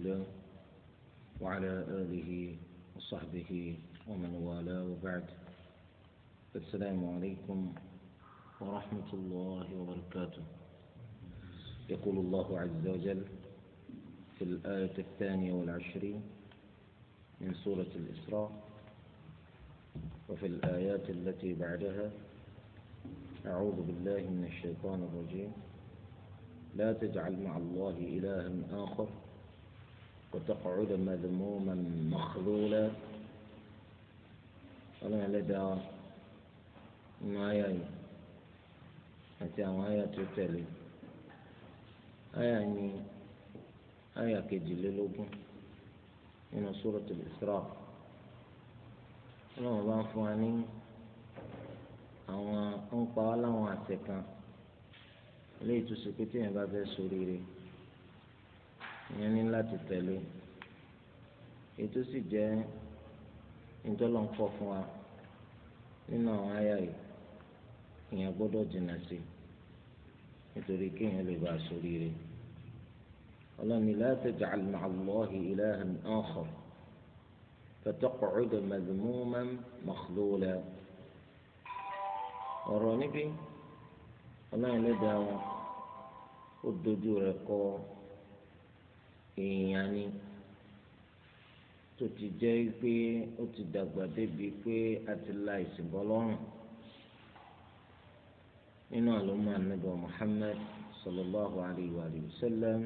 الله وعلى آله وصحبه ومن والاه وبعد السلام عليكم ورحمة الله وبركاته يقول الله عز وجل في الآية الثانية والعشرين من سورة الإسراء وفي الآيات التي بعدها أعوذ بالله من الشيطان الرجيم لا تجعل مع الله إلها آخر وتقعد مذموما مخذولا فما لدى ما يعني حتى ما يتتلي أيني أيا كجللوب من سورة الإسراء الله بانفواني àwọn ń pa ọ́ láwọn àṣẹ kan ilé ìtúsí pété yẹn bá fẹ́ sórí rẹ̀. ìyẹn ní láti tẹ̀lé ètò sì jẹ́ ìtọ́lọ́nkọ́ fún wa nínú àwọn àyà yìí ìyẹn gbọ́dọ̀ jìnnà sí nítorí kéèyàn lè bá a sórí rẹ̀ ọlọ́ni la taj'al ma'a Allahi ilahan akhar fataq'uda madhmuman makhlula ọ̀rọ̀ níbi ọlọ́run lè wọn ó dojú rẹ̀ kọ́ ọ èèyàn ni tó ti jẹ́ pé ó ti dàgbà débi pé a ti la ìsìnbọ́ lọ́rùn nínú àlùmọ́ ànábọ̀ Muhammad sallallahu alayhi wa sallam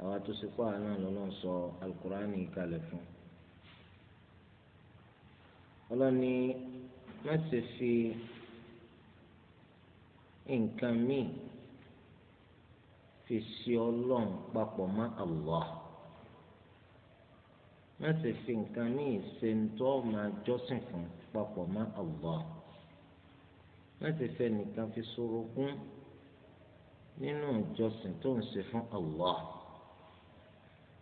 àwọn àtúnṣepọ̀ àná lọ́nà sọ alukur'ani kalẹ̀ fún ọlọ́ni má ṣe fi nǹkan míì. fi ṣe ọlọ́run papọ̀ mọ́ Allah má sì fi nǹkan ní ìṣèǹtọ́ máa jọ́sìn fún papọ̀ mọ́ Allah má fẹ́ nìkan fi sorogún nínú ìjọsìn tó ń ṣe fún Allah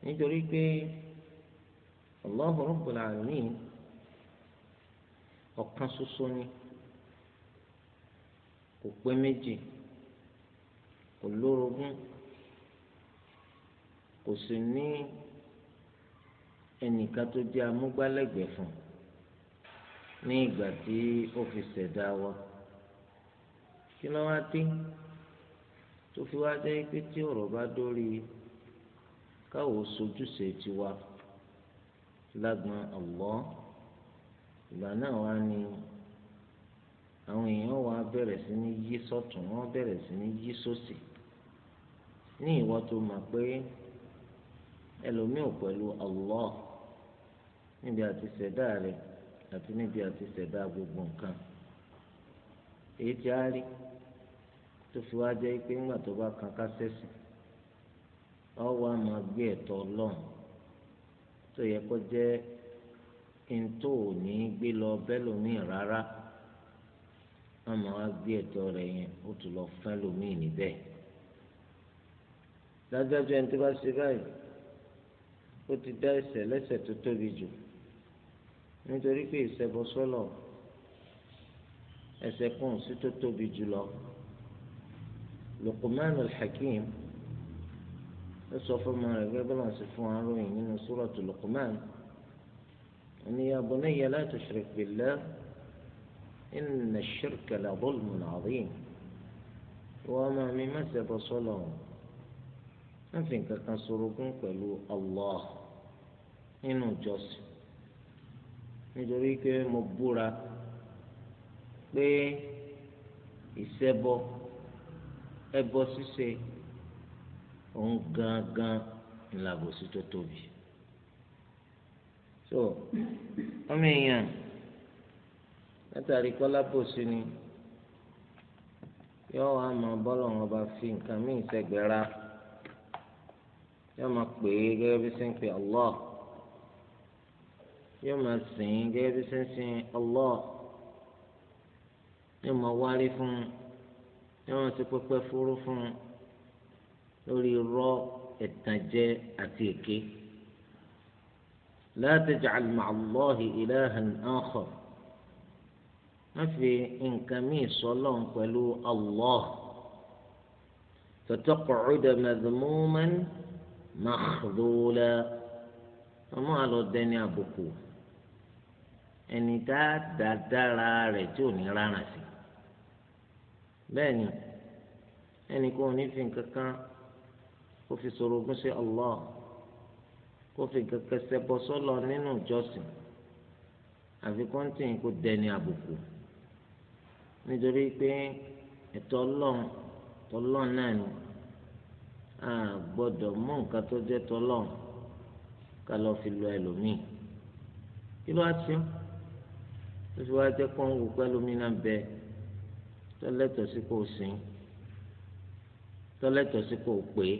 nítorí pé ọ̀kan ṣoṣo ni kò pé méjì kò lórogún. kò sì ní ẹnìkan tó jẹ́ amúgbálẹ́gbẹ̀ẹ́ fún ní ìgbà tí ó fi ṣẹ̀dá wa kí ló wá dé tó fi wá jẹ́ pé tí ọ̀rọ̀ bá dórí káwọ́ sojúṣe tiwa lágbọn ọ̀wọ́ ìgbà náà wá ní àwọn èèyàn wa bẹ̀rẹ̀ sí ní yí sọ́tún wọ́n bẹ̀rẹ̀ sí ní yí sósì ní ìwọ tó mọ̀ pé. ẹlòmíì ò pẹ̀lú Allah níbi àti ṣẹ̀dá rẹ̀ àti níbi àti ṣẹ̀dá gbogbo nǹkan èyí tí a rí tó fi wá jẹ́ pé ńgbà tó bá kan ká sẹ́sìn ọwọ́ a máa gbé ẹ̀tọ́ ọlọ́run tó yẹ kó jẹ́ kí n tó ò ní gbé lọ bẹ́lòmíì rárá wọ́n máa wá gbé ẹ̀tọ́ rẹ̀ yẹn ó tún lọ fẹ́lòmíì níbẹ̀ ó ti dá ẹ̀ṣẹ̀ lẹ́ṣẹ̀ tó tóbi jù nítorí pé ìṣẹbọ sọlọ ẹ̀ṣẹ̀ kún sí tó tóbi jù lọ Luqman al-Hakim ó sọ fún ọmọ rẹ̀ gẹ́gẹ́ bọlá sí fún aróyìn nínú suratu Luqman inni ya bunayya la tushrik billah inna ash-shirka la dhulmun adhim wọ́n máa mi má ṣẹbọ sọlọ wọn fi nǹkan kan sorogún pẹ̀lú Allah. nínú ìjọsìn nítorí pé mo búra pé ìṣẹbọ ẹbọ ṣíṣe òun gangan ńlábòsí tó tóbi so ọmọ èèyàn látàrí kọ́lábòsí ni yóò wá máa bọ́lọ̀ wọn bá fi nǹkan míì sẹ́gbẹ̀ẹ́ ya yóò máa pè é gẹ́gẹ́ bí sẹ́ńpẹ́ yóò máa sìn gẹ́gẹ́ bí sínsìn Allah yóò máa wárí fún yóò máa ti pẹpẹ fúrú fún lórí irọ́ ẹ̀tànjẹ àti èké. لا تجعل مع الله إلها آخر ما في إن كميس صلون قالوا الله فتقعد مذموما مخذولا وما له الدنيا بكوه ẹni dáadáa dára rẹ̀ tí ò ní rárá sí bẹ́ẹ̀ ni ẹnì kan ò ní fi nǹkan kan kó fi sorogún sí Allah kó fi nǹkan kan ṣẹbọ sọ́lọ nínú ìjọsìn àfi kọ́ńtìn kó dẹni àbùkù nítorí pé ẹ̀tọ́ ọlọ́run tọlọ́n náà ni a gbọ́dọ̀ mú nǹkan tó jẹ́ tọlọ́n ká lọ́ọ́ fi lọ ẹlòmíì kí ló wá ti ọ́ lóṣù wa jẹ́ kó ń wò pẹ́ lómi náà bẹ tọ́lẹ́tọ̀ sí kò sìn tọ́lẹ́tọ̀ sí kò pè é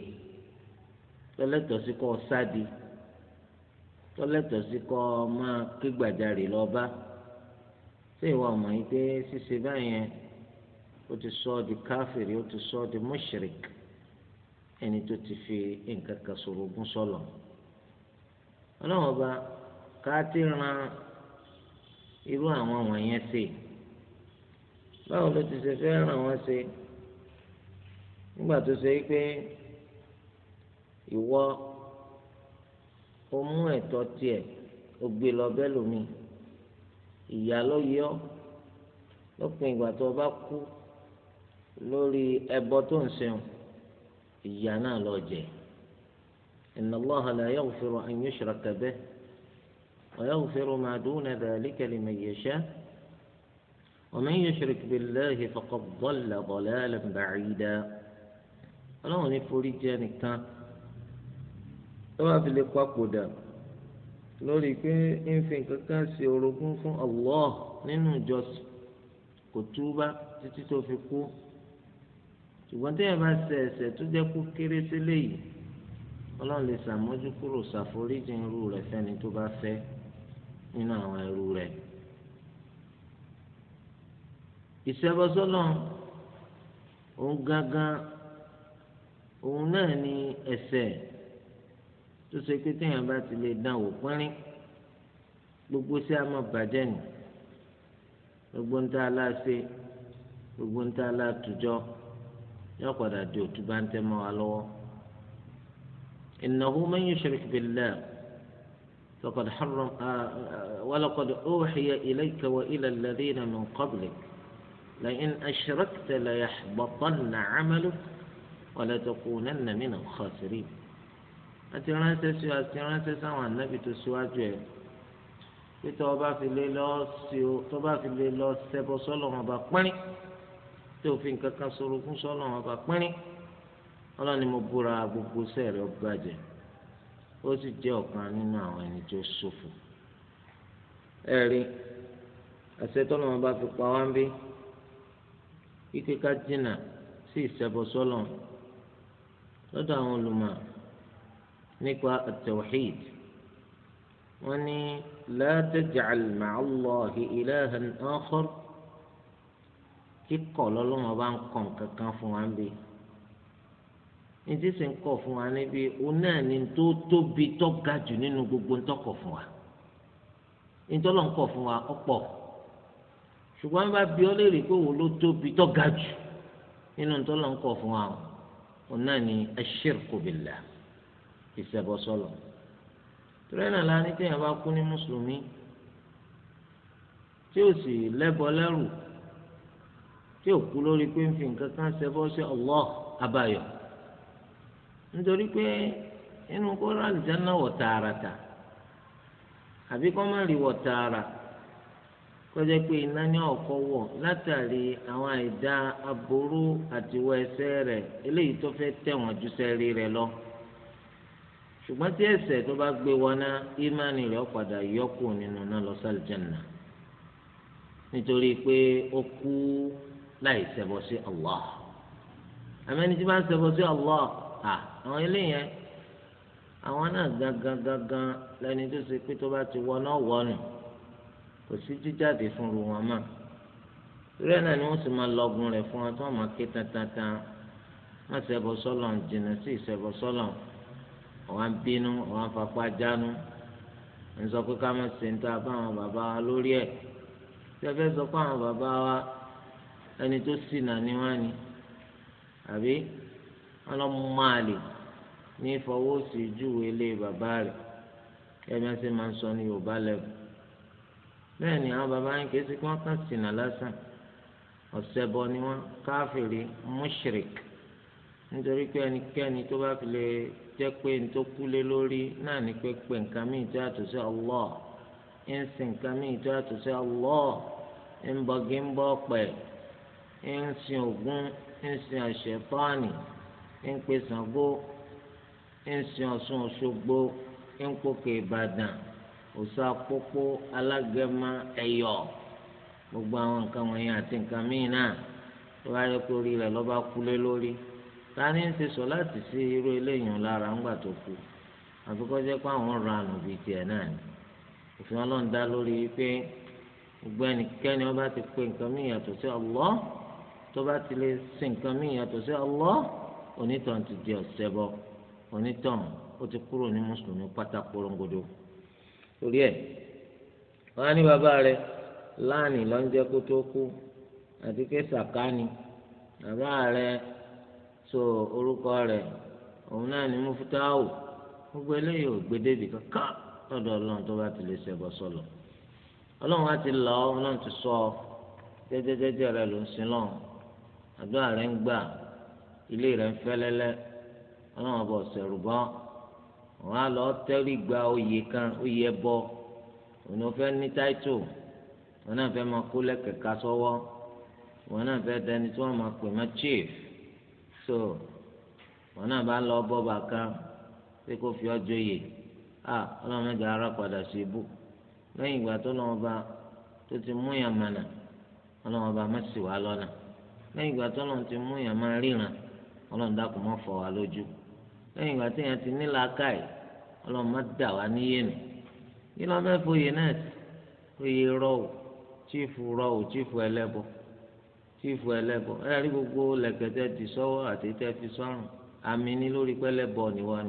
tọ́lẹ́tọ̀ sí kò sádi tọ́lẹ́tọ̀ sí kò máa kígbàjarè lọ́ba ṣé ìwà ọmọ yìí pé ṣíṣe báyẹn ó ti sọ di káfìrí ó ti sọ di mọ́ṣíríkì ẹni tó ti fi nǹkan kan sọ̀rọ̀ ogún sọ̀lọ̀ ọlọ́run ọba ká ti ran. irú àwọn wọ̀nyẹn ṣe báwo ló ti ṣe fẹ́ ràn wọ́n ṣe nígbà tó ṣe o mú ẹ̀tọ́ tiẹ̀ ogbe gbé lọ bẹ́ẹ̀ lómi ìyá ló yọ lópin ìgbà tó o bá kú lórí ẹbọ tó ń ṣeun ìyá náà lọ jẹ inna ويغفر ما دون ذلك لمن يشاء ومن يشرك بالله فقد ضل ضلالا بعيدا ọlọ́run ní forí jẹ́ nìkan tó bá fi lè papòdà lórí pé ń fi nǹkan kan ṣe orogún fún Allah nínú ìjọsìn kò túbá títí tó fi kú ṣùgbọ́n téèyàn bá ṣe ẹ̀ṣẹ̀ tó jẹ́ kó kéré sí léyìí ọlọ́run lè ṣàmójú kúrò ṣàforíjì irú rẹ̀ fẹ́ni tó bá fẹ́ nínú àwọn ẹrú rẹ̀ ìṣẹ́bọsọ́lọ́ òun gángan òun náà ni ẹsẹ̀ tó ṣe pé téèyàn bá ti lè dán wò pínrín gbogbo sí àmọ́ bàjẹ́ nì gbogbo ń tá a lá ṣe gbogbo ń tá a lá tùjọ yóò padà di òtún bá ń tẹ́ mọ́ wa lọ́wọ́ innahu man yushrik billah. فقد حرم ولقد أوحي إليك وإلى الذين من قبلك لئن أشركت ليحبطن عملك ولتكونن من الخاسرين أتيرانسي سوى أتيرانسي سوى النبي تسوى جوه تبا في الليل سيبا صلى الله عليه وسلم توفين ككا صلى الله عليه وسلم ألا نمبورا بكو سير ó sì jẹ́ ọ̀kan nínú àwọn ẹni tó ṣòfò ẹ̀rí àṣẹ tó lọ́wọ́ bá fi pa wá ń bí ike ká jìnnà sí ìṣẹ́bọ sọ́lọ̀ lọ́dọ̀ àwọn olùmọ̀ nípa at-tawhid wọ́n ní la taj'al ma'a Allahi kíkọ̀ lọ́lọ́wọ́ bá ń kọ̀ kankan fún wa ń bí ní tí sì ń kọ̀ fún wa níbi òun náà ni tó tóbi tó ga jù nínú gbogbo ń tọkọ̀ fún wa nítorí ń kọ̀ fún wa ọ̀pọ̀ ṣùgbọ́n bá bí ọ léèrè pé òun ló tóbi tó ga jù nínú nítorí ń kọ̀ fún wa òun ni aṣirku billah ìṣẹ̀bọ̀sọ̀lọ̀ torí náà la ní téèyàn bá kú ní mùsùlùmí tí ó sì lẹ́bọ lẹ́rù tí ò kú lórí pé ń fi nǹkan kan ṣẹbọ sí Allah abayọ̀. nítorí pé inú kó rà àlùjáná wọ tààràtà àbí kó má rí wọ̀ tààrà kọjá pé iná ní ọkọ wọ látàrí àwọn àìdá aburú àtiwọ ẹ̀ṣẹ̀ eléyìí tó fẹ́ tẹ̀wọ̀n ju lọ ṣùgbọ́n tí ẹ̀ṣẹ̀ tó bá gbé wọn ná ìmánì rẹ̀ padà yọkù nínú náà lọ sàlìjẹnà nítorí pé ó kú láì sí Allah tí bá ń sí àwọn ilé yẹn àwọn náà gangan gangan lẹni tó ṣe pé tó bá ti wọ wọnù kò sí jíjáde fún ru wọn mọ́ ìrẹ náà ni wọ́n sì máa lọgun rẹ̀ fún wọn tí wọ́n máa ké tantantan má ṣẹbọ sọlọ jìnnà sí ìṣẹbọ sọlọ àwọn ń bínú àwọn ń fapá jánu ń sọ pé ká má ṣe ń ta fáwọn bàbá wa lórí ẹ̀ tẹfẹ sọ pé àwọn bàbá wa ẹni tó sì nà ní ni àbí wọn lọ mú máa lè. ní fọwọ́sí júwe ilé bàbá rẹ̀ kẹ́mi ẹ́ máa ń sọ ní yorùbá lẹ́bù bẹ́ẹ̀ ni àwọn bàbá yín kìí sí kí wọ́n kàn lásán ni wọ́n káfìrí mushrik nítorí pé ẹnikẹ́ni tó bá fi lè jẹ́ pé ní tó kú lé lórí náà ní pé pé nǹkan míì tó yàtọ̀ sí Allah ń sin nǹkan tó yàtọ̀ sí ńsìn Ọ̀ṣun Òṣogbo ńpòkè Ìbàdàn òsà pópó alágẹmọ ẹ̀yọ̀ gbogbo àwọn nǹkan wọ̀nyí àti nǹkan míì náà tó bá yẹ kó rí rẹ̀ lọ́ba kulé lórí ta ni ń ṣe sọ láti sí irú eléyìí lára ńgbà tó kú àfi kó jẹ́ pé àwọn ọ̀rọ̀ àná bíi tiẹ̀ náà ni òfin ọlọ́run dá lórí pé gbogbo ẹnikẹ́ni ọba ti pe nǹkan míì yàtọ̀ sí Allah tó bá ti lè sin nǹkan míì yàtọ̀ sí Allah onítàn ti di ọ̀sẹ̀ bọ́. onítọ̀hún ó ti kúrò ní mùsùlùmí pátá porongodo torí ẹ̀ wọ́n á ní bàbá rẹ̀ láàánì ló kó tó kú àti pé sàkáni bàbá rẹ̀ sọ orúkọ òun náà ní gbogbo eléyìí ò gbé débi kankan lọ́dọ̀ tó bá ti lè ṣẹbọ sọlọ ọlọ́run á ti là ti sọ ọ ló ọlọ́run ọba ọ̀sẹ̀rù bọ́ wọn á lọ tẹ́rì gba oyè kan oyè bọ́ òun ni wọ́n fẹ́ ní táìtò wọn náà fẹ́ máa kó lẹ́kẹ̀ẹ́ká sọ́wọ́ wọn náà fẹ́ dẹni tí wọ́n máa pè mọ́ chief so wọn náà bá lọ bọ́ba kan pé kó fi ọjọ́ yè á ọlọ́run mẹ́jọ ara padà sí ibú lẹ́yìn ìgbà tó lọ́wọ́ bá tó ti mú yàn mànà ọlọ́run ọba má ṣì wá lọ́nà lẹ́yìn ìgbà tó lọ́run ti mú yàn máa ríran ọlọ́run dákun má fọ́ wa lójú lẹ́yìn ìgbà tí yẹn ti ní làákàyè ọlọ́mọ dà wá níyé nù kí ló fẹ́ fòye náà sí oyè rọ́ọ̀ chífù rọ́ọ̀ chífù ẹlẹ́bọ chífù ẹ rí gbogbo lẹ̀kẹ̀tẹ̀ ti sọ́wọ́ àti tẹ́ fi sọ́rùn àmì ní lórí pẹ́lẹ́bọ níwá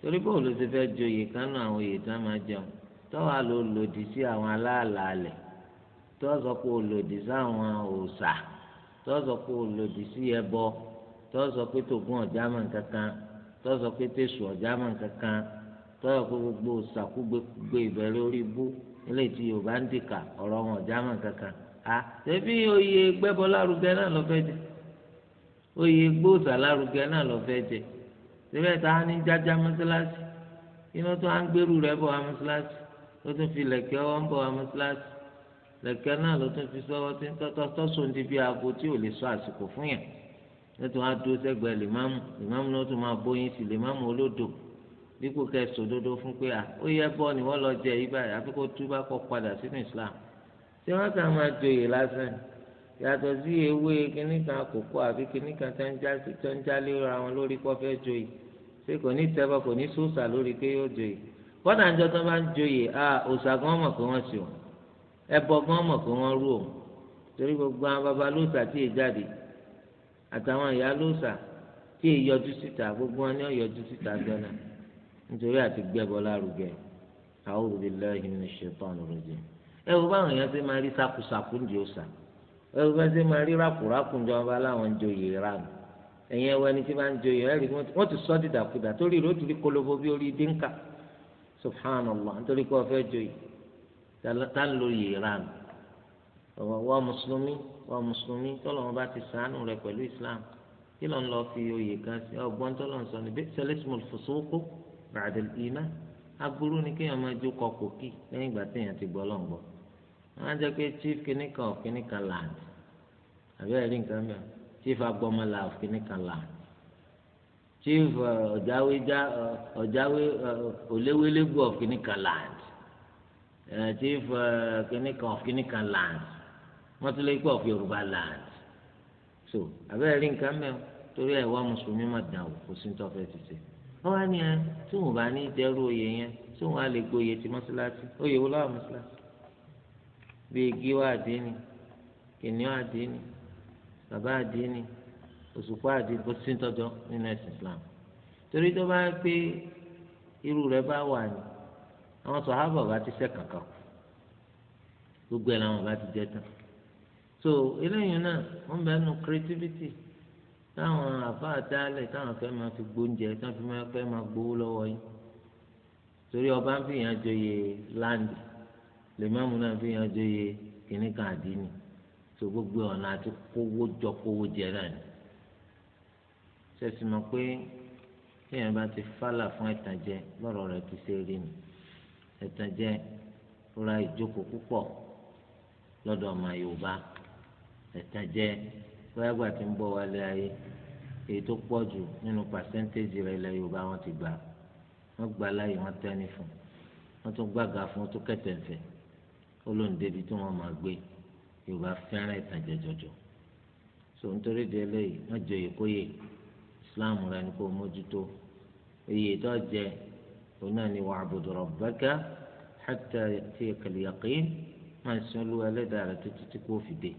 torí bó ló ti fẹ́ joyè kánú àwọn oyè tí wọ́n máa jẹun tọ́wọ́ ló lòdì sí àwọn aláàlálẹ̀ tọ́wọ́ sọ lòdì sí àwọn òòṣà tọ́wọ́ lòdì sí ẹbọ tọ́wọ́ tògùn ọ̀já mọ̀ kankan tọ́sọ̀ pé tẹ̀sù ọ̀já mọ̀ kankan tọ́sọ̀ pé gbogbo sàkúgbègbè ìbẹ̀rẹ̀ orí bú nílẹ̀ tí yorùbá ń dìkà ọ̀rọ̀ wọn ọ̀já mọ̀ kankan a ṣebí oyè gbẹ́bọ lárugẹ náà lọ fẹ́ jẹ oyè gbóòsà lárugẹ náà lọ fẹ́ jẹ síbẹ̀ tá a ní jájá mọ́sálásí iná tó à ń gbèrú rẹ̀ bọ̀ wá mọ́sálásí ló tún fi lẹ̀kẹ́ ọwọ́ ń bọ̀ wá mọ́sálásí lẹ̀kẹ́ náà ló tún fi sọ́wọ́ tí ń tọ́tọ́ tọ́sùn di bí aago tí ò lẹ́tọ̀ wá dúró sẹ́gbẹ̀ẹ́ lèmámù lèmámù náà tún máa bóyin sí lèmámù olódò dípò kẹ́ sòdodo fún pé à ó yẹ bọ́ ni wọ́n lọ jẹ yí báyìí àfi kó tú bá kọ́ padà sínú Islam tí wọ́n kàn máa joyè lásán yàtọ̀ sí ewé kíníkan kòkó àbí kíníkan tó ń jálé ra wọn lórí kó fẹ́ joyè ṣé kò ní tẹ́bọ̀ kò ní sóòsà lórí pé yóò joyè kọ́dà ń jọ tó bá ń joyè à òòsà gan mọ̀ pé wọ́n ṣe òun ẹbọ gan mọ̀ pé wọ́n rú òun torí gbogbo àwọn babalóòsà tí ì jáde àtàwọn ìyá lóòsà tí èyí yọjú síta gbogbo wọn ni ó yọjú síta jọna nítorí àti gbẹbọ lárugẹ a'udhu billahi minash shaitanir rajim ẹ wo báwọn èèyàn ṣe máa rí sakusaku ń di òòsà ẹ wo bá ṣe máa rí rákùrákù ń jọ ọba láwọn ń joyè ìranù ẹ̀yin ẹwọ ẹni tí bá ń joyè ẹ̀rí wọ́n ti sọ́ dìdàkudà torí ìró ti rí kólóbó bí orí dínkà subhanallah nítorí pé ọ fẹ́ joyè tá ń lo yè ìranù ọ̀wọ́ mùsùlùmí wa mùsùlùmí tọ́lọ̀ wọn bá ti sàánù rẹ̀ pẹ̀lú islam kí ló ń lọ fi oyè kan sí ọgbọ́n tọ́lọ̀ ń sọ ní bíi sẹlẹ́sìmọ̀ fòsókó bàdé ìmá aburú ni kéèyàn máa jó kọ kòkì lẹ́yìn ìgbà téèyàn ti gbọ́ lọ́ngbọ́ wọn á jẹ́ pé chief kìnnìkan of kìnnìkan land àbẹ́rẹ́ rí nǹkan mìíràn chief agbọ́mọlá of kìnnìkan land chief uh, uh, ọ̀jáwé olówélégbò uh, of kìnnìkan land chief kìnnìkan of kìnnìkan land wọ́n ti lè pé of yorùbá land so abẹ́rẹ́ rí nǹkan mẹ́wọ́ torí ẹ̀ wá mùsùlùmí má dàn wò kó sí ní tọ́fẹ́ ti ṣe wọ́n wá ní ẹ tí wọ́n bá ní dẹ́rù oyè yẹn tí wọ́n á lè gbóyè ti mọ́ṣáláṣí oyè wo láwọn mọ́ṣáláṣí bíi gíwá àdínì kìnìún ni. bàbá àdínì òṣùpá àdínì kò sí tọjọ nínú ẹ̀sìn Islam torí tó bá pé irú rẹ̀ bá wà ní àwọn sọhábà bá ti ṣe kankan gbogbo ẹ̀ làwọn bá ti jẹ tán so eléyìí náà wọ́n bẹ nu creativity táwọn àfa àtàlẹ̀ táwọn fẹ́ máa fi gbóúnjẹ táwọn fi máa fẹ́ máa gbowó lọ́wọ́ yìí torí ọba ń fi yàn joyè láǹdì lèmọ́mù náà fi yàn joyè kìnnìkan àdínì tó gbogbo ọ̀nà àti kówó jọ kówó jẹ náà ni sẹ́sì mọ̀ pé téèyàn bá ti fálà fún ẹ̀tànjẹ lọ́rọ̀ rẹ̀ ti ṣe rí ni ẹ̀tànjẹ rọra ìjókòó púpọ̀ lọ́dọ̀ ọmọ Yorùbá ẹ̀tàn jẹ bóyá gbà tí ń bọ̀ wálé ayé èyí tó pọ̀ jù nínú pàṣẹ́ntéèjì rẹ̀ ilẹ̀ yorùbá wọn ti gbà wọ́n gbà láàyè wọ́n tẹ́ni fún wọ́n tún gbàgà fún wọ́n tún kẹ̀tẹ̀ǹfẹ̀ ó lóun débi tí wọ́n máa gbé yorùbá fẹ́ràn ẹ̀tàn jẹ jọjọ so nítorí di eléyìí wọ́n jòyè kóyè islam rẹ̀ ni kò mójútó èyí tó jẹ òun náà ni wa'budu rabbaka hatta ya'tiyakal yaqin máa ń sin olúwa ẹlẹ́dàá rẹ̀ títí tí fi dé.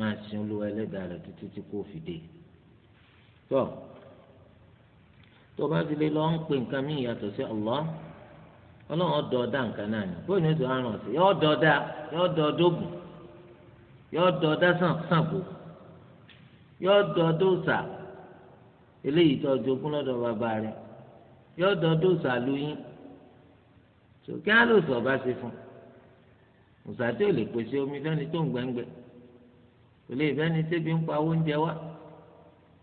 máa sin olúwa ẹlẹ́dàá rẹ títí tí kò fi dé tó tó bá ti lé lọ ń pè nǹkan mí ìyàtọ̀ sí Allah ọlọ́run ọ̀dọ̀ ọ̀dà nǹkan náà ni bóyá ní oṣù àrùn ọ̀sẹ̀ yọ ọ̀dọ̀ ọ̀dà yọ ọ̀dọ̀ yọ ọ̀dọ̀ ọ̀dà yọ ọ̀dọ̀ eléyìí tó lọ́dọ̀ bàbá rẹ yọ ọ̀dọ̀ lóyún á lòsàn ọba ṣe fún ọ̀sà tí ò lè pèsè omi kò lè bẹ́ẹ̀ ni tẹ́bi ń pa owó oúnjẹ wa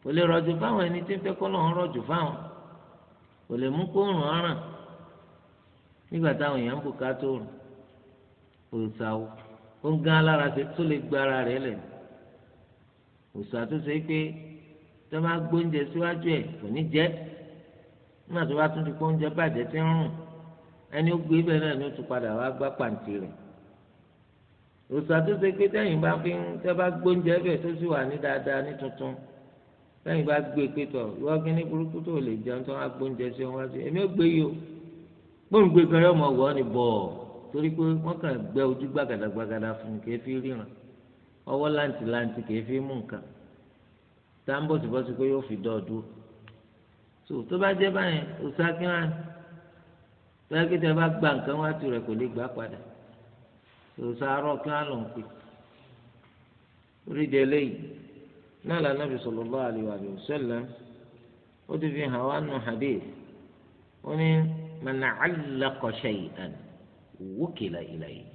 kò lè rọ̀jò fáwọn ẹni tí ń fẹ́ kọ́ lọ́hún rọ̀jò fáwọn kò lè mú kó rùn ọ́ràn nígbà táwọn èèyàn ń bò ká tó rùn òòsà o ó ń gán alára tó lè gba ara rẹ̀ lẹ̀ òòsà tó ṣe pé tó bá gbóúnjẹ síwájú ẹ̀ kò ní jẹ́ nígbà tó bá tún ti kó oúnjẹ bàjẹ́ tí ń rùn ẹni ó gbé bẹ́ẹ̀ náà ni ó tún padà wá gbá pàǹtí rẹ̀ òòsà tó ṣe pé tẹ́yìn bá fi ń tẹ́ bá gbóúnjẹ bẹ̀ tó sì wà ní dáadáa ní tuntun tẹ́yìn bá gbé pé tọ̀ ìwọ kí ní burúkú tó lè jẹun tó wá gbóúnjẹ sí wọn sí èmi ò gbé yìí o gbóǹgbé kan yóò mọ̀ wọ́ ni bọ̀ torí pé wọ́n kàn gbẹ ojú gbàgàdàgbàgàdà fún mi kìí fi ríran ọwọ́ láǹtì láǹtì kìí fi mú nǹkan tá ń bọ̀sibọ́sí pé yóò fi dọ̀ọ́dú so tó bá jẹ́ báyẹn òòsà kí òsàárọ̀ kí wọ́n á lọ pè orí de eléyìí náà la Nabi sallallahu alaihi wa sallam ó ti fi hàn wá nù hadith ó ní man 'allaqa shay'an wukila ilayhi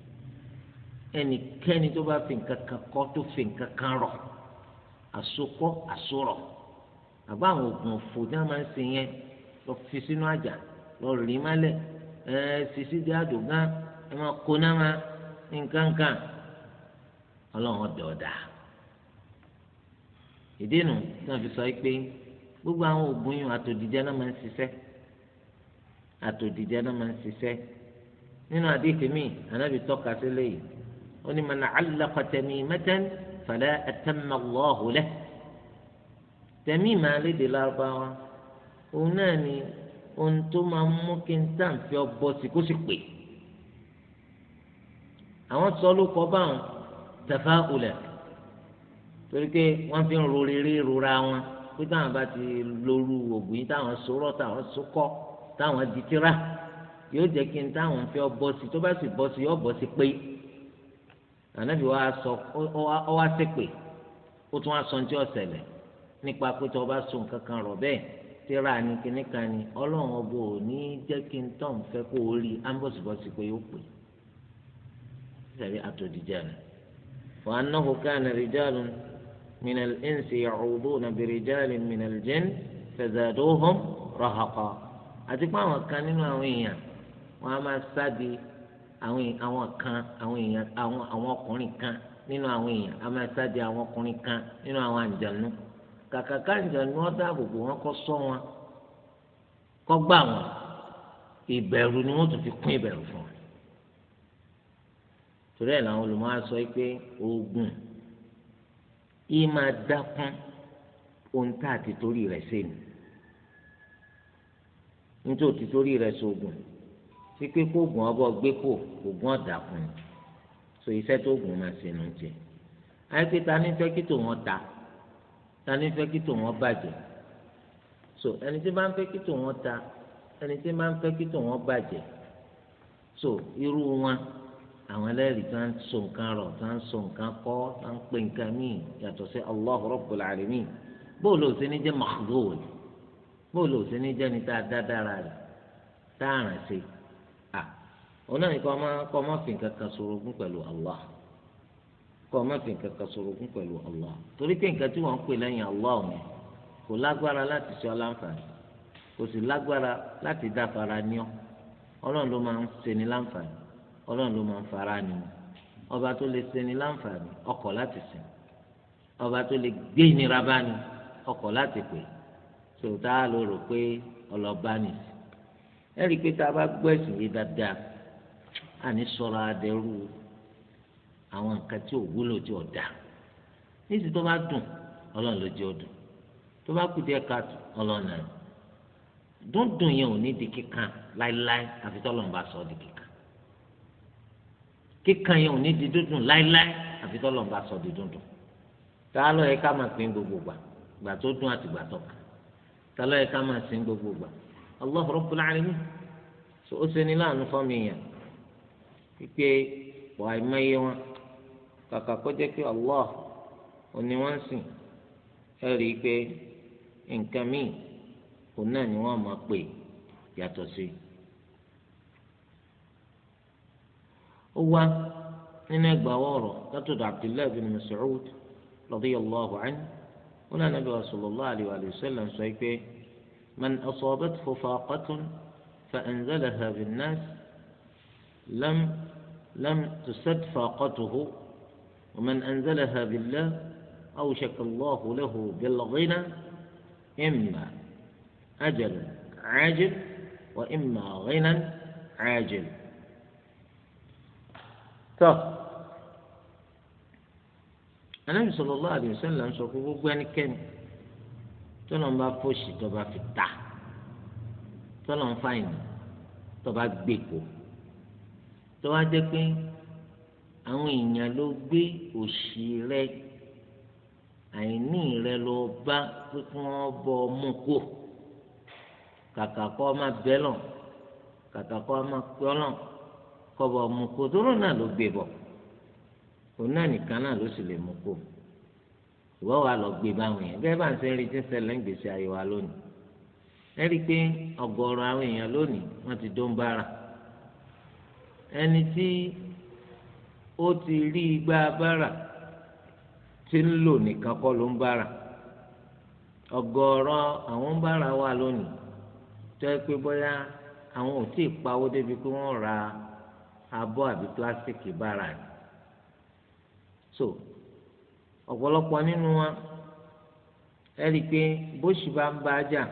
ẹnikẹ́ni tó bá fi nǹkan kan kọ́ tó fi nǹkan kan rọ̀ àsokọ́ àsorọ̀ àbá àwọn oògùn òfò tí wọ́n máa ń ṣe yẹn lọ fi sínú àjà lọ rìn málẹ̀ ẹ ṣiṣẹ́ di àdògán ẹ máa kó máa nǹkankan ọlọ́run dọ̀ọ̀dà ìdí nu tí wọ́n fi sọ pé gbogbo àwọn oògùn yìí àtòdìjẹ́ náà máa ń ṣiṣẹ́ àtòdìjẹ́ náà máa ń ṣiṣẹ́ nínú àdéhùn mi ànábì tọ́ka sí léyìí ó ní man allaqa tamimatan fala atamma Allahu lah tẹ̀mí màá lédè lárúbáwá òun náà ni ohun tó máa ń mú kí n tàn fi ọ bọ́ sí kó àwọn sọ ló kọ báwọn tẹfà ulẹ̀ torí pé wọ́n fi ń rori rí rora wọn pé táwọn bá ti lóru ògùn yìí táwọn sọ̀rọ̀ táwọn sọkọ táwọn di tírà yóò jẹ́ kí n táwọn fi bọ́ sí tó bá sì bọ́ sí yóò bọ́ sí pé ànábì wa sọ ọ wá ṣépè ó tún wá sọ ní tí ó ṣẹlẹ̀ nípa pé tó bá sọ nǹkan kan rọ̀ bẹ́ẹ̀ tírà ni kíníkan ni ọlọ́run ọbọ ò ní jẹ́ kí n tọ̀ ń fẹ́ kó o rí ambọ̀sibọ̀sì pé yóò pè é. شريعة رجال وأنه كان رجال من الإنس يعوضون برجال من الجن فزادوهم رهقا أتكما àwọn kan nínú àwọn èèyàn wọ́n á àwọn kan àwọn èèyàn àwọn ọkùnrin kan nínú àwọn èèyàn á máa àwọn ọkùnrin kan nínú àwọn àǹjànú kàkà àǹjànú wọn dáàbò wọn kọ ṣọ́ wọn kọ gbà wọn ìbẹ̀rù ni wọ́n tún fi kún ìbẹ̀rù fún wọn. torí ẹ̀ làwọn olùmọ̀ á sọ pé oògùn yìí máa dákún ohun tá a ti torí rẹ̀ ṣe ni nítorí o ti torí rẹ̀ ṣoògùn sí pé kóògùn ọbọ̀ gbé kò oògùn ọ̀dàkùn so iṣẹ́ tó oògùn máa ṣe nù jẹ àìpé ta ní fẹ́ kí tòun ta ta ní fẹ́ kí tòun bàjẹ́ so ẹni tí bá ń fẹ́ kí tòun ta ẹni tí bá ń fẹ́ kí tòun bàjẹ́ so irú wọn. àwọn ẹlẹ́rìí tí wọ́n so nǹkan rọ̀ tí wọ́n so nǹkan kọ́ tí wọ́n pè nǹkan míì yàtọ̀ sí Allah Rabbul Alamin bóò ló ní jẹ́ bóò a dá dára rẹ̀ tá a ọ fi nǹkan kan sorogún pẹ̀lú Allah kọ́ ọ fi nǹkan kan sorogún pẹ̀lú Allah torí pé nǹkan tí wọ́n pè lẹ́yìn Allah òun kò lágbára láti ọlọ́run ló máa ń fara ni wọn ọba tó lè ṣeni láǹfààní ọkọ̀ láti sìn ọba tó lè gbé ìnira bá ní ọkọ̀ láti pè sòtá ló rò pé ọlọ́ba nì ẹ rí i pé tá a bá gbọ́ ẹ̀sìn yìí dáadáa àní sọ̀rọ̀ adẹ́rù àwọn nǹkan tí ò wúlò tí ò dáa níṣì tó bá dùn ọlọ́run ló jẹ́ ọdún tó bá kú díẹ̀ káàtó ọlọ́run náà dúndùn yẹn ò ní di kíkan láéláé àfi tọ́lọ́run bá sọ ọ́ di kíkan. kíkan yẹn ò ní di dúndùn láéláé àfi tọ́lọ̀ ń sọ di dúndùn tá a lọ yẹ ká máa gbogbo gbà gbà tó dún àti gbà tọ́ka tá a lọ yẹ ká máa sin gbogbo gbà Allah Rabbul Alamin so ó ṣeni láàánú fún mi yàn pípé wà á wọn kàkà kó jẹ́ pé Allah òní wọ́n sìn ẹ rí i pé nǹkan míì òun ni wọ́n máa pè yàtọ̀ sí هو هناك بوارة تتد عبد الله بن مسعود رضي الله عنه هنا النبي صلى الله عليه وآله وسلم سيكي من أصابته فاقة فأنزلها بالناس لم لم تسد فاقته ومن أنزلها بالله أوشك الله له بالغنى إما أجل عاجل وإما غنى عاجل tọ́ anábì sallallahu alaihi wasallam ń sọ pé gbogbo ẹnikẹ́ni tọ́lọ̀ ń bá fòṣì tọ́ba fi ta tọ́lọ̀ ń fàyìn tọ́ba gbèkó tọ́ba jẹ́ pé àwọn èèyàn ló gbé òṣì rẹ̀ àìní rẹ̀ lọ bá pé kí wọ́n bọ ọmú kò kàkà kọ́ ọ má bẹ́ lọ kàkà kọ́ ọ má kọ́bọ̀ mú kó tóró náà ló gbé bọ̀ òun náà nìkan náà ló sì lè mú kó ìwọ́ wa lọ gbé báwọn yẹn bẹ́ẹ̀ bá ń sẹ́rí tí ń ṣẹlẹ̀ ń gbèsè ayé wa lónìí ẹ rí i pé ọ̀gọ̀ọ̀rọ̀ àwọn èèyàn lónìí wọ́n ti dó ń bára ẹni tí ó ti rí igbá bára tí ń lò nìkan kọ́ ló ń bára ọ̀gọ̀ọ̀rọ̀ àwọn ń bára wà lónìí tó yẹ pé bóyá àwọn ò tí ì pawó débi pé wọ́n ra abọ́ àbí pílásítìkì bára ni so ọ̀pọ̀lọpọ̀ nínú wa ẹ rí i pé bóṣì bá ń bá a jà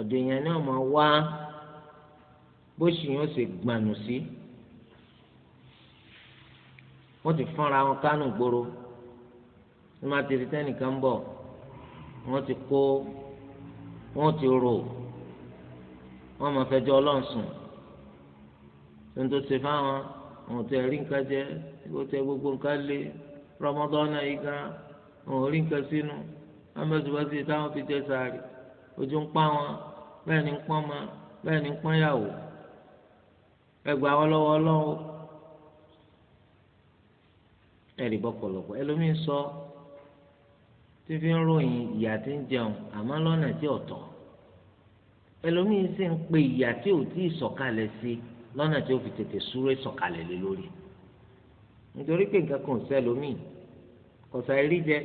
ọ̀dọ̀ èèyàn náà máa wá bóṣì yẹn ó sì gbànú sí wọ́n ti fúnra wọn kánú gbòòrò wọ́n máa ti tẹ́nìkan bọ̀ wọ́n ti kó wọ́n ti rò wọ́n máa fẹjọ́ ọlọ́run sùn tó ń tó ṣe fáwọn àwọn tẹ rí nǹkan jẹ ìwọ tẹ gbogbo nǹkan lé rọmọdọ́nà yìí gan àwọn rí nǹkan sínú amẹ́sùbọ́sì táwọn fi jẹ sàárì ojú ń pa wọn bẹ́ẹ̀ ni ń pọ́n ma bẹ́ẹ̀ ni ń pọ́n yàwó ẹgbàá ọlọ́wọ́ ọlọ́wọ́ ẹ̀rí bọ́pọ̀lọpọ̀ ẹlòmíín sọ tí fi ń ròyìn ìyà tí ń jẹun àmọ́ lọ́nà tí ọ̀tọ̀ ẹlòmíín sì ń pe ìyà tí ò tí ì sọ̀kalẹ̀ sí i. lọ́nà tí ó fi tètè súré sọ̀kalẹ̀ lé lórí nítorí pé nǹkan kan ò sẹ́ jẹ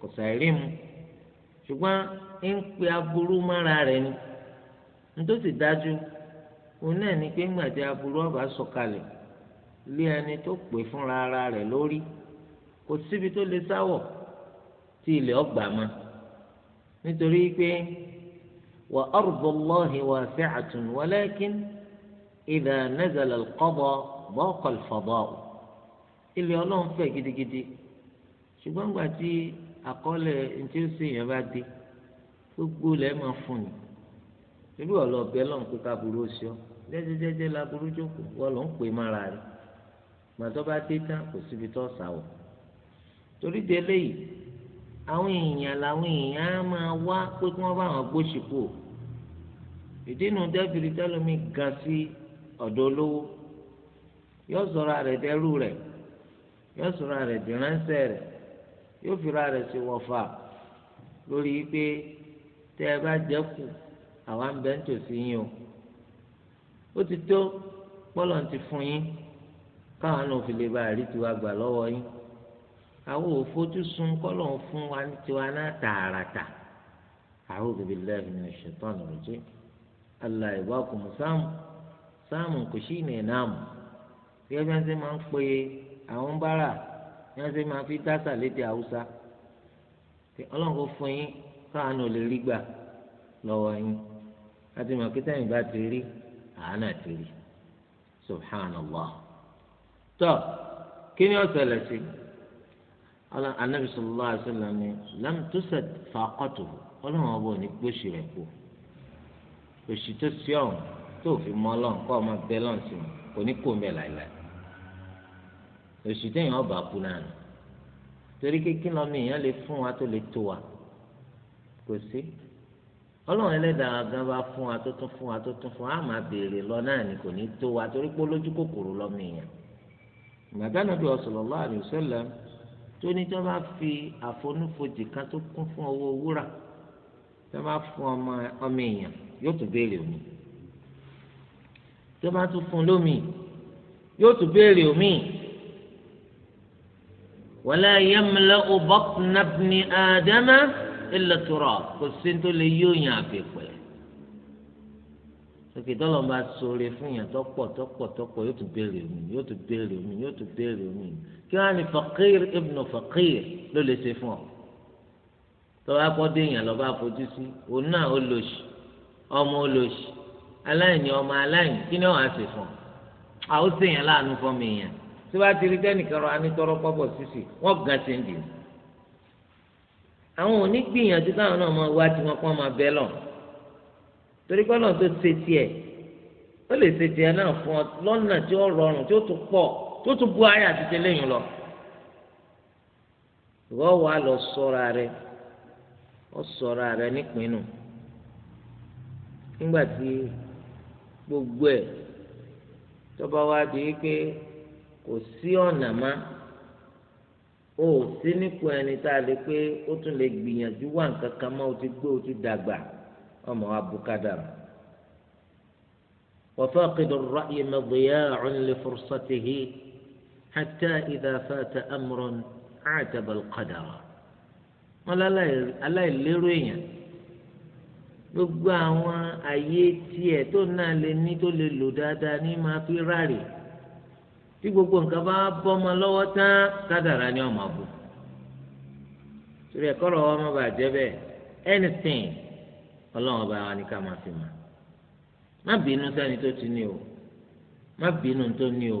kọ̀sà ìrí mu ṣùgbọ́n ń pe aburú mára rẹ̀ ni nítòsí dájú òun náà ni pé ńgbàdí aburú ọba sọ̀kalẹ̀ lé ẹni tó pè fúnra ara rẹ̀ lórí kò síbi tó lè sáwọ̀ tí ilẹ̀ ọgbà nítorí pé wa إذا نزل القضاء bọ́ọ̀kọ̀ الفضاء ilé الله fẹ̀ جدي ṣùgbọ́n gbà tí àkọọ́lẹ̀ ntí ó sì yẹn bá dé gbogbo lẹ́ẹ̀ máa fún ni ebi ọ̀lọ́ ọ̀bẹ lọ́n pé kaburú sí ọ jẹ́jẹ́jẹ́jẹ́ la burú jókòó wọ́n lọ́n pè mára rẹ̀ gbàtọ́ bá dé tán kò síbi tó sàwọ̀ torí de eléyìí àwọn èèyàn làwọn èèyàn á máa wá pé kí wọ́n bá wọn gbóṣìpò ìdí nu dẹ́bìrì tẹ́lómi gan sí. Si, ọ̀dọ̀ olówó yóò sọ̀rọ̀ rẹ̀ dẹ́rù rẹ̀ yóò sọ̀rọ̀ rẹ̀ dìránṣẹ́ rẹ̀ yóò fira rẹ̀ sí wọ̀fà lórí pé tẹ́ ẹ bá jẹ́kù àwa ń bẹ́ ń tòsí yín o ó ti tó pọ́lọ̀ ti fún yín káwọn náà fi lè bá àrí tiwa gbà lọ́wọ́ yín àwọn òfojú sun kọ́lọ̀ fún wa tiwa náà tààràtà a'udhu billahi minash shaitani rajim Allah ìwà kò mú sáàmù sáàmù kò sí ìnà ìnáàmù gẹ́gẹ́ bí wọ́n ṣe máa ń pe àwọn bára bí wọ́n ṣe máa fi dásà lédè haúsá ọlọ́run kò fún yín káwọn ò lè rí gbà lọ́wọ́ yín láti mọ̀ pé tẹ́yìn bá ti rí àánà ti rí subhanallah tọ́ kí ni ó ṣẹlẹ̀ sí anabi sallallahu alaihi wasallam ni lam tusad faqatuhu ọlọ́run ọba ò ní gbóṣì rẹ̀ kú òṣì tó sí ọ̀hún. tó fi mọ Ọlọ́run kọ ọmọ bẹ lọrun sí wọn kò ní kó mẹ láìláì oṣù téèyàn ọba kú torí kékin lọ mi fún wa tó lè tó wa kò sí Ọlọ́run gan bá fún wa tó tún fún wa tó fún wa á béèrè lọ ni kò ní tó wa torí pé olójú kòkòrò lọ mi èèyàn màdánù bí sallallahu fi àfonúfojì kan tó kún fún owó wúrà tó bá tún fún lómi yóò tún béèrè omi wala yamla'u batna ibni ádámà illa turab kò sí tó lè yóò yàn àbẹ̀pẹ̀ sókè tọ́lọ̀ bá sóore fún yàn tọ́pọ̀ tọ́pọ̀ tọ́pọ̀ yóò tún béèrè omi yóò tún béèrè omi yóò tún béèrè omi kí wọ́n á ní faqir ibnu faqir ló lè ṣe fún ọ tọ́wọ́ akọ́dé yàn lọ́ba fojú sí òun náà ó lòṣì ọmọ ó lòṣì aláìní ọmọ aláìní kí ni wọn á sì fún ọ àwọn sèèyàn láàánú fún mi yẹn tí wàá ti rí kẹ́nìkan rọ anítọ́rọ́ pọ́pọ̀ sísì wọ́n gan ṣe ń dì ní. àwọn òní gbìyànjú káwọn náà máa wá tiwọn kó máa bẹ́ lọ torí pé ọ̀nà tó ṣe tiẹ̀ ó lè ṣe tiẹ̀ náà fún ọ lọ́nà tí ó rọrùn tí ó tún pọ̀ tó tún bu ayé àti tẹ́lẹ̀ yìí lọ. ìwọ wàá lọ sọ́ra rẹ ọ sọ́ra rẹ nípinnu nígbà tí gbogbo ẹ̀ tọ́ba wa di pé kò sí ọ̀nà má o ò sí nípò ẹni tá a lè pé ó tún lè gbìyànjú wà nǹkan kan mọ́ o ti gbé o ti dàgbà ọmọ wa bùkádà rẹ̀. وفاقد الرأي مضياع لفرصته حتى إذا فات أمر عاتب القدر. ولا لا لا gbogbo àwọn àyè tiẹ̀ tó náà lè ní tó lè lò dáadáa ní máa fi ráàlì tí gbogbo nǹkan bá bọ́mọ lọ́wọ́ tán kádàrá ni ọmọ bò torí ẹ̀kọ́ rọ̀ wọ́n má bàa bẹ́ẹ̀ anything ọlọ́run ọba wa ni ká máa fi mà má bínú sẹ́ni tó ti ní o má bínú tó ní o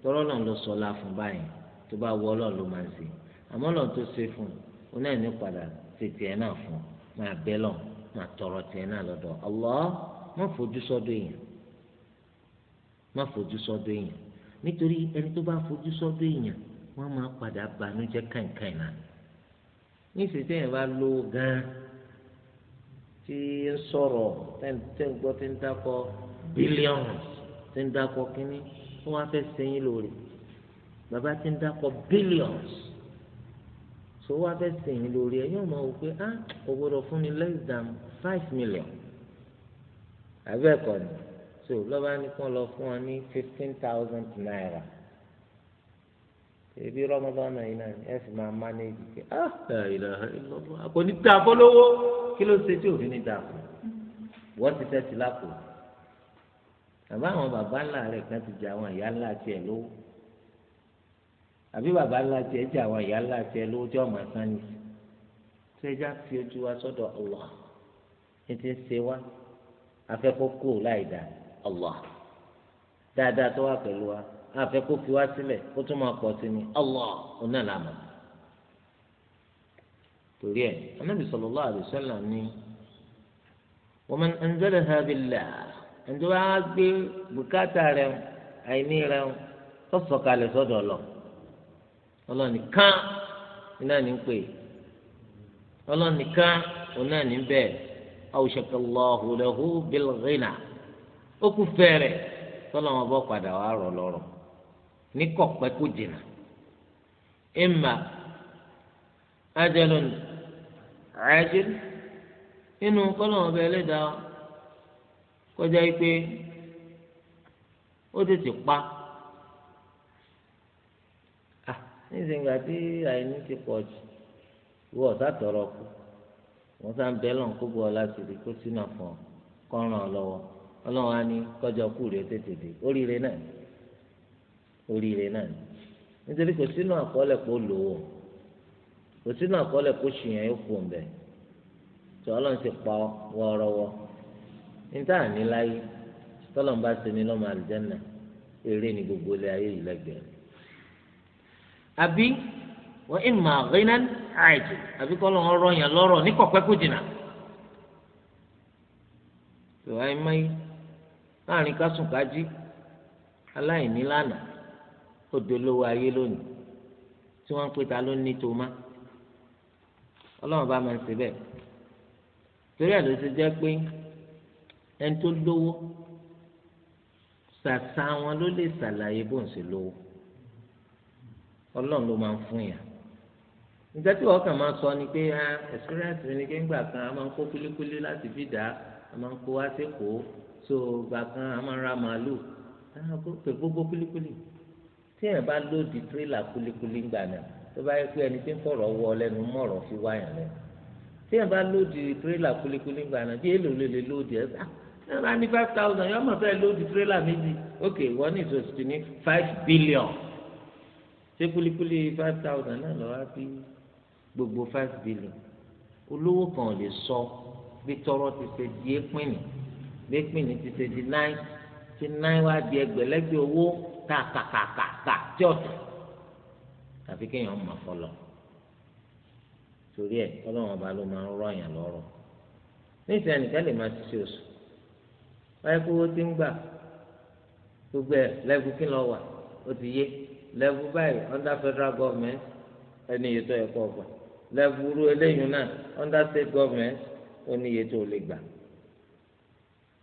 tọ́rọ́ náà ló sọ la fún báyìí tó bá wọ ọlọ́run ló máa ń ṣe àmọ́ ọlọ́run tó ṣe fún un ó náà ní padà tètè náà fún un máa bẹ́ lọ́run máa tọrọ tiẹ̀ náà lọ́dọ̀ Allah má fojú sọ́dọ̀ èèyàn má fojú sọ́dọ̀ èèyàn nítorí ẹni tó bá fojú sọ́dọ̀ èèyàn wọ́n máa padà banújẹ́ kàìnkàìn náà ní ìsèjẹ́ yẹn bá lówó gan-an tí ń sọ̀rọ̀ tẹ́ ń gbọ́ tí ń dákọ̀ bílíọ̀nù tí ń dákọ̀ kínní wọ́n á fẹ́ sẹ́yìn lórí bàbá tí ń dákọ̀ bílíọ̀nù so wá fẹ́ sèyìn lórí ẹ yóò máa wò pé á ah, ògbọ́dọ̀ fún ni less than five million àbí ẹ̀kọ́ ni so lọ́ba ní kàn lọ fún wa ní fifteen thousand naira ebi rọmọdọ́nà yìí náà ẹ sì máa manage pé á ìlà ìlọ́gbọ́n àpò ní ta fọlọ́wọ́ kí ló ṣe tí òfin ní ta fún wọ́n ti tẹ́tí lápò àbá àwọn bàbá ńlá rẹ̀ kan ti jẹ àwọn ìyá ńlá tiẹ̀ lówó àbí bàbá ńlá tiẹ̀ jẹ́ àwọn ìyá ńlá tiẹ̀ lówó tí ọmọ ẹ̀sán ni tó ẹja fi ojú wa sọ́dọ̀ Allah ní ti ń ṣe wá afẹ́kọ́ kú láì dá Allah dáadáa tó wà pẹ̀lú wa afẹ́kọ́ fi wá sílẹ̀ kó tún máa pọ̀ sí ni Allah ọ̀nà làmà torí ẹ̀ anábì sallallahu alaihi wasallam ni wa man anzalaha billah ẹ̀ńdọ́ wa gbé bùkátà rẹ̀ àìní rẹ̀ tó sọ̀kalẹ̀ sọ́dọ̀ Ọlọ́run. ọlọ́nìkan iná ní ń pè ọlọ́nìkan ọ̀nà ní bẹ́ẹ̀ awùsọ̀kẹ́ lọ́hùlẹ́hù bílgínà ó kú fẹ́rẹ̀ bọ́ padà wà rọ̀ lọ́rọ̀ ní kọ̀pẹ́ jìnnà ìmà kọjá yìí pé ó níṣẹ́ ìgbà tí àìní ti pọ̀ jù wọ́n ọ̀sá tọrọ kù wọ́n sá ń bẹ́ẹ̀ lọ́n kó bọ́ rí kó sínú àfọ̀n kọ́ ràn ọ́ á ní kọjọ kù rẹ̀ tètè dé oríire náà ni oríire náà ni nítorí kò sínú àkọọ́lẹ̀ kó lò pa wọ́ọ́rọ́wọ́ níta ni gbogbo ilé ayé yìí lẹ́gbẹ̀ẹ́ àbí wọ́n ìn máa ghinan àìjù àbí kọ́ lọ́wọ́ rọ yẹn lọ́rọ̀ ní kọ̀pẹ́ kò jìnnà. tó ayé máa yí láàrin kásùn kájí aláìní lánàá ó dolówó ayé lónìí tí wọ́n ń pè ta ló ní tó má ọlọ́run bá máa ń ṣe bẹ́ẹ̀ torí ẹ̀ ló jẹ́ pé ẹni tó lówó ṣàṣà wọn ló lè ṣàlàyé bó ṣe lówó ọlọ́run ló máa ń fún yàn nígbà tí wọ́n kàn máa sọ ni pé ha experience mi ni pé ńgbà kan a máa ń kó kúlíkúlí láti fi dà a máa ń kó wá sí kó so gbà kan a máa ń ra màálù gbogbo kúlíkúlí tí èèyàn bá lóòdì tírélà kúlíkúlí ńgbà náà tó bá yẹ pé ẹni tí ń fọ̀rọ̀ wọ lẹ́nu mọ̀rọ̀ fi wáyàn lẹ́nu tí èèyàn bá lóòdì tírélà kúlíkúlí ńgbà náà bí èèlò lè lè lóòdì ẹ̀ ah, ẹ bá ní five thousand yọmọ fẹ́ lóòdì tírélà méjì ok wọ́n ní ìtòsí five billion ṣé kulikuli five thousand náà lọ́wọ́ bí gbogbo five billion olówó kan lè sọ bí tọrọ ti ṣe di épìnì bí épìnì ti ṣe di nine tí náì wá di ẹgbẹ̀lẹ́gbẹ̀ owó kàkàkàkà tí ọ̀tọ̀ tàbí kéèyàn mọ̀ fọlọ́ torí ẹ̀ ọlọ́run ọba ló máa ń rọ èèyàn lọ́rọ̀ níṣẹ́ nìkan lè máa ṣiṣẹ́ oṣù báyìí kówó ti ń gbà gbogbo ẹ̀ lẹ́gùn kí lọ wà ó ti yé lẹ́bù báyìí under federal government ẹni iye tó yẹ kó gbà lẹ́bù rú eléyìí náà under state government ó ní iye tó lè gbà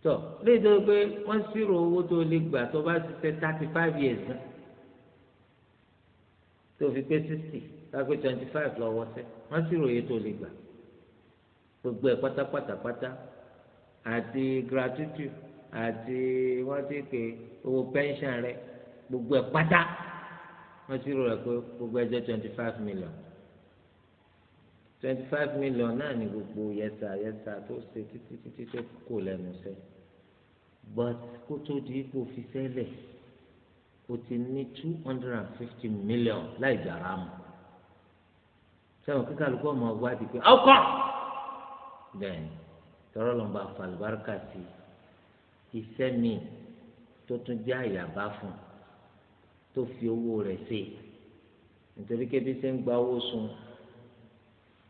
tọ léde pé wọ́n ṣírò owó tó lè gbà tó bá ti tẹ thirty five years náà tó fi pé sixty lápé twenty five lọ́wọ́ sẹ́ wọ́n ṣírò iye tó lè gbà gbogbo ẹ̀ pátápátápátá àti gratuity àti wọ́n ti pè owó pension rẹ̀ gbogbo ẹ̀ pátá wọ́n ti rò rẹ̀ pé gbogbo ẹjẹ́ twenty five million twenty five million náà ni gbogbo yẹsà yẹsà tó ṣe títí títí tó kò lẹ́nu sẹ́ but kó tó di ipò fi sẹ́lẹ̀ o ti ní two hundred and fifty million láì jàrá mu sẹ́wọ̀n kíkà lóko ọmọ ọgbà ti pé ọkọ̀ bẹ́ẹ̀ tọrọ lọ́nba falùbáríkà sí iṣẹ́ mi tó tún jẹ́ àyàbá fún un tó fi owó rẹ̀ ṣe nítorí kébí ṣe ń gba owó sun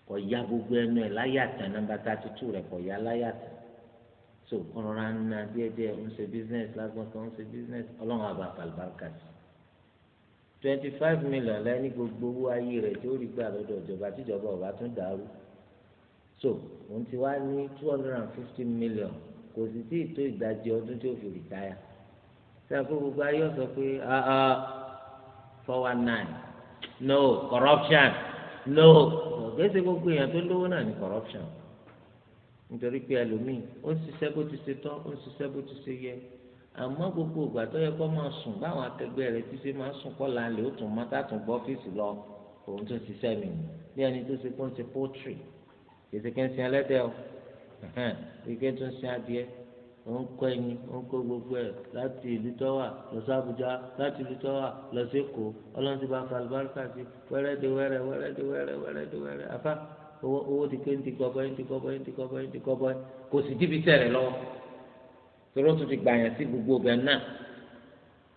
kò ya gbogbo ẹnu ẹ̀ láyàtà nàmbà tàti tù rẹ̀ kò ya láyàtà so ọ̀rọ̀ àná díẹ̀díẹ̀ ń ṣe business lágbọ́n kan ń ṣe business ọlọ́run àbá àlùbáríkà sí twenty five million lẹ́ni gbogbo owó ayé rẹ̀ tí ó rí gbà lọ́dọ̀ ìjọba tíjọba ọ̀bá tún dàrú so òun ti wá ní two hundred and fifty million kò sì tí ì tó ìdajì ọdún tí ó fi rìtáyà sẹ́kù gbogbo ayé sọ pé ah, ah, four one nine no corruption no gbèsè gbogbo èèyàn tó lówó náà ní corruption nítorí pé ẹlòmíì ó ń ṣiṣẹ́ bó ti ṣe tán ó ń ṣiṣẹ́ bó ti ṣe yẹ àmọ́ gbogbo ìgbà tó yẹ kó máa sùn báwọn akẹgbẹ́ rẹ̀ ti ṣe máa sùn kọ́ la lè ó tún mọ́ tààtún bọ́ ọ́fíìsì lọ òun tó ṣiṣẹ́ mi bí ẹni tó ṣe kó ń ṣe poultry kìsìkì ń sin ẹlẹ́dẹ̀ o kìsìkì tó ń sin adìẹ wọ́n kọ́ ẹyin wọ́n kọ́ gbogbo ẹ̀ láti ìlú tọ́wà lọ sí Àbújá láti ìlú tọ́wà lọ sí Èkó ọlọ́run ti bá fa àlùbáríkà sí wẹ́rẹ́ di wẹ́rẹ́ wẹ́rẹ́ di wẹ́rẹ́ wẹ́rẹ́ di wẹ́rẹ́ afá owó owó ti pé ń ti kọ́bọ́ ń ti kọ́bọ́ ń ti kọ́bọ́ ń ti kọ́bọ́ kò sì díbi tẹ̀rẹ̀ lọ́wọ́ torí ó tún ti gbàyàn sí gbogbo ọbẹ̀ náà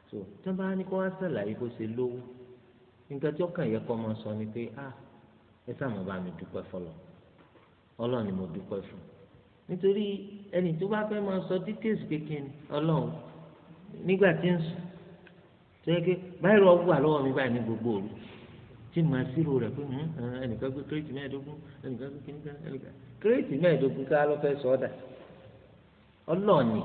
tó tó bá ní kó wá sàlàyé bó ṣe lówó nǹkan tí ọkàn yẹ kọ́ máa sọ ni pé ah ẹ sáà mo bá mi dúpẹ́ fọlọ́ ọlọ́run ni mo dúpẹ́ fún un nítorí ẹni tó bá fẹ́ máa sọ details kékeré ọlọ́run nígbà tí ń sùn tó yẹ kí báyìí rọ wà lọ́wọ́ mi báyìí ní gbogbo òru tí màá sírò rẹ̀ pé hmm, ẹnìkan gbé kírètì mẹ́ẹ̀ẹ́dógún ẹnìkan gbé kírètì mẹ́ẹ̀ẹ́dógún kírètì mẹ́ẹ̀ẹ́dógún ká ló fẹ́ sọ ọ́ dà ọlọ́ọ̀ni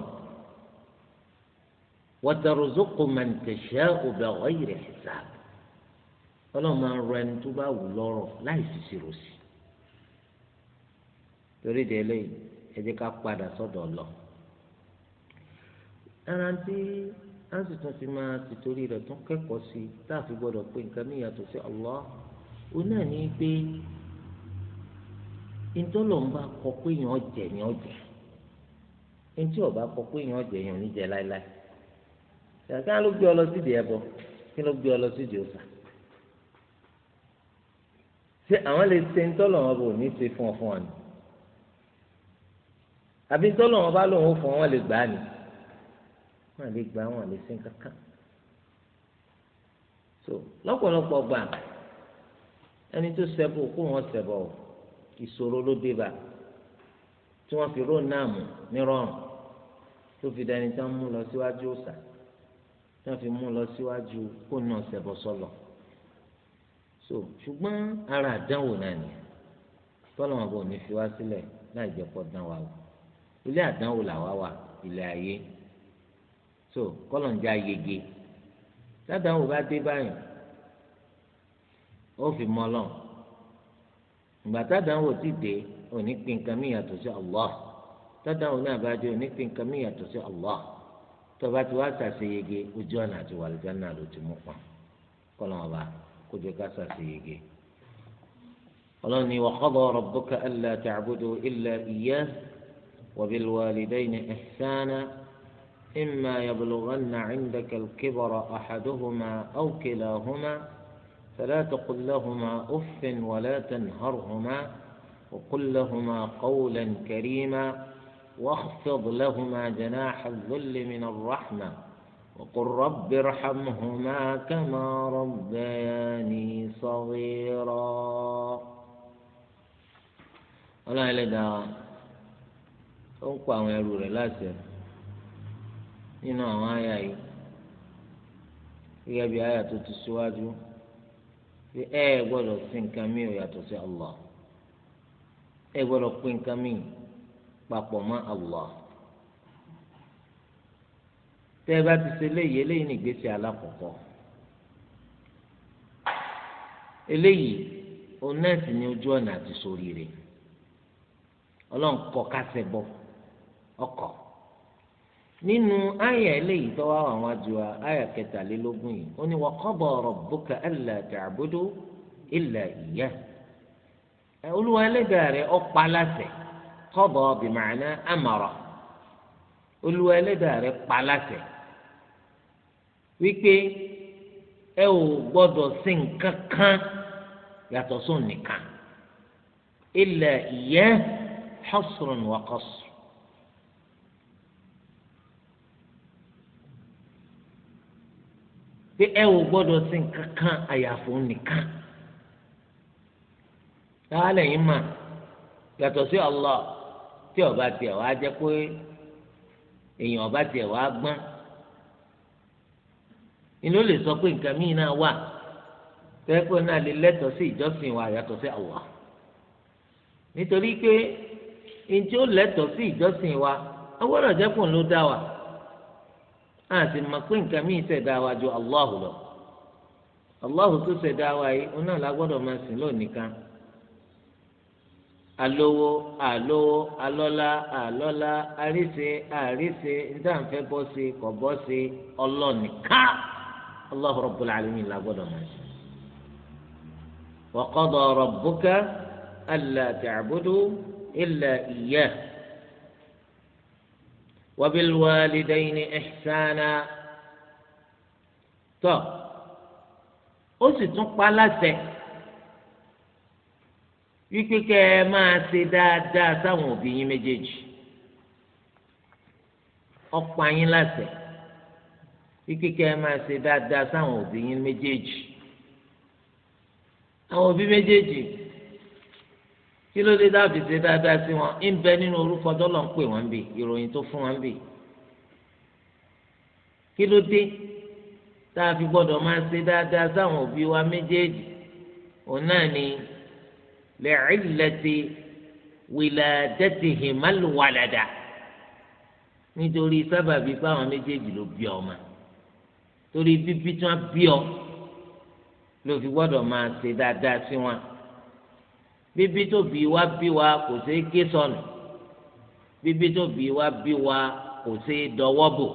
wọ́tẹ̀rọ̀zọ́kọ̀ mẹ́ǹtẹ̀ṣẹ́ òbẹ̀wọ̀ yìí rẹ̀ ṣìṣàbù ẹ ká padà sọdọ lọ. ara tí a sì tún fi máa tìtorí rẹ̀ tún kẹ́kọ̀ọ́ sí i tá a fi gbọ́dọ̀ pé nǹkan mí yàtọ̀ sí Allah ó náà ní pé ìtọ́lọ̀ ń bá kọ pé yàn jẹ̀ yàn jẹ̀ ntí ọba kọ pé yàn jẹ̀ yàn níjẹ̀ láéláé kí ló gbé ọ lọ sídìí ẹbọ kí ló gbé ọ lọ sídìí ọsà ṣé àwọn lè ṣe ntọ́lọ̀ wọn bò ní ṣe fún ọ fún ọ ni. àbí tọ́lọ̀ wọn bá lòun ó fún wọn lè gbà á ni wọn lè gbà wọn lè sin kankan so lọ́pọ̀lọpọ̀ gbà ẹni tó ṣẹbọ kó wọn ṣẹbọ ìṣòro ló dé bá tí wọn fi róò náà mú nírọ̀rùn tó fi dání tán mú lọ síwájú òòṣà tí wọn fi mú lọ síwájú kó náà ṣẹbọ sọlọ so ṣùgbọ́n ara àdánwò náà nìyẹn tọ́lọ̀ wọn bò ní fi wá sílẹ̀ láì jẹ́ pọ̀ dán wa wò. ilé àdánwò làwa wà ilé ayé so kọ́lọ̀ ń jẹ́ yege sádánwò bá dé báyìí ó fi mọ́ ìgbà sádánwò ti dé òní pin yàtọ̀ sí Allah sádánwò náà bá dé òní pin nǹkan yàtọ̀ sí Allah tọba tí wàá yege ojú ọ̀nà àti wàlìjánà ló ti mú pa kọ́lọ̀ wọn bá kó jẹ́ ká sàṣeyege. ọlọ́ni wa alla ta'budu illa iyyah. وبالوالدين إحسانا إما يبلغن عندك الكبر أحدهما أو كلاهما فلا تقل لهما أف ولا تنهرهما وقل لهما قولا كريما واخفض لهما جناح الذل من الرحمة وقل رب ارحمهما كما ربياني صغيرا ولا إلى ó ń pa àwọn ẹrù rẹ̀ láti ẹ̀ nínú àwọn àyà yìí gẹ́gẹ́ bí àyà tó ti síwájú pé ẹ gbọ́dọ̀ sí nǹkan mi ò sí Allah ẹ gbọ́dọ̀ pín nǹkan mi Allah tẹ́ ẹ bá ti ṣe léyìí eléyìí ní ìgbésẹ̀ alákọ̀ọ́kọ́ eléyìí ni ojú ọ̀nà àti sóríire ọlọ́run kọ́ kásẹ̀ bọ́. ọkọ̀ nínú àyà eléyìí tó wá àwọn àjùwà àyà kẹtàlélógún yìí ó ní wa qada rabbuka alla ta'budu illa iyyah olúwa ẹlẹ́dàá rẹ̀ ó pa láṣẹ qada bi ma'na amara olúwa ẹlẹ́dàá rẹ̀ pa láṣẹ wípé ẹ ò gbọ́dọ̀ sí nǹkan kan yàtọ̀ sóun nìkan illa iyyah hasrun wa qasr. pé ẹ ò gbọdọ sí nǹkan kan àyàfò nìkan láàlẹ̀ yìí mà yàtọ̀ sí Allah tí ọba tiẹ wá jẹ́ pé èèyàn ọba tiẹ̀ wá gbọ́n inú lè sọ pé nǹkan míì náà wà tẹ́kọ̀ náà lè lẹ́tọ̀ọ́ sí ìjọsìn wa yàtọ̀ sí n'itori nítorí pé ntí ó sí ìjọsìn wa ọgbọ́dọ̀ jẹ́ pọ̀ ló dá wa. àti mọ̀ pé nǹkan mìíràn ṣẹ̀dá wa ju Allahu lọ Allahu tó ṣẹ̀dá wa yìí òun náà la gbọ́dọ̀ máa sìn lónìí kan alówó alówó alọ́lá alọ́lá àríṣe àríṣe ntànfẹ́ bọ́ sí kọ̀ bọ́ sí ọlọ́nìká Allahu Rabbul Alamin la máa sìn. wa qada rabbuka alla ta'budu illa iyyah. وبالوالدين إحسانا tó ó sì tún pa láṣẹ wípé kẹ́ ẹ máa ṣe dáadáa sáwọn òbí yín méjèèjì ó pa yín wípé kẹ́ ẹ máa ṣe dáadáa sáwọn òbí yín méjèèjì àwọn òbí méjèèjì kí ló dé dábì ṣe dáadáa sí wọn ń bẹ nínú orúkọ tọ́lọ̀ ń pè wọ́n bì ìròyìn tó fún wọn bì kí ló dé tá a fi gbọ́dọ̀ máa ṣe dáadáa sáwọn òbí wa méjèèjì òun náà ni lẹ́ẹ̀lẹ́tì wìlàdẹ́tìhìmálùwàlàdà nítorí sábàbí báwọn méjèèjì ló bí ọmọ torí bíbí tí wọ́n bí ọ ló fi gbọ́dọ̀ máa ṣe dáadáa sí wọn bíbí tó bí wa bí wa kò ṣe é ké sọnù bíbí tó bí wa bí wa kò ṣe é dọwọ́ bò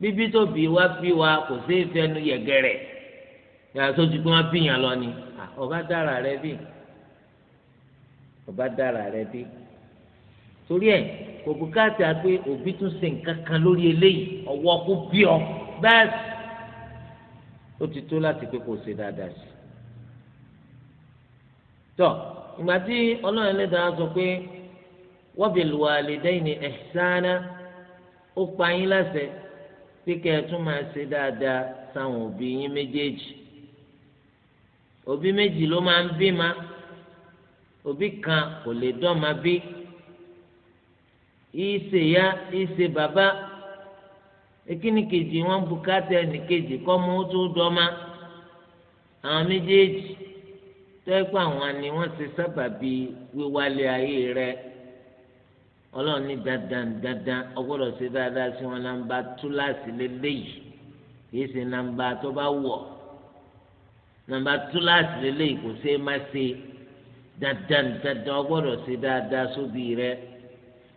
bíbí tó bí wa bí wa kò ṣe é fẹnu yẹgẹrẹ yàrá sójú pé wọn bí yàn lọ ni ọba dára rẹ bí ọba dára rẹ bí torí ẹ kò bùkátà pé òbí tún ṣe nǹkan lórí eléyìí ọwọ́ kó bí ọ bẹ́ẹ̀ ó ti tó láti pé kò ṣe dáadáa sí tọ́ ìgbà tí ọlọ́run ẹlẹ́dàá sọ pé wabil walidayni ihsana ó pa yín láṣẹ pé kẹ́ ẹ tún máa ṣe dáadáa sáwọn òbí yín méjèèjì òbí méjì ló máa ń bí ma òbí kan kò lè dọ́mà bí ìṣe ya ìṣe bàbá ekini kejì wọn bùkátà ẹnìkejì kọ́ mú tó dọ́mà àwọn méjèèjì tẹ́gbà wọn ni wọ́n ti sábà bí wíwálé ayé rẹ ọlọ́run ní dandan dandan ọgbọ́dọ̀ ṣe dáadáa sí wọn nàmbà túláàsì lélẹ́yìí kìí ṣe nàmbà tó bá wọ̀ nàmbà túláàsì lélẹ́yìí kò ṣe é má ṣe dandan dandan ọgbọ́dọ̀ ṣe dáadáa sóbì rẹ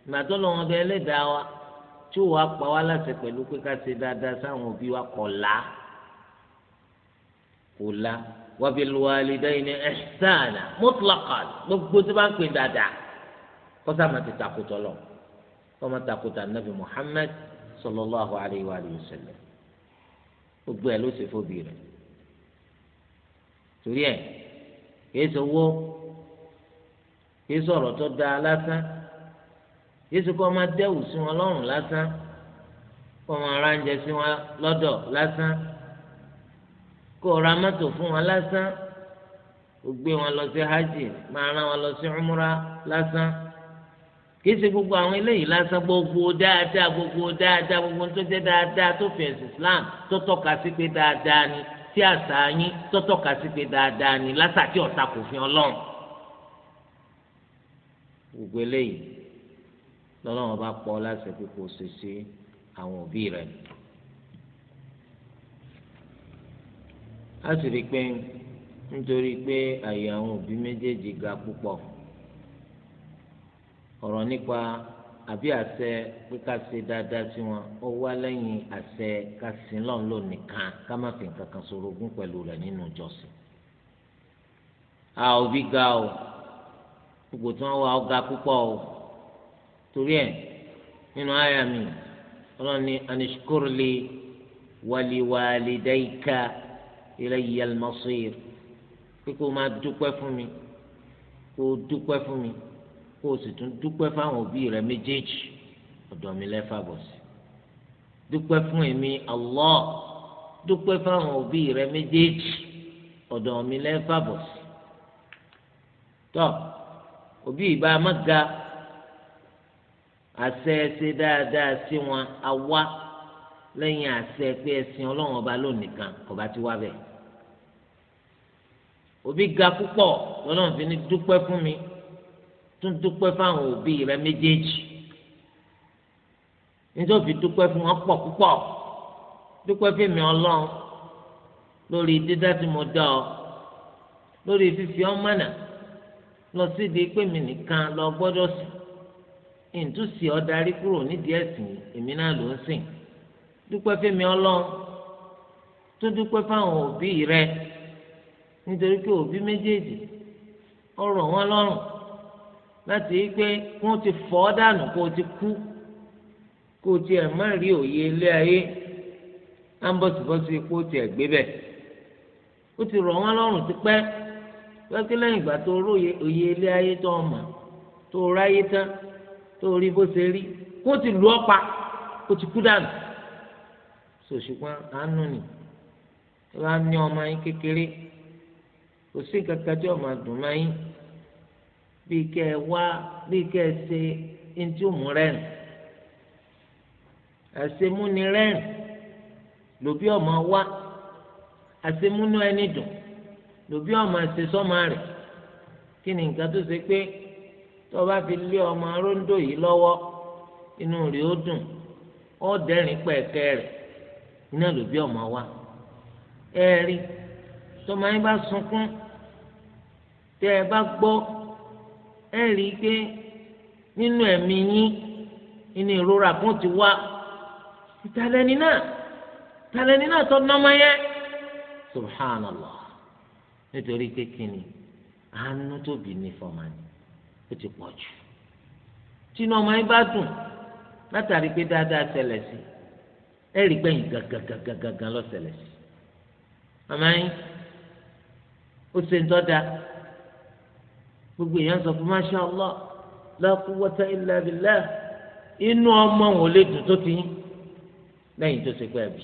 ìgbàtọ́ lọ́wọ́n bẹ ẹlẹ́dàá wa tí ó wàá pa wá láṣẹ pẹ̀lú pé ká ṣe dáadáa sáwọn òbí wa kọ̀ la kò la. وبالوالدين إحسانا مطلقا gbogbo tí bá ń pè dáadáa kọ́sá máa ti takùtọ̀ lọ kọ́ máa takùtọ̀ anabi muhammed sallallahu alayhi wa sallam gbogbo ẹ̀ ló ṣe fóbi rẹ̀ torí ẹ̀ kìí sọ́wọ́ kìí sọ̀rọ̀ tó dáa lásán kìí sọ́kọ́ máa dẹ́wù sí wọn lọ́rùn lásán kọ́ máa ránjẹ sí wọn lọ́dọ̀ lásán kó o ra mọ́tò fún wọn lásán o gbé wọn lọ sí hajj máa rán wọn lọ sí umra lásán kìí ṣe gbogbo àwọn eléyìí lásán gbogbo dáadáa gbogbo dáadáa gbogbo tó jẹ́ dáadáa tó fi ẹ̀sìn Islam tó tọ́ka sí pé dáadáa ni tí àṣà yín tó tọ́ka sí pé dáadáa ni lásàkí ọ̀tá kò fi ọlọ́run gbogbo eléyìí lọ́lọ́run bá pọ̀ láṣẹ pé kò ṣe sí àwọn òbí rẹ̀ nù. a sì rí i pé nítorí pé àyè àwọn òbí méjèèjì ga púpọ̀ ọ̀rọ̀ nípa àbí àṣẹ pé ṣe dáadáa sí wọn ó wá lẹ́yìn àṣẹ ká nìkan ká má fi nǹkan pẹ̀lú nínú ìjọsìn. a òbí ga o ipò tí ọ ga púpọ̀ o torí ẹ nínú àyà mi ọlọ́ni ilayya al-masir pé kó máa dúpẹ́ fún mi kó dúpẹ́ fún mi kó o sì tún dúpẹ́ fáwọn òbí rẹ méjèèjì ọ̀dọ̀ mi lẹ́fà bọ̀ sí dúpẹ́ fún èmi Allah dúpẹ́ fáwọn òbí rẹ méjèèjì ọ̀dọ̀ mi lẹ́fà bọ̀ sí tọ́ òbí ìbá má ga àṣẹ ẹsẹ dáadáa sí wọn àwa lẹ́yìn àṣẹ pé ẹsìn Ọlọ́run ọba lónìí kan kọba ti wá bẹ́ẹ̀ òbí ga púpọ̀ lọ́lọ́run fi ní dúpẹ́ fún mi tún dúpẹ́ fáwọn òbí rẹ méjèèjì nítorí fi dúpẹ́ fún wọn pọ̀ púpọ̀ dúpẹ́ fèmí ọlọ́run lórí dídá tí mo dá ọ lórí fífi ọ mọ̀nà lọ sí di pé mi nìkan lọ gbọ́dọ̀ sìn ìtúsí ọ darí kúrò nídìí ẹ̀sìn èmi náà ló ń sìn dúpẹ́ fèmí ọlọ́run tún dúpẹ́ fáwọn òbí rẹ nítorí pé òbí méjèèjì ó rọ̀ wọ́n lọ́rùn láti rí pé wọ́n ti fọ́ dànù kó o ti kú kó o ti ẹ̀ má rí òye ilé ayé á ń bọ̀sibọ́sí kó o ti ẹ̀ gbé bẹ̀ ó ti rọ̀ wọ́n lọ́rùn tipẹ́ pẹ́kí lẹ́yìn ìgbà tó róye òye ilé ayé tó ọmọ tó ráyé tán tó rí bó ṣe rí kó o ti lù ọ́ pa kó o ti kú dànù sòṣùpá àánú ni wọ́n á ní ọmọ yín kékeré kò sí nǹkan kan tí ọmọ dùn máa yín bíi kẹ́ ẹ wá bíi kẹ́ ẹ ṣe ntí òmù rẹ́rìn àṣemúni rẹ́rìn lòbí ọmọ wá àṣemúnú ẹni dùn lòbí ọmọ ṣe sọ́mọ rẹ̀ kí ni nǹkan tó ṣe pé tó bá fi lé ọmọ róńdò yìí lọ́wọ́ inú rẹ̀ ó dùn ó dẹ́rìn pẹ̀kẹ́ rẹ̀ iná lòbí ọmọ wá ẹ̀ẹ́rì tọmọ yín bá sunkún. tẹ ẹ bá gbọ́ ẹ rí i pé nínú ẹ̀mí yín ti wá ìtàlẹ́ni náà ìtàlẹ́ni náà tọ́ nọ́mọ yẹn subhanallah nítorí pé kíni àánú tóbi ní fọmọ ni ó ti pọ̀ jù tínú ọmọ yín bá dùn látàrí pé dáadáa ṣẹlẹ̀ sí ẹ rí i pé lọ sí ó gbogbo èèyàn sọ fún masha allah la quwwata illa billah inú ọmọ wọn lè dùn tó ti yín lẹ́yìn tó ṣe pé ẹbí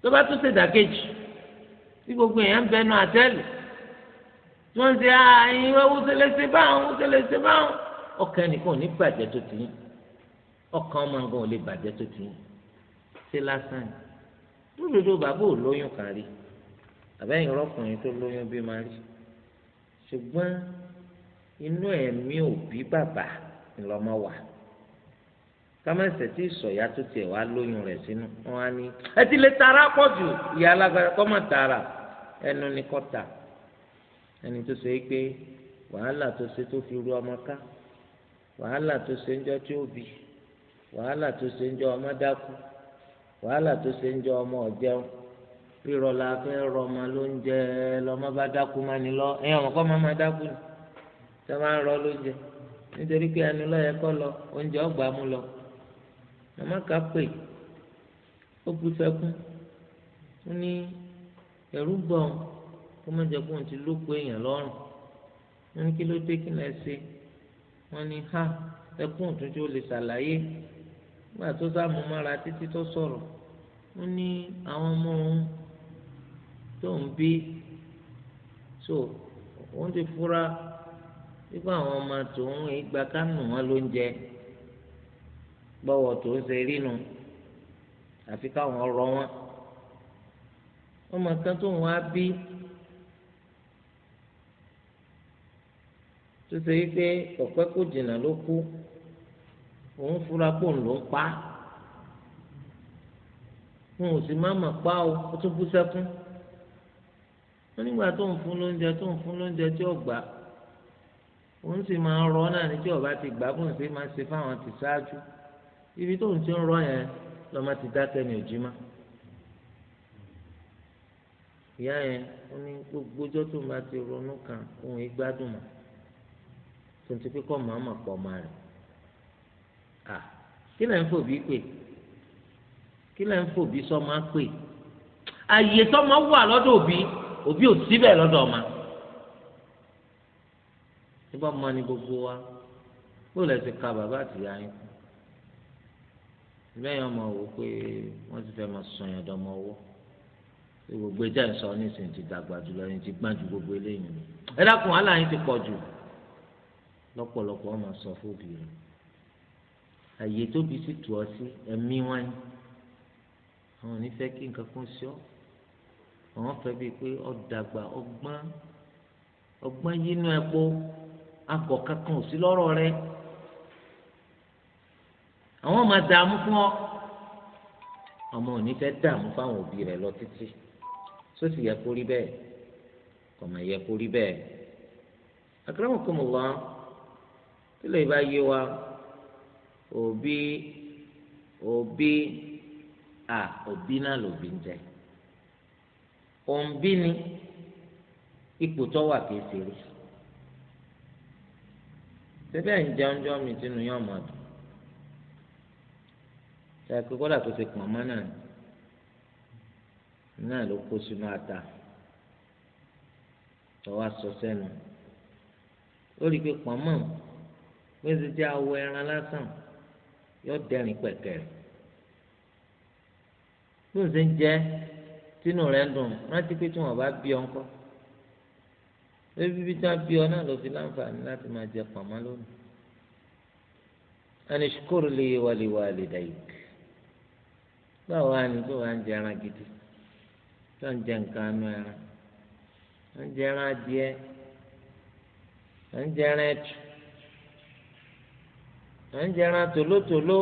tó bá tún ṣe dàkejì tí gbogbo èèyàn ń bẹnu àtẹ́lù tí wọ́n ṣe àyìn ah, wúṣẹ́lẹ́sẹ̀ báwọn wúṣẹ́lẹ́sẹ̀ báwọn ọkàn nìkan ò ní bàjẹ́ tó ti yín ọkàn ọmọ nǹkan ò lè bàjẹ́ tó ti yín ṣé lásán ni lódodo bàbá ò lóyún kan àbẹ́yìn rọ́kùnrin tó lóyún bí máa rí ṣùgbọ́n inú ẹ̀mí òbí bàbá ńlọmọ wà kámẹ́sẹ̀ tí ìsọ̀yà tó tiẹ̀ wá lóyún rẹ̀ sínú wọn á ní ẹ ti lè tara pọ̀ jù ìyá alágbára kọ́ mọ̀ tara ẹnu ni kọ́ ta ẹni tó ṣe é pé wàhálà tó ṣe tó fi ru ọmọ ká wàhálà tó ṣe ń jọ tí ó bí wàhálà tó ṣe ń jọ ọmọ dákú wàhálà tó ṣe ń jọ ọmọ ọ̀jẹun rírọ̀ la fẹ́ rọ ọmọ lóúnjẹ lọ́mọ bá dákú má ní lọ ẹ̀yìn àwọn kọ́ máa máa dákú ni tẹ́ máa ń rọ lóúnjẹ nítorí pé ẹnu lọ́yẹ kọ́ lọ oúnjẹ ọgbà mú lọ màmá kà pè ó bu sẹ́kún ó ní ẹ̀rú gbọ̀n kó má jẹ́ kó ń ti lóko èèyàn lọ́rùn wọ́n ní kí ló dé kí lẹ́ ṣe wọ́n ní ha ẹkún òtútù ó lè ṣàlàyé nígbà tó sá mú mọ́ra títí tó sọ̀rọ̀ ó ní àwọn ọmọ òun tó ń bí so òun ti fura nígbà àwọn ọmọ tòun ìgbà kánù wọn ló ń jẹ gbọ́wọ́ tòun ṣe rí nu àfi káwọn rọ wọn ọmọ kan tóun wá bí tó ṣe wípé ọ̀pẹ́ kò jìnnà ló kú òun fura pò ń lò ń pa òun ò sì má mà pa o ó tún bú sẹ́kún. onígbà tó ń fún lóúnjẹ tó ń fún lóúnjẹ tí ó gbà òun sì máa ń rọ náà ní tí ọba ti gbà bóun sì máa ń ṣe fáwọn ti ṣáájú ibi tóun ti ń rọ yẹn lọ́mọ ti dákẹ́ ní òjì má. ìyá yẹn ó ní gbogbo ọjọ́ tó ń bá ti ronú kan òun ìgbádùn mọ́ tó ń ti pé kọ́ màmá pọ̀ máa rẹ̀ à kí lẹ́ ń fòbí pè kí lẹ́ ń fòbí sọ́mọ́ pè àyè tọ́mọ wà lọ́dọ̀ òbí òbí ò síbẹ̀ lọ́dọ̀ ọ̀ma nígbà mọ́ ni gbogbo wa bó lẹ́sẹ̀ ka bàbá àtìyá yín kú lẹ́yìn ọmọ wò pé wọ́n ti fẹ́ máa sọ yẹn dọ́mọ ọwọ́ pé gbogbo ẹja ń sọ nísìnyí ti dàgbà jùlọ ẹni ti gbọ́n ju gbogbo eléyìí ni ẹ dákun wàhálà yín ti pọ̀ jù lọ́pọ̀lọpọ̀ ọmọ sọ fóbi rẹ̀ àyè tóbi sì tù ọ sí ẹ̀mí wáyé àwọn onífẹ́ kí nǹkan kan sí ọ́ àwọn fẹ́ bíi pé ọ̀dàgbà ọgbọ́n ọgbọ́n yínú ẹ̀pó akọ̀ kankan ò sí lọ́rọ̀ rẹ àwọn máa dààmú fún ọ ọmọ òní fẹ́ dààmú fáwọn òbí rẹ lọ títí tó sì yẹ kó rí bẹ́ẹ̀ kò mà yẹ kó rí bẹ́ẹ̀ akramakumullah tí lè bá yé wa òbí òbí à òbí náà lòbí ń jẹ. òǹbí ni ipò tó wà kìí ṣeré nje ń jẹun mi tínú yóò mọ̀ dùn ṣàkóso kódà tó ti pọ̀ náà náà ló kó sínú ata tó wá sọ ó rí i pé jẹ́ awọ ẹran lásán yóò bí ó tínú rẹ̀ ń dùn rántí pé tí wọ́n bá bí ọ ńkọ́ ebi bí tí wọ́n bí ọ náà ló fi láǹfààní láti máa jẹ pàmò lónìí ẹni ṣukúrú lè wàlíwà lè dàyìk báwo wá ní tó wà ń jẹ ẹran gidi tó ń jẹ nǹkan anú ẹran ń jẹ ẹran adìẹ ń jẹ ẹran ẹtù ń jẹ ẹran tòlótòló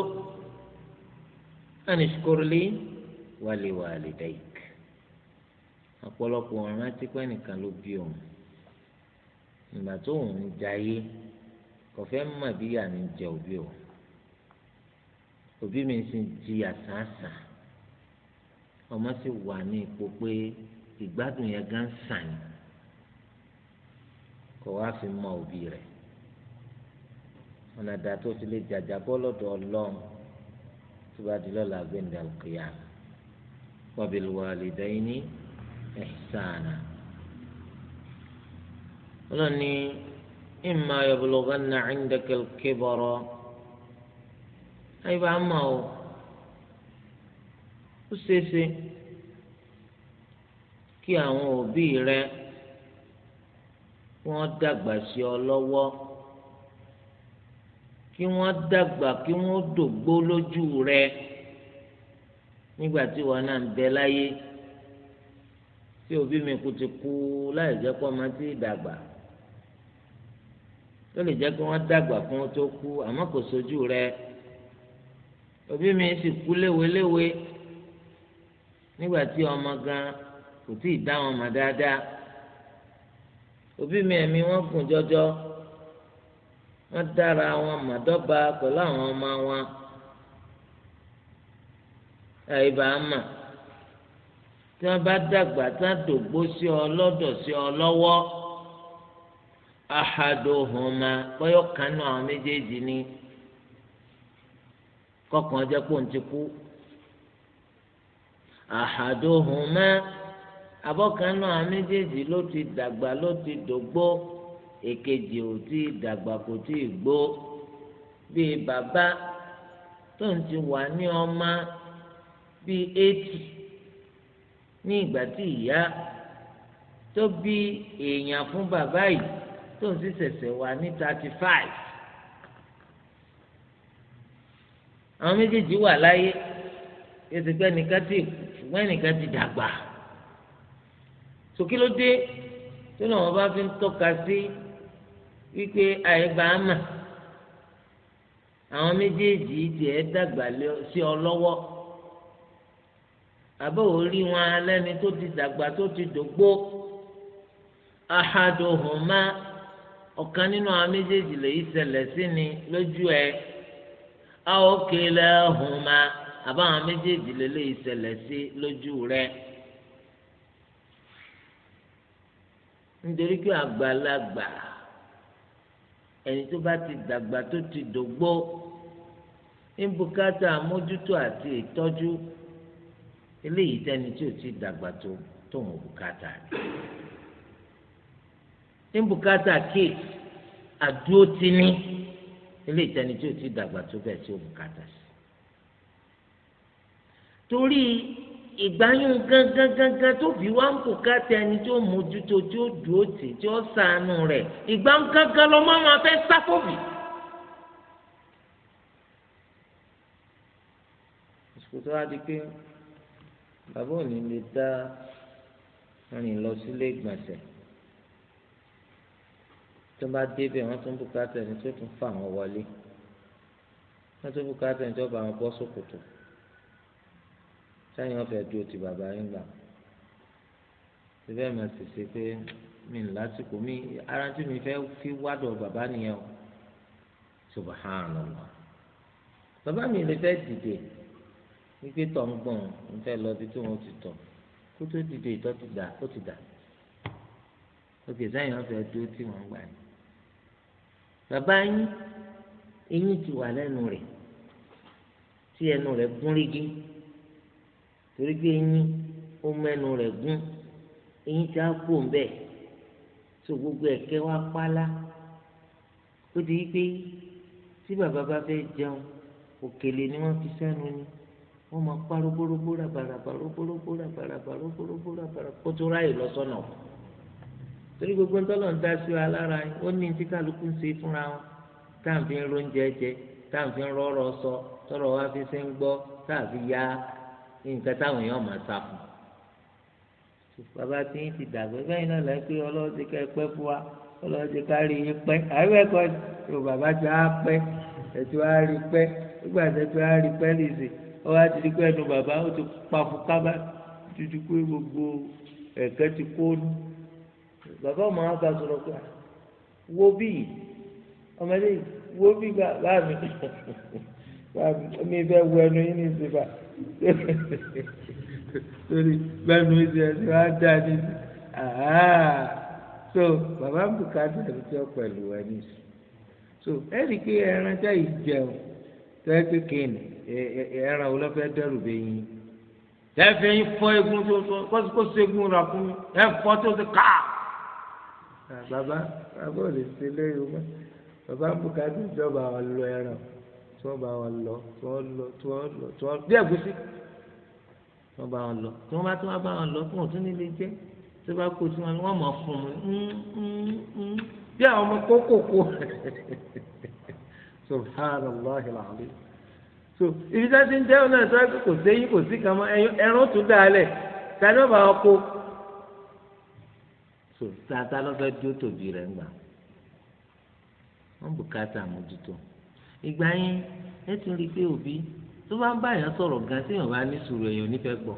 ẹni ṣukúrú lè wàlíwà lè ọ̀pọ̀lọpọ̀ òun rántí pé nìkan ló bí òun ìgbà tó òun ń jayé kò fẹ́ mọ̀ bí ìyá mi jẹ òbí o òbí mi sì ń jìyà sàǹsàn ọmọ sì wà ní ipò pé ìgbádùn yẹn gan sàn ni kò wá fi mọ òbí rẹ̀ ọ̀nà àdá tó fi lè jàjà bọ́ lọ́dọ̀ ọlọ́run tó bá di lọ́la gbẹ̀ndà òkèèyàn wa bil walidayni. إحسانا ولني إما يبلغن عندك الكبر أي بأما هو sese kí àwọn òbí rẹ wọn dàgbà sí ọ kí wọn dàgbà kí wọ́n dògbó lójú rẹ nígbà tí wọ́n náà ń bẹ láyé. tí òbí mi kò ti kú láì jẹ́ kó ọmọ tí ì dàgbà tó lè jẹ́ kó wọ́n dàgbà fún wọn tó kú àmọ́ kò sojú rẹ̀ òbí mi sì kú léweléwe nígbà tí ọmọ gan kò tí ì dá wọn mọ̀ dáadáa òbí mi ẹ̀mí wọn gùn jọjọ wọ́n dára wọn mọ̀ dọ́gba pẹ̀lú àwọn ọmọ wọn àìbá mà tí wọn bá dàgbà tí wọn dògbó sí ọ lọ́dọ̀ sí ọ lọ́wọ́ ahadohoma bọyọ kanu àwọn méjèèjì ni kọkàn jẹ pé òun ti kú ahadohoma abọkanu àwọn méjèèjì ló ti dàgbà ló ti dògbó èkejì ò tí ì dàgbà kò tí ì gbó bíi bàbá tó ń ti wà ní ọmọ bíi eighty ní ìgbà tí ìyá tó bí èèyàn fún bàbá yìí tó ń sì ṣẹ̀ṣẹ̀ wà ní thirty five àwọn méjèèjì wà láyé ètò pé ẹnìkan ti ṣùgbọ́n ẹnìkan ti dàgbà sókè ló dé tó náà wọn bá fi ń tọ́ka sí wípé àìgbà àmà àwọn méjèèjì tiẹ̀ dàgbà sí ọ lọ́wọ́ àbẹ orí wọn alẹ́ni tó ti dàgbà tó ti dògbó ma ọ̀kan nínú àwọn méjèèjì lèyí sí ni lójú ẹ aokelahoma àbẹ àwọn méjèèjì lèyí ṣẹlẹ̀ sí lójú rẹ. nítorí àgbàlagbà ẹni tó bá ti dàgbà tó ti dògbó àmójútó àti ìtọ́jú. eléyìí tẹni tí ò ti dàgbà tó tó ń bùkátà rẹ̀ ní bùkátà kéèkì àdúró ti ní eléyìí tẹni tí ò ti dàgbà tó bẹ́ẹ̀ tí ò bùkátà sí. torí ìgbáyún gángan gángan tó fi wá ń bùkátà ẹni tó mójútó tí ó dúró tì tí ó sànù rẹ̀ ìgbà gángan lọ́mọ́ máa fẹ́ sáfòbì. ìsìkò tó wá di pé bàbá òní lè dá rìn lọ sílé ìgbọ̀nsẹ̀ tó bá débẹ̀ wọ́n tún bùkátà ẹni tó tún fà wọ́n wọlé wọ́n tún bùkátà ẹni tó bá wọn bọ́ sókòtò sáyẹn wọ́n fẹ́ dúró ti bàbá yín gbà síbẹ̀ mà sì ṣe pé mi lásìkò mi ara tí mi fẹ́ fi wádọ̀ bàbá nìyẹn o subhanallah bàbá mi lè fẹ́ dìde wípé tọ̀ ń gbọ̀n ń fẹ́ lọ bí tí wọ́n ti tọ̀ kó tó dìde ìtọ́ ti dà ó ti dà òkè sáyẹn wọn fẹ́ dúró tí wọ́n ń gbà ní. bàbá yín eyín ti wà lẹ́nu rẹ̀ tí ẹnu rẹ̀ gún rígi torí pé eyín ó mẹ́nu rẹ̀ gún eyín ti á kó ń bẹ̀ tó gbogbo ẹ̀kẹ́ wá pálá ó di pé tí bàbá bá fẹ́ jẹun òkèlè ni wọ́n fi sẹ́nu ni wọ́n máa pa rogbórogbó rabaraba rogbórogbó rabaraba rogbórogbó rabaraba kó tó ráyè lọ sọ́nà ọ̀pọ̀ torí gbogbo ń tọ́lọ̀ ń dá sí wa lára yín ó ní tí kálukú ń ṣe fúnra wọn tá à ń fi ń róúnjẹ jẹ tá à ń fi ń rọ́rọ̀ sọ tọ́rọ̀ wá fi ṣe ń gbọ́ tá à fi ya nǹkan táwọn èèyàn máa ta fún bàbá tí yín ti dàgbé bẹ́ẹ̀ náà lẹ́ pé ọlọ́run ká pẹ́ fún wa ọlọ́run ká rí yín pẹ́ àbí ó wá ti di pé ẹnu bàbá ó ti pa fún kábà títí pé gbogbo ẹ̀kẹ́ ti kó nù bàbá ọmọ wa bá sọ̀rọ̀ pé wo bí ọmọdé wo bí bá mi mi bẹ́ wọ ẹnu yín ní ìsìnbà torí bẹ́ẹ̀ mi ṣe ẹni wá dá ní so bàbá mi ká dá ní tí ó pẹ̀lú ẹni so ẹ̀rí pé ẹran jẹ́ ìjẹun tó ẹ́ pé kéènì ẹran wo lọ́fẹ́ dẹ́rù bẹ́ yín tẹ́fẹ́ yín fọ́ egun tó sọ kó segun rà fún mi ẹ fọ́ tó ti ká. bàbá bàbá ò lè ṣe lẹ́yìn mọ́ bàbá bùkátà ìjọba ọlọ ẹran tí wọ́n bá wọn lọ tí wọ́n lọ tí wọ́n lọ tí wọ́n bí ẹ̀gúsí tí wọ́n bá wọn lọ tí wọ́n bá tí wọ́n bá wọn lọ tí wọ́n tún nílé jẹ́ tí wọ́n bá kó tí wọ́n wọ́n mọ̀ fún un mm, mm, mm. bí àwọn ọmọ kókòkò subhanallah alazim so ibi tá a ti ń jẹ́ ọ̀nà tó ẹ̀kọ́ kò séyìn kò sí kan mọ́ ẹran tún dà á lẹ̀ tani ó bá wọn kó so tata ló fẹ́ dúró tòbí rẹ̀ ń gbà wọ́n bùkátà àmójútó ìgbà yẹn ẹ tún rí i pé òbí tó bá ń bá èèyàn sọ̀rọ̀ gan tí èèyàn bá ní sùúrù èèyàn nífẹ̀ẹ́ gbọ́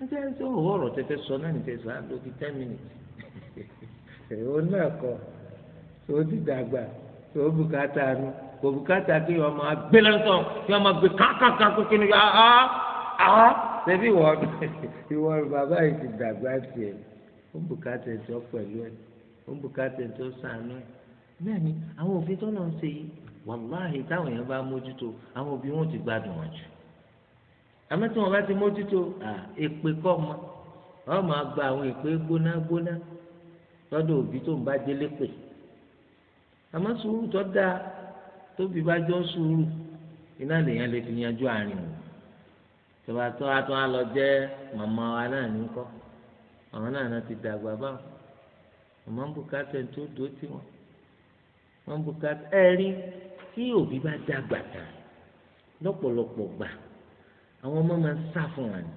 níta ń sọ òwò ọ̀rọ̀ tẹ́tẹ́ sọ náà níta sọ á lò ten minutes èèwọ̀ náà kọ tó ti dàgbà tó bùkátà nù kò bùkátà kí wọ́n máa gbé lọ́sàn kí wọ́n máa gbé kákàkàn kó kíni yá á á ṣebí ìwọ ìwọ bàbá yìí ti dàgbà tiẹ̀ ó bùkátà ẹ̀ tó pẹ̀lú ẹ̀ ó bùkátà ẹ̀ tó sànú ẹ̀ bẹ́ẹ̀ ni àwọn òfin tó náà ń ṣe yìí wàláhì táwọn èèyàn bá mójútó àwọn òbí wọn ti gbádùn wọn jù àmọ́ tí wọ́n bá ti mójútó èpè kọ́ mọ́ wọ́n máa gba àwọn èpè gbóná gbóná lọ́dọ̀ òbí tó ń bá délé pè àmọ́ sùúrù tó dáa tóbi bá jọ sùúrù iná lèèyàn lè fi yanjú àárín wọn tọba tó a tó a lọ jẹ màmá wa náà ní kọ àwọn náà náà ti dàgbà báwọn màmá ń bùkátà tó dó tiwọn màmá ń bùkátà ẹ rí tí òbí bá dàgbà tán lọ́pọ̀lọpọ̀ gbà àwọn ọmọ máa ń sá fún wa ni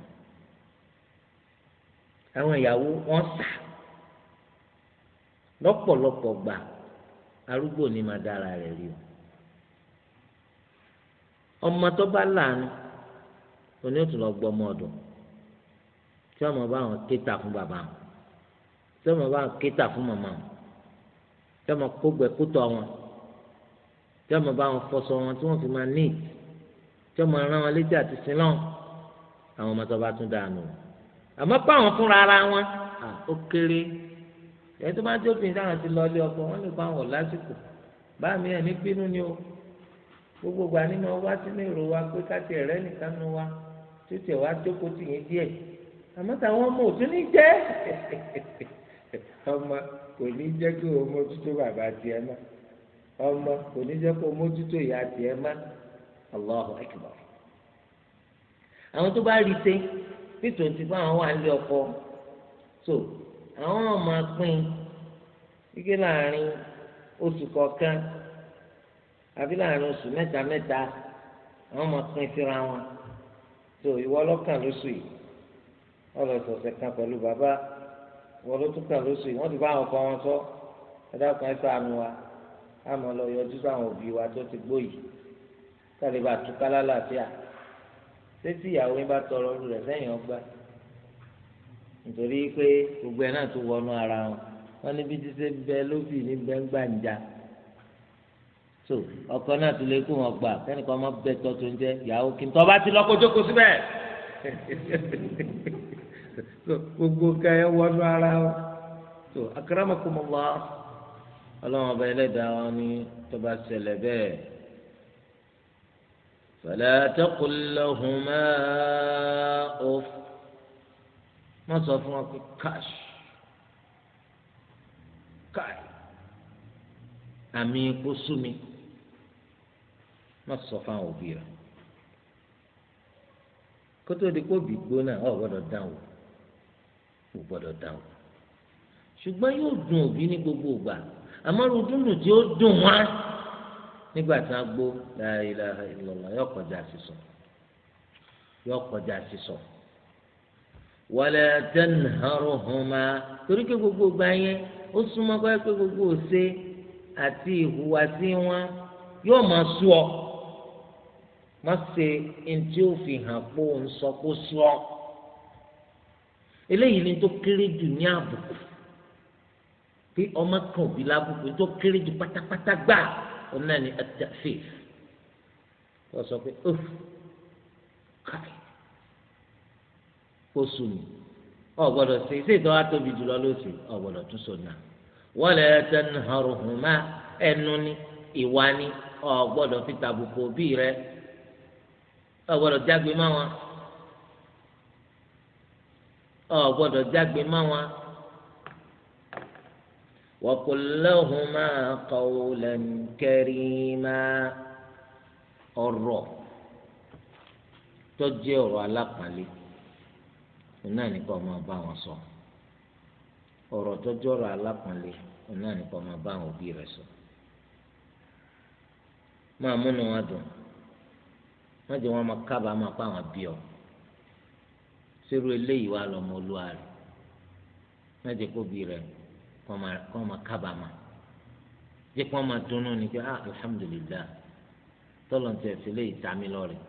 àwọn ìyàwó wọn sá lọ́pọ̀lọpọ̀ gbà arúgbó ni màá dára rẹ̀ rí o ọmọ tó bá láàánú òní ò tún lọ gbọ́ ọmọ ọ̀dọ̀ tí ọmọ bá wọn kéta fún bàbá wọn tí ọmọ bá wọn kéta fún màmá wọn tí ọmọ kógbẹ kótó wọn tí ọmọ bá wọn fọṣọ wọn tí wọn fi máa ní tí ọmọ rán wọn létí àti sinlọ́n àwọn ọmọ tó bá tún dànù àmọ́ pa àwọn fúnra ara wọn ó kéré ẹ̀ tó bá jókòó ní ti lọ ilé ọkọ wọn lè pa àwọn lásìkò báàmì ẹ̀ ní bínú ni o. gbogbo gba nínú máa tí sínú wa pé káti ẹ̀rẹ́ nìkan nu wa tó tiẹ̀ jókòó tì yín díẹ̀ àmọ́ táwọn ọmọ òtún ní jẹ́ ọmọ kò ní jẹ́ kí bàbá tiẹ̀ mọ́ ọmọ kò ní jẹ́ kí o mójútó ìyá tiẹ̀ mọ́ Allahu Akbar àwọn tó bá ọkọ so àwọn ọmọ pín ike láàrin oṣù àbí láàrin oṣù mẹ́ta mẹ́ta àwọn máa pín síra wọn tó ìwọ ọlọ́kàn lóṣù yìí ọlọ́sọ̀ọ̀sẹ̀ kan pẹ̀lú bàbá ìwọ ọlọ́tún kan lóṣù yìí wọ́n ti bá àwọn ọkọ wọn sọ ẹ̀dáàkùn ẹ̀ sànù wa àmọ́ lọ yọjú sáwọn òbí wa tó ti gbó yìí kálíbà túká lálàáfíà sétí ìyàwó yín bá tọrọ ọdún rẹ̀ sẹ́yìn ọgbà nítorí pé gbogbo ẹ̀ náà tó wọnú ara wọn wọn níbi tí ṣe bẹ lóbì ní bẹ́ńgbàǹjà so ọkọ náà tún lè kó wọn gbà kẹ́nìkan ọmọ bẹ tọ́ tó ń jẹ́ ìyàwó kí n tọ́ bá ti lọ́kọ́ jókòó síbẹ̀ gbogbo kẹyẹ wọnú ara wọn so akramakumullah ọlọ́run ọba ẹlẹ́dàá wọn ni tó bá ṣẹlẹ̀ bẹ́ẹ̀ fala taqul lahuma uff má sọ fún wọn pé káṣ káì àmì kó sú mi má sọ fáwọn òbí rẹ kótó di kó bì gbóná o gbọ́dọ̀ dáhùn o gbọ́dọ̀ dáhùn ṣùgbọ́n yóò dùn òbí ní gbogbo ìgbà àmọ́ rúdúndùn tí ó dùn wá nígbà tí wọ́n gbó láìláà ìlọlọ yóò kọjá sísọ yóò kọjá sísọ wàlẹ̀ tẹ́nìhàrọ̀ hàn máa torí pé gbogbo ìgbà yẹn ó súnmọ́ pé gbogbo òṣè àti ìhùwàsí wọn yóò máa sú ọ. má ṣe ntí o fi hàn pé ó ń sọ sọ eléyìí ni tó kéré jù ní àbùkù pé ọmọ kan òbí lábùkù tó kéré jù pátápátá gbà òun náà ni àtàfẹ́ wọ́n sọ pé ó káyọ̀ kó sùn mí ọ gbọ́dọ̀ ṣe ṣé ìtọ́ wa tóbi jùlọ lóṣù ọ tún sọ náà rẹ ọ gbọ́dọ̀ jágbe má wọn ọ gbọ́dọ̀ jágbe má wọn. وقل لهما قولا ọrọ ọ̀rọ̀ ọrọ alápàlẹ náà nípa ọmọ bá wọn sọ ọrọ tó jẹ́ ọ̀rọ̀ alápàlẹ náà nípa ọmọ bá wọn òbí rẹ̀ sọ máa múnú wọn dùn. má jẹ́ wọn máa kábàámọ̀ pa àwọn bí ọ sírú eléyìí wà lọ́mọ olúwa rẹ̀ má jẹ́ kó bí rẹ̀ kọ́ máa kábàámọ̀ jẹ́ kó máa dunnú ni pé ah alhamdulilayi tọ́lọ̀ ń tẹ̀ sílé ìtàmì lọ́rẹ̀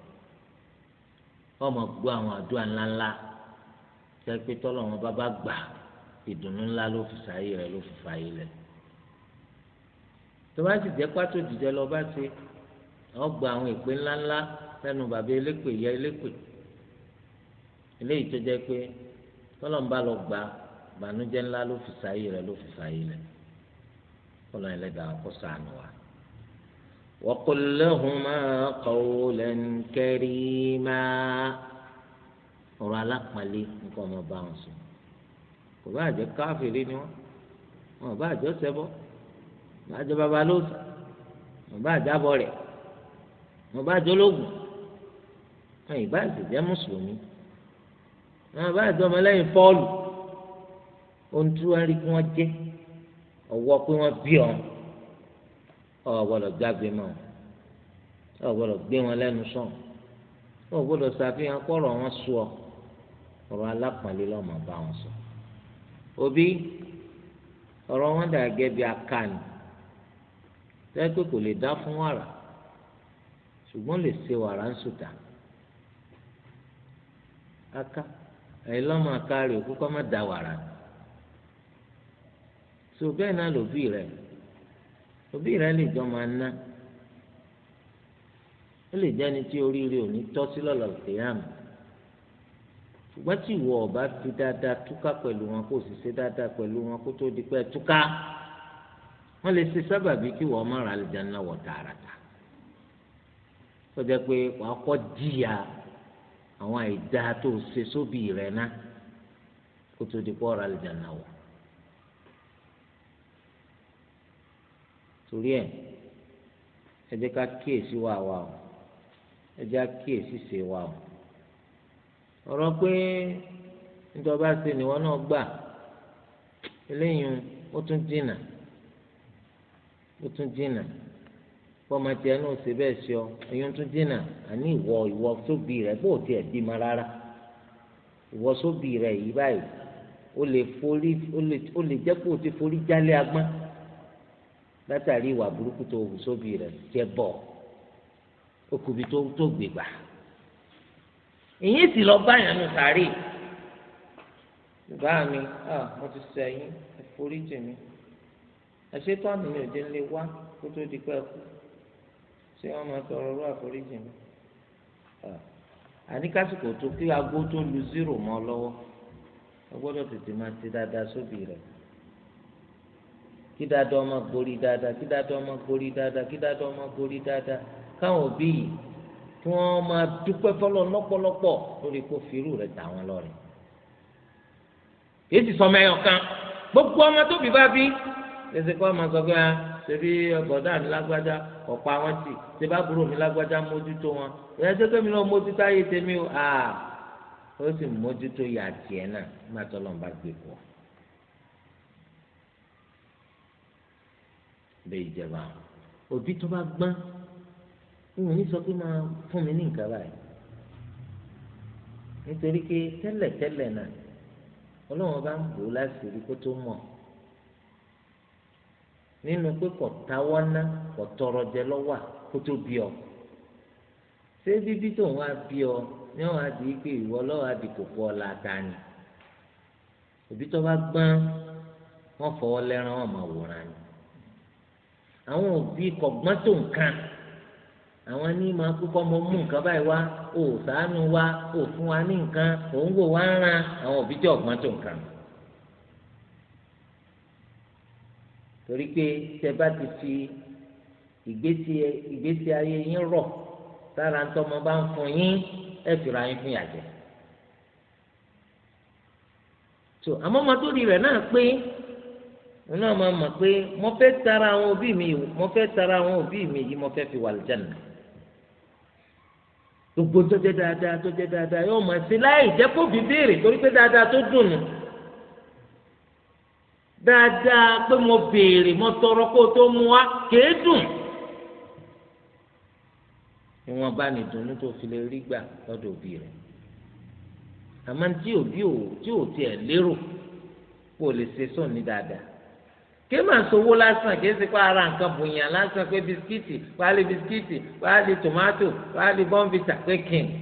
ọmọ gbọ́ àwọn àdúrà ńláńlá tẹ́ pé tọ́lọ̀ wọn bá bá gbà ìdùnnú ńlá ló fi sáyé rẹ̀ ló fi fàyè lẹ̀ tó bá sì jẹ́ pátó dìde lọ bá ṣe ọgbà àwọn ìpè ńláńlá lẹ́nu bàbá elépè ya elépè eléyìí tó jẹ́ pé tọ́lọ́mùbá lọ gbà bànújẹ́ ńlá ló fi sáyé rẹ̀ ló fi sáyé rẹ̀ kọ́lọ́ ẹlẹ́dàá kó ṣàánú wa. وقل لهما قولا كريما ọ̀rọ̀ alápàlẹ nǹkan ọmọ bá wọn sùn kò bá àjẹ káfíìrì ni wọn wọn bá àjọ ṣẹbọ bá àjọ babalóòsà wọn bá àjọ abọ rẹ bá àjọ lóògùn ìbá àtẹ̀jẹ́ mùsùlùmí àwọn bá àti ọmọlẹ́yìn pọ́ọ̀lù ohun tí wọ́n rí kí wọ́n jẹ́ ọwọ́ pé wọ́n bí ọ ọ gbọ́dọ̀ gbàgbé mọ́ ọ gbọ́dọ̀ gbé wọn lẹ́nu sàn ọ gbọ́dọ̀ ṣàfihàn kọ́rọ̀ wọn sọ ọ ọ̀rọ̀ alápọ̀nlé lọ́mọ bá wọn sọ òbí ọ̀rọ̀ wọn dà gẹ́gẹ́ bí akáni tẹ́tù kò lè dá fún wàrà ṣùgbọ́n lè ṣe wàrà ń sùtà. So aka ẹ̀yin lọ́mọ aka rẹ̀ òkú kọ́ má da wàrà so bẹ́ẹ̀ náà lòbí rẹ̀ òbí rẹ̀ lè jọ máa ná ó lè jẹ́ ẹni tí oríire ò ní tọ́ sí lọ́la òkèèyàmù ṣùgbọ́n tí ìwọ ọba fi dáadáa túká pẹ̀lú wọn kó sì ṣe dáadáa pẹ̀lú wọn kó tó di pé túká wọ́n lè ṣe sábàbí kí wọ́n má ra àlùjáná wọ̀ tààràtà tó jẹ́ pé wàá kọ́ jìyà àwọn àìdá tó ṣe sóbì rẹ̀ ná kó tó di pọ́ọ̀rọ̀ àlùjáná wọ̀. torí ẹ̀ ẹ jẹ́ ká kíyèsí wà wà o ẹ jẹ́ ká kíyèsí wà o ọ̀rọ̀ pé nítorí bá ṣe náà gbà eléyìí ó tún dínà ó fọmọ tiẹ̀ náà ṣe bẹ́ẹ̀ ṣe ọ ẹ̀yìn tún dínà àní ìwọ ìwọ sóbì rẹ bó tiẹ̀ bímọ rárá ìwọ sóbì rẹ yìí báyìí ó lè forí ó lè jẹ́ pé o ti forí jálẹ̀ agbọ́n látàrí ìwà burúkú tó wù sóbì rẹ jẹ́ bọ̀ okùnbi tó tó gbègbà ìyẹn sì lọ bá yàn nù sàárè bàbá mi mo ti sẹ́yìn ẹ forí jì mí àṣetọ́ àmì mi ò dé lé wá kó tó di pẹ́ kú ṣé wọ́n máa tọrọ ọ̀rọ̀ àforíjì mi àní kásìkò tó kí aago tó lu zero mọ́ lọ́wọ́ wọ́n gbọ́dọ̀ tètè máa ti dáadáa sóbì rẹ̀ kí dáadáa ọmọ gorí dáadáa kí dáadáa ọmọ gorí dáadáa kí dáadáa ọmọ gorí dáadáa káwọn òbí yìí kí wọ́n máa dúpẹ́ fọlọ́ lọ́pọ̀lọpọ̀ lórí kó firú rẹ̀ dà wọ́n lọ́rẹ̀ èyí ti sọ mẹ́yọ̀ kan gbogbo ọmọ tóbi bá bí lẹ́sẹ̀ kó ọmọ sọ pé ah, ṣebí bọ̀dá mi lágbájá ọ̀pá wọn tì ṣebí àbúrò mi lágbájá mójútó wọn ìyẹn tó kémi náà mójútó ayé tèmi o àà ó sì mójútó yà tiẹ̀ náà má tọ́lọ́ ń bá gbé pọ̀ bẹ́ẹ̀ ìjẹba òbí tó bá gbọ́n ìwọ̀n ní sọ pé máa fún mi ní nǹkan báyìí nítorí pé tẹ́lẹ̀tẹ́lẹ̀ náà ọlọ́run bá ń bò láṣìírí kó tó mọ̀ nínú pé kò táwọ́ ná kò tọrọ jẹ lọ́wọ́ kó tó bí ọ ṣé bíbí tó ń wá bí ọ ní wọn àti pé ìwọ lọ́wọ́ àti kòkó ọ̀la àtàní òbí tó bá gbọ́n wọ́n fọwọ́ lẹ́rán wọn máa wòran ni àwọn òbí kọ̀gbọ́n tó nǹkan àwọn ní máa kú kọ́ mọ mú nǹkan báyìí wá ò ṣàánú wa ò fún wa ní nǹkan òun wò wá ń ran àwọn òbí tí ọ̀gbọ́n tó nǹkan. torí pé tẹ́ bá ti fi ìgbésí ìgbésí ayé yín rọ̀ sára ń tọ́mọ bá ń fún yín ẹ fìrà yín fún yàjẹ́ so àmọ́ ọmọ tó rí rẹ̀ náà pé nínú àwọn ọmọ pé mo fẹ́ tara àwọn òbí mi yìí mo fẹ́ tara àwọn òbí mi yìí mo fẹ́ fi wà lìjànà gbogbo tó jẹ́ dáadáa tó jẹ́ dáadáa yóò mọ̀ sí láì jẹ́ kó fi béèrè torí pé dáadáa tó dùn nù dáadáa pé mo béèrè mo tọrọ kó o tó mu wá kèé dùn ìwọ̀n bá ní dùnú tó fi lè rí gbà lọ́dọ̀ òbí rẹ̀ àmọ́ tí òbí ò tí ò tiẹ̀ lérò kó o lè ṣe sùn ní dáadáa kí màá sowó lásán kí ẹsẹ̀ kó ara nǹkan bùnyàn lásán pé bisikíìtì pálí bisikíìtì pálí tòmátò pálí bọ́ǹbìtà pé kìnnì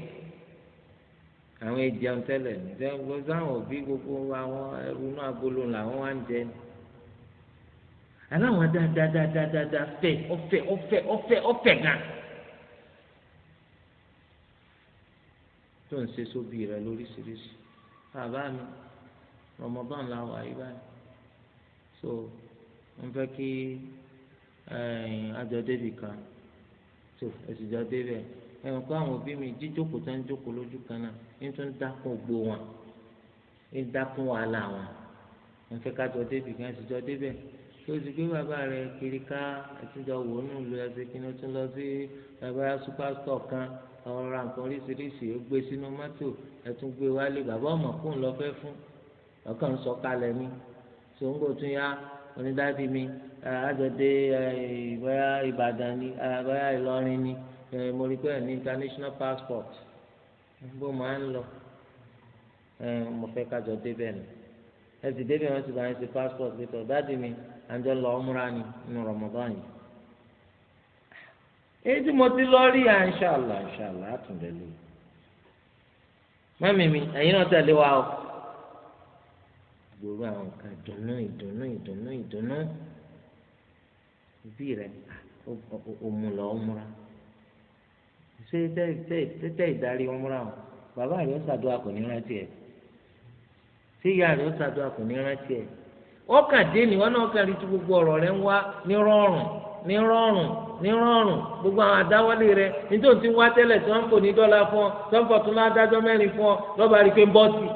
àwọn ìjẹun tẹ́lẹ̀ ǹjẹ́ gbọ́dọ̀ àwọn òbí gbogbo àwọn ẹrù inú agolo làwọn wá ń jẹ ni. aláwọn dáadáadáadáa fẹ́ ọ̀fẹ́ ọ̀fẹ́ ọ̀fẹ́ ọ̀fẹ́ gan. tó ń ṣe sóbì rẹ lóríṣiríṣi bàbá mi Ramadan làwọn àyè báyìí so n fẹ́ kí àjọ débì kan tó ẹ̀sìn jọ débì ẹ̀ ẹnu pé àwọn òbí mi jíjókòó tá ń jókòó lójú kan náà ń tún dákun ògbó wọn ń dákun wàhálà wọn ń fẹ́ ká jọ débi kan ti jọ débẹ̀ tó ti gbé bàbá rẹ̀ kiri ká ẹtújọ wò ó nù lọ ẹsẹ̀ kí ni ó tún lọ sí bàbá súpàstọ̀ kan àwọn ra nǹkan oríṣiríṣi ó gbé sínú mọ́tò ẹtún gbé wálé bàbá ọmọ kò ń lọ fẹ́ fún ọkàn sọ kalẹ̀ ni tòǹgò tún yá onídàbí mi àjọdé ìbáyà Ìbàdàn ni àbáyà Ìlọrin ni. ẹ mo rí pé ẹ ní international passport bó máa ń lọ ẹ mo fẹ́ kájọ débẹ̀ nù ẹ sì débẹ̀ wọn sì bá yẹn ṣe passport pé tọ́ dáàdì mi àjọ lọ ọmúra ni nínú Ramadan yìí èyí tí mo ti lọ rí à mọ́mí mi ẹ̀yin náà tẹ̀lé wa o àwọn nǹkan ìdùnnú ìdùnnú ìdùnnú ìdùnnú bí ṣé tẹ́tẹ́ ìdarí ọmọra wọn bàbá rẹ̀ ó ṣàdúrà kò ní rántí ẹ̀ tí ìyá rẹ̀ ó ṣàdúrà kò ní rántí ẹ̀ ọkàn wọn náà kàn rí tí gbogbo ọ̀rọ̀ rẹ̀ ń wá ní rọrùn ní rọrùn ní gbogbo àwọn àdáwọlé rẹ̀ nítorí tí nwa tẹ́lẹ̀ tí wọ́n ń pò ní dọ́là fún ọ tí wọ́n fọ̀tún ọ lọ́ba rí pé ń bọ́ sí.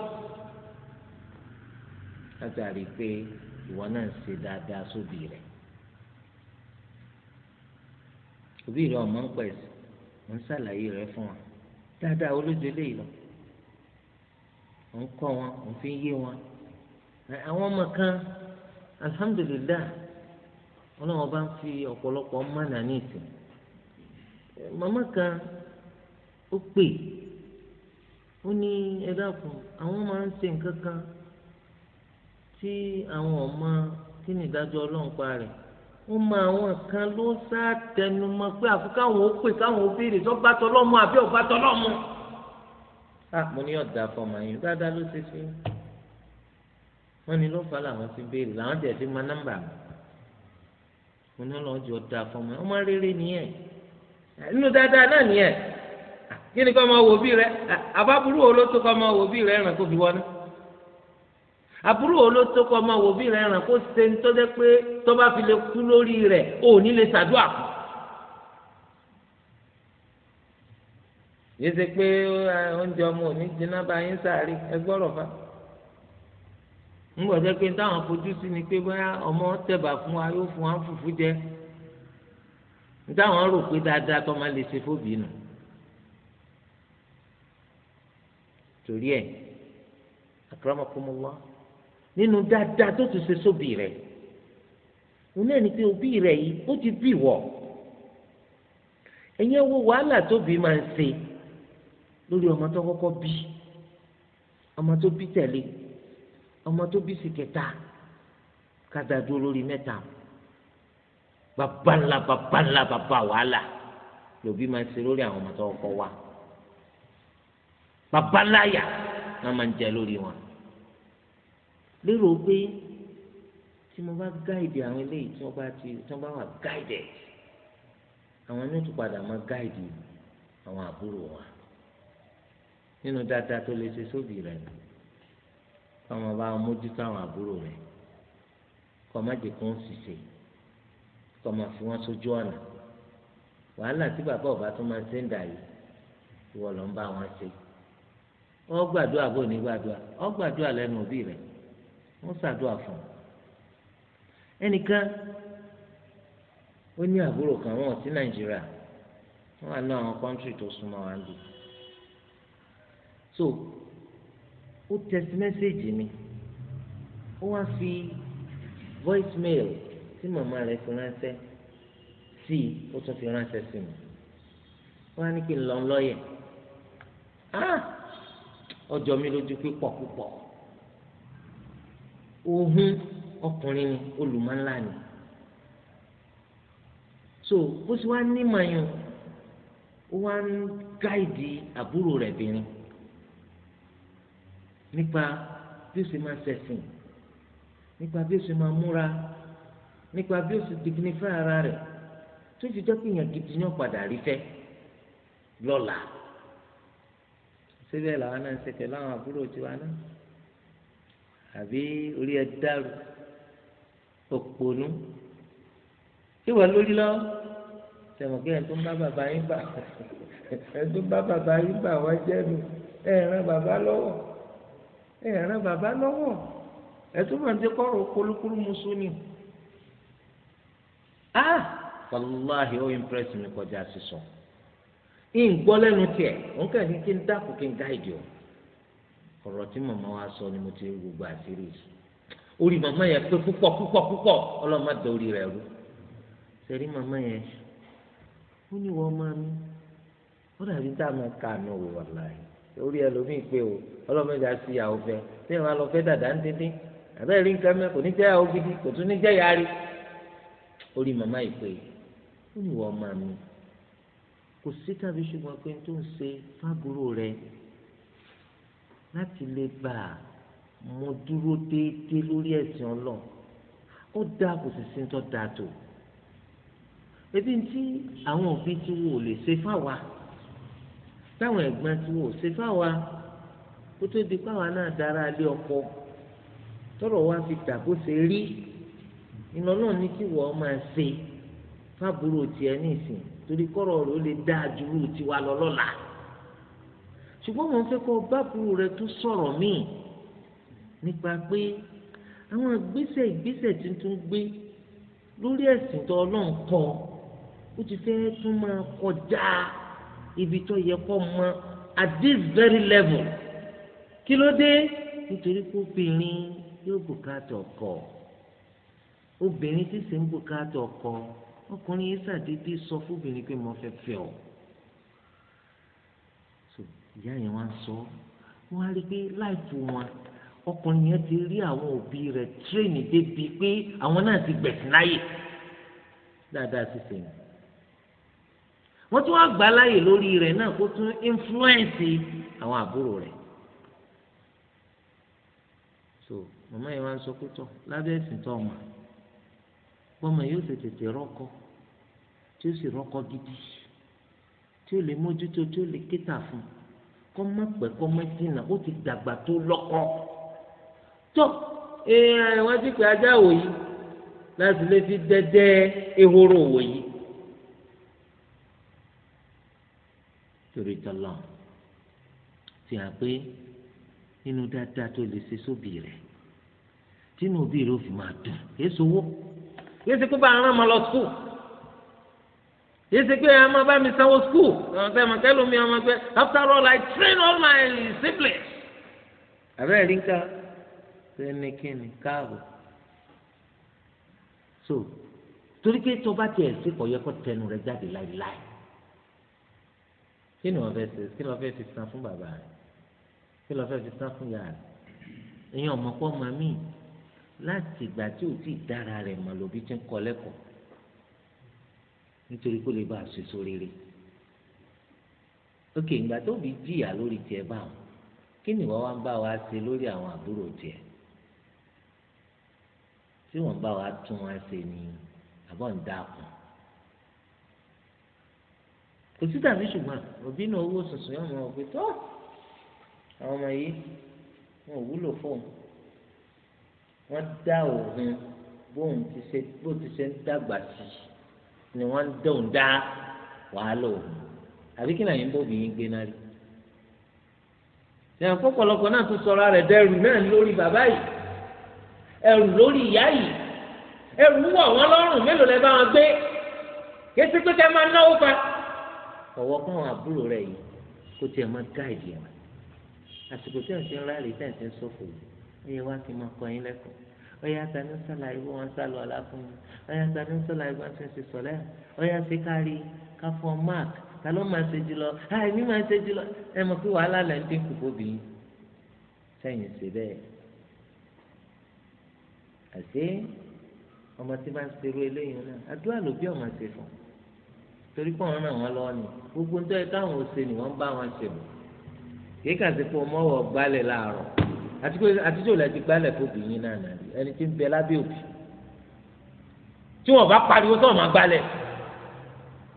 látàrí pé ìwọ náà ń ṣe dáadáa ń ṣàlàyé rẹ̀ fún wa dáadáa olójú eléyìí lọ ò ń kọ́ wọn ò ń fi yé wọn àwọn ọmọ kan alihamudulilayi ọlọ́wọ́n bá ń fi ọ̀pọ̀lọpọ̀ mánà ní ìsìn màmá kan ó pè ó ní ẹ dákun àwọn máa ń ṣe nǹkan kan tí àwọn ọmọ kí ni ìdájọ́ ọlọ́run pa rẹ̀ wọ́n mọ àwọn kan ló ń sá tẹnumọ́ pé àfi káwọn ó pè káwọn ó béèrè sọ́gbà tọlọ́mù àbí ọ̀gbà tọlọ́mù. àpò ní ọ̀dà fọmọ yìí dáadáa ló ṣe fi wọ́n ní ló fà làwọn ti béèrè làwọn tẹ̀ fi mọ nọ́mbà mi mo ní ọlọ́run jọ da fọmọ yìí ọmọ rere nìyẹn nínú dáadáa náà nìyẹn kí ni kọ́ máa wò bí rẹ àbábúrú wo ló tó kọ́ máa wò bí rẹ ẹ̀ràn kó fi wọ́n àbúrò wo ló tó kọ́ ọmọ wò bí rẹ̀ ràn kó ṣe ń tó dé pé tó bá fi lè kú lórí rẹ̀ ò ní lè ṣàdúrà kù. yìí ṣe pé oúnjẹ ọmọ òní jiná bá yín sáré ẹgbọ́rọ̀ bá ńgbọ̀n jẹ́ pé táwọn fojú sí ni pé bóyá ọmọ tẹ̀bà fún wa yóò fún wa fùfú jẹ nítawọn rò pé dáadáa tó máa lè ṣe fóbi nù torí ẹ̀ akramakumullah nínú dáadáa tó tún ṣe sóbì rẹ̀ òun náà ni pé òbí rẹ̀ yìí ó ti bí wọ̀ ẹ̀yin wo wàhálà tóbi máa ń ṣe lórí ọmọ tó kọ́kọ́ bí ọmọ tó bí tẹ̀lé ọmọ tó bí sí kẹta kàdà dúró lórí mẹ́ta bàbá ńlá bàbá ńlá bàbá wàhálà lòbí máa ń ṣe lórí àwọn ọmọ tó kọ́kọ́ wá bàbá ńlá yà wọ́n máa ń jẹ lórí wọn lérò pé tí mo bá gáìdì àwọn eléyìí tí wọ́n bá ti tí wọ́n bá wà gáìdì àwọn ní ìtúpadà máa gáìdì àwọn àbúrò wa nínú dáadáa tó lè ṣe sóbì rẹ ni ọmọ bá mójútó àwọn àbúrò rẹ kọ má jẹ kó ń ṣiṣẹ́ kọ má fi wọn sójú ọ̀nà wàhálà tí bàbá ọba tó máa ṣe ń dà yìí ìwọ ló ń bá wọn ṣe ọ gbàdúrà bò ní gbàdúrà ọ gbàdúrà lẹ́nu òbí rẹ wọ́n ṣàdúrà fún un ẹnìkan ó ní àbúrò kan wọn ti nàìjíríà wọn wà ní àwọn kọ́ńtì tó súnmọ́ wa lù so ó tẹsí mẹ́sẹ̀gì mi ó wá fi voice mail tí màmá rẹ̀ fi ránṣẹ́ sí i ó tún fi ránṣẹ́ sí mi wọ́n á ní kí n lọ lọ́yẹ̀ ọjọ́ ah! mi lójú pípọ̀ púpọ̀. ohun ọkùnrin ni ni so bó ti wá nímọ̀ yẹn ó wá ń gáìdì àbúrò rẹ̀ bìnrin nípa bí ó ṣe máa ṣẹ̀sìn nípa bí ó ṣe máa ara rẹ̀ tó fi jọ́ pé èèyàn gidi náà padà rí fẹ́ lọ́la síbẹ̀ làwọn náà ń tiwa náà. àbí orí ẹ dàrú òpònú tí wọ́n lórí lọ tẹ̀wọ̀n kí ẹ̀ tó ń bá bàbá yín bà ẹ̀ tó ń bá bàbá yín bà wọ́n jẹ́ nu ẹ̀ ràn bàbá lọ́wọ́ ẹ̀ ràn bàbá lọ́wọ́ ẹ̀ tó máa ń dé kọ́rọ̀ kólúkúrú musu ni ah wàláhi ó impress mi kọjá sísọ ìgbọ́ lẹ́nu tiẹ̀ òun kàn ní kí n dákun kí n gáìdì o ọ̀rọ̀ tí màmá wa sọ ni mo ti rí gbogbo àṣírí yìí orí màmá yẹn pé púpọ̀ púpọ̀ púpọ̀ ọlọ́mọ àti orí rẹ̀ rú sẹ́rí màmá yẹn ó ní wọ́n máa mí ó dàbí tá a máa ka àná wò wà láàyè orí ẹlòmíì pé o ọlọ́mọ ìjà sí ìyàwó fẹ́ tí ìwà lọ fẹ́ dàda ń dín dín àbẹ́rẹ́ rí nǹkan mẹ́ kò ní jẹ́ ìyàwó gidi kò tún ní jẹ́ ìyàrí orí màmá yìí pé ó ní wọ́n máa mí kò sí tàbí ṣùgbọ́n pé tó ń ṣe fábúrò rẹ̀ láti lè bá a mo dúró déédéé lórí ẹ̀sìn ọlọ́run ó dáa kò sì sí tó dáa tó ebi ntí àwọn òbí tí wò lè ṣe fáwa táwọn ẹ̀gbọ́n tí wò ṣe fáwa kó tó di fáwa náà dára lé ọkọ tọrọ wa fi tà kó ṣe rí iná náà ní kí wọ́n máa ṣe fábúrò tiẹ̀ nísìn torí kọ́rọ̀ rẹ̀ ó lè dáa ju tiwa lọ lọ́la ṣùgbọ́n mo fẹ́ kọ́ bábùrù rẹ tó sọ̀rọ̀ míì nípa pé àwọn ìgbésẹ̀ ìgbésẹ̀ tuntun gbé lórí ẹ̀sìn tó ọlọ́run kọ́ ó ti fẹ́ tún máa kọjá ibi tó yẹ kó mọ at this very level kí ló dé nítorí pé obìnrin yóò bùkátà ọkọ obìnrin tí sì ń bùkátà ọkọ ọkùnrin yìí ṣàdédé sọ fóbìnrin pé mo fẹ́ fẹ́ ọ ìyá yẹn wá ń sọ wọn á rí i pé láìpù wọn ọkùnrin yẹn ti rí àwọn òbí rẹ̀ tírèènì débi pé àwọn náà ti gbẹ̀sìn láyè dáadáa ti sèyìn wọ́n tún wá gbà láyè lórí rẹ̀ náà kó tún ínfúlẹ́ǹsì àwọn àbúrò rẹ̀ so màmá yẹn wá ń sọ pé tọ lábẹ́ ẹ̀sìn tó ọmọ bọ́mọ yóò ṣe tètè rọ́kọ tí ó sì rọ́kọ gidi tí ó lè mójútó tí ó lè kíta fún un kọ́ má pẹ́ kọ́ má dínà ó ti dàgbà tó lọ́kọ́ tó èèyàn wọ́n ti pè ajá òòyì láti lè fi dẹ́dẹ́ ehoro òòyì torí tọ́lọ̀ ti hàn pé nínú dáadáa tó lè ṣe sóbì rẹ̀ tínú òbí rẹ̀ ó fi máa dùn èso wó yéé ṣe kó bá aràn máa lọ sùkúù yìí ṣe pé ẹ máa bá mi sanwó skul ọmọ pé ọmọ kẹlò mi ọmọ pé after all I train all my siblings. àbẹ́ rí ká ṣe ní kíni káàbọ̀ so torí pé tó bá tiẹ̀ sí kọ̀ yẹ kó tẹnu rẹ jáde láìláì kí ni wọ́n fẹ́ ṣe kí ni wọ́n fẹ́ fi san fún bàbá rẹ̀ kí ni wọ́n fẹ́ fi san fún yàrá rẹ̀ èèyàn ọmọ pọ́ mọ́ mi láti ìgbà tí ò tí dára rẹ̀ mọ̀ lòbí ti ń kọ́ lẹ́kọ̀ọ́ nítorí kó lè bá a ṣèṣọ rere ok ìgbà tó fi jìyà lórí tiẹ̀ báwọn kí ni wọ́n wá ń bá wa ṣe lórí àwọn àbúrò tiẹ̀ tí wọ́n bá wa tún wa ṣe ni àbọ̀ ń dà kùn kò sí tàbí ṣùgbọ́n òbí náà owó sọ̀sọ̀ yóò mọ òbí tó àwọn ọmọ yìí wọn ò wúlò fóun wọ́n dá òun bóun ti ṣe ń dàgbà sí i ni wọ́n ń dá wàhálà òun àbí kí lẹ́yìn bóbi yín gbé náà rí ìyàn pọ̀pọ̀lọpọ̀ náà tún sọra rẹ̀ dẹrù náà lórí bàbá yìí ẹrù lórí ìyá yìí ẹrù wọ̀ wọ́n lọ́rùn mélòó lẹ́ bá wọn gbé kété pé kẹ́ máa náwó pa ọ̀wọ́ kọ́ àwọn àbúrò rẹ̀ yìí kó tiẹ̀ máa gáàdì ẹ̀ àsìkò tí ẹ̀ ń ń rárẹ̀ tí ẹ̀ yìí ó yẹ wá kí n máa kọ́ yín lẹ́kọ̀ọ́ ọyá tani ń sàlàyé bó wọn sálọ ọlá fún mi ọyá tani ń sàlàyé bó wọn ti ń ṣe sọlẹ ọyá ṣe kárí ká fún ọ mark ta ló máa ṣe jùlọ àì mí máa ṣe jùlọ ẹ mọ̀ pé wàhálà lẹ ń dín kù fóbi sẹ́yìn ṣe bẹ́ẹ̀ àṣé ọmọ tí máa ń ṣerú eléyìí náà àdúrà ló bí ọmọ ṣe fún torí pé wọn ràn wọn lọ ni gbogbo ń tọ́ ẹ káwọn ò ṣe ni wọ́n bá wọn ṣe mọ́ kí kàṣí pé ọmọ láàárọ̀ àtijọ́ lẹ ti gbálẹ̀ fóbi yín náà nàá ẹni tí ń bẹ lábẹ́ òbí tí wọ́n bá pariwo sọ̀rọ̀ máa gbalẹ̀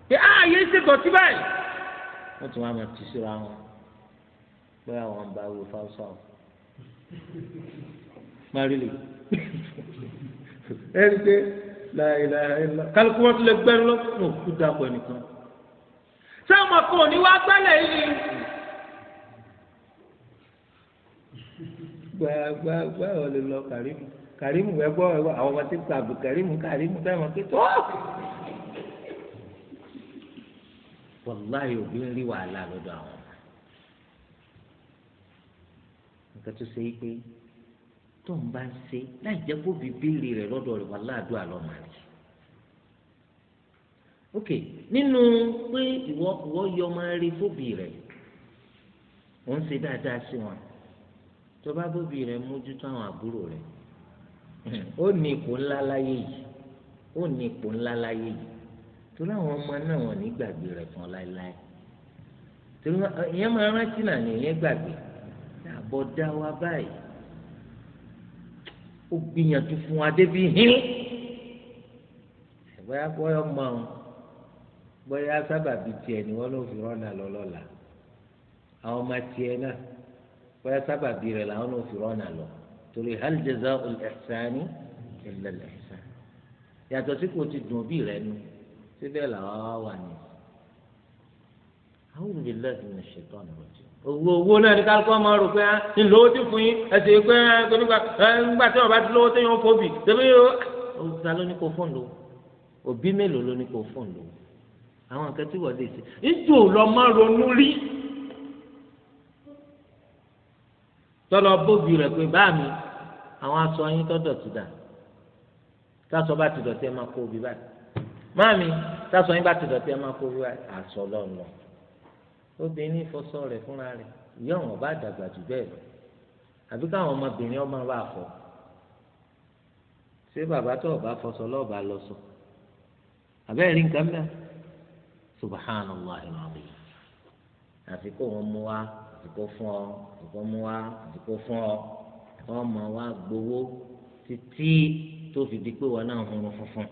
pé ààyè ah, ṣe dọ̀tí báyìí wọ́n tún wá máa ti síra wọn pé àwọn ń bá wo fáwọsọ àwọn márílì ẹni pé láìláìlá kálukú wọn tún lè gbẹrú lọ́kùnrin òkú dàpọ̀ ẹnìkan sáwọn kan ò ní wá gbálẹ̀ yìí. gbàgbàgbà ò lè lọ kàrí mi kàrímù ẹgbọ́ ẹgbọ́ àwọn ọmọ tí ń pa àbù kàrímù kàrímù bẹ́ẹ̀ mọ̀ pé tó. wàláyé òbí ń rí wàhálà lọ́dọ̀ àwọn ọmọ nǹkan tó ṣe é pé tó ń bá ń ṣe láì jẹ́ kó bí béèrè rẹ̀ lọ́dọ̀ rẹ̀ wàhálà àdúrà lọ́mọ rẹ̀ ok nínú pé ìwọ ìwọ yọ ọmọ rẹ fóbì rẹ ò ṣe dáadáa sí wọn tó bá bóbì rẹ mójútó àwọn àbúrò rẹ ó ní ipò ńlá láyé yìí ó ní ipò ńlá láyé yìí torí àwọn ọmọ náà wọn ní gbàgbé rẹ̀ fún láéláé torí ìyẹn máa rántí náà ní ìyẹn gbàgbé àbọ̀dá wa báyìí ó gbìyànjú fún wa débi hín bóyá bóyá ọmọ àwọn bóyá sábàbí tiẹ̀ ni wọ́n ló fi rọ́nà lọ́lọ́la àwọn ọmọ tiẹ̀ náà bóyá sábàbí rẹ̀ làwọn ló fi rọ́nà lọ́lọ́la torí hal jaza'ul ihsani illa al ihsan yàtọ̀ sí kò ti dùn bí rẹ nu síbẹ̀ làwọn wà ní. àwọn olùdílé ti ń ṣètò ọ̀nà ọ̀jẹ̀. owó owó náà ní kálukọ́ máa rò pé ńlọ ó ti fún yín ẹsẹ̀ pé ah, nígbà tí wọ́n bá ti lówó téèyàn fò bì débi yóò. òkúta ló ní kó fóun lò òbí mélòó ló ní kó fóun lò àwọn nǹkan tí wọ́n lè ṣe ìjò lọ máa ronú rí. tọ́lọ bóbi rẹ̀ pé báà mi àwọn aṣọ yín tó dọ̀tí dà táṣọ bá ti dọ̀tí ẹ máa kó obì báyìí máàmi táṣọ yín bá ti dọ̀tí ẹ máa kó obì báyìí aṣọ lọ́nà obìnrin fọṣọ rẹ̀ fúnra rẹ̀ yóò wọn bá dàgbà jù bẹ́ẹ̀ lọ àbí káwọn ọmọbìnrin ọmọ bá fọ ṣé bàbá tó ọba fọṣọ lọ́ọ̀bà lọ sọ àbẹ́ẹ̀ nǹkan mẹ́ta subhanallah alazim àfikún wọn mú wa àfikún fún ọ àfikún mú wa àfikún fún ọ wọn máa wá gbowó títí tó fi di pé wọn náà hun funfun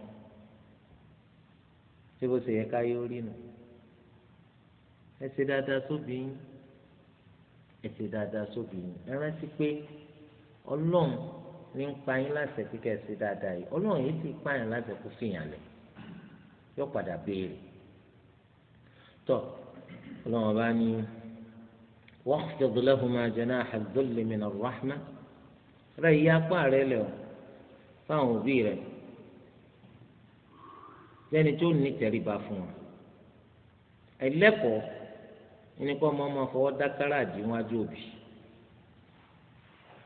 tí bó ṣe yẹ ká yóò rí nu ẹ ṣe dáadáa sóbì yín ẹ ṣe dáadáa sóbì yín ẹ rántí pé ọlọ́run ní ń pa yín láṣẹ kíkẹ́ ẹ dáadáa yìí ọlọ́run yìí ti pa yín láṣẹ kó fìyàn lẹ̀ yóò padà béèrè tọ́ ọlọ́run ọba ní waqfid lahuma janaha dhulli min ar-rahmah rẹ yí apá rẹ lẹ o fáwọn òbí rẹ lẹni tó ní tẹríba fún wa ẹlẹ́kọ̀ọ́ ẹni kọ́ ọmọ ọmọ fọwọ́ dákàrà dì níwájú òbí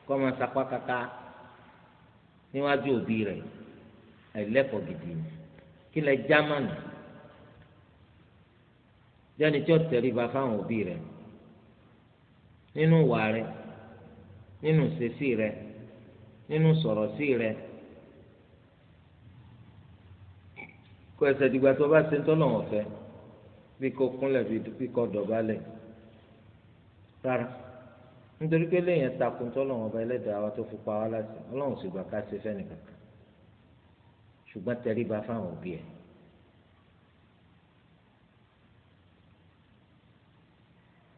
kọ́ ọmọ sapá kaka níwájú òbí rẹ ẹlẹ́kọ̀ọ́ gidi ni kí lẹ jámánì lẹni tó tẹríba fáwọn òbí rẹ nínú wà rẹ nínú sèṣì rẹ nínú sọ̀rọ̀ sí rẹ kó ẹsẹ̀ dìgbà tó bá ṣe ń tọ́nà ọ̀fẹ́ bí kò kúnlẹ̀ bí kò dọ̀bálẹ̀ rárá nítorí pé lẹ́yìn takùn tọ́nà ọba ẹlẹ́dàá wa tó fi pa wá láti ọlọ́run sì gbà ká ṣe fẹ́ni kankan ṣùgbọ́n tẹríba fáwọn òbí ẹ̀.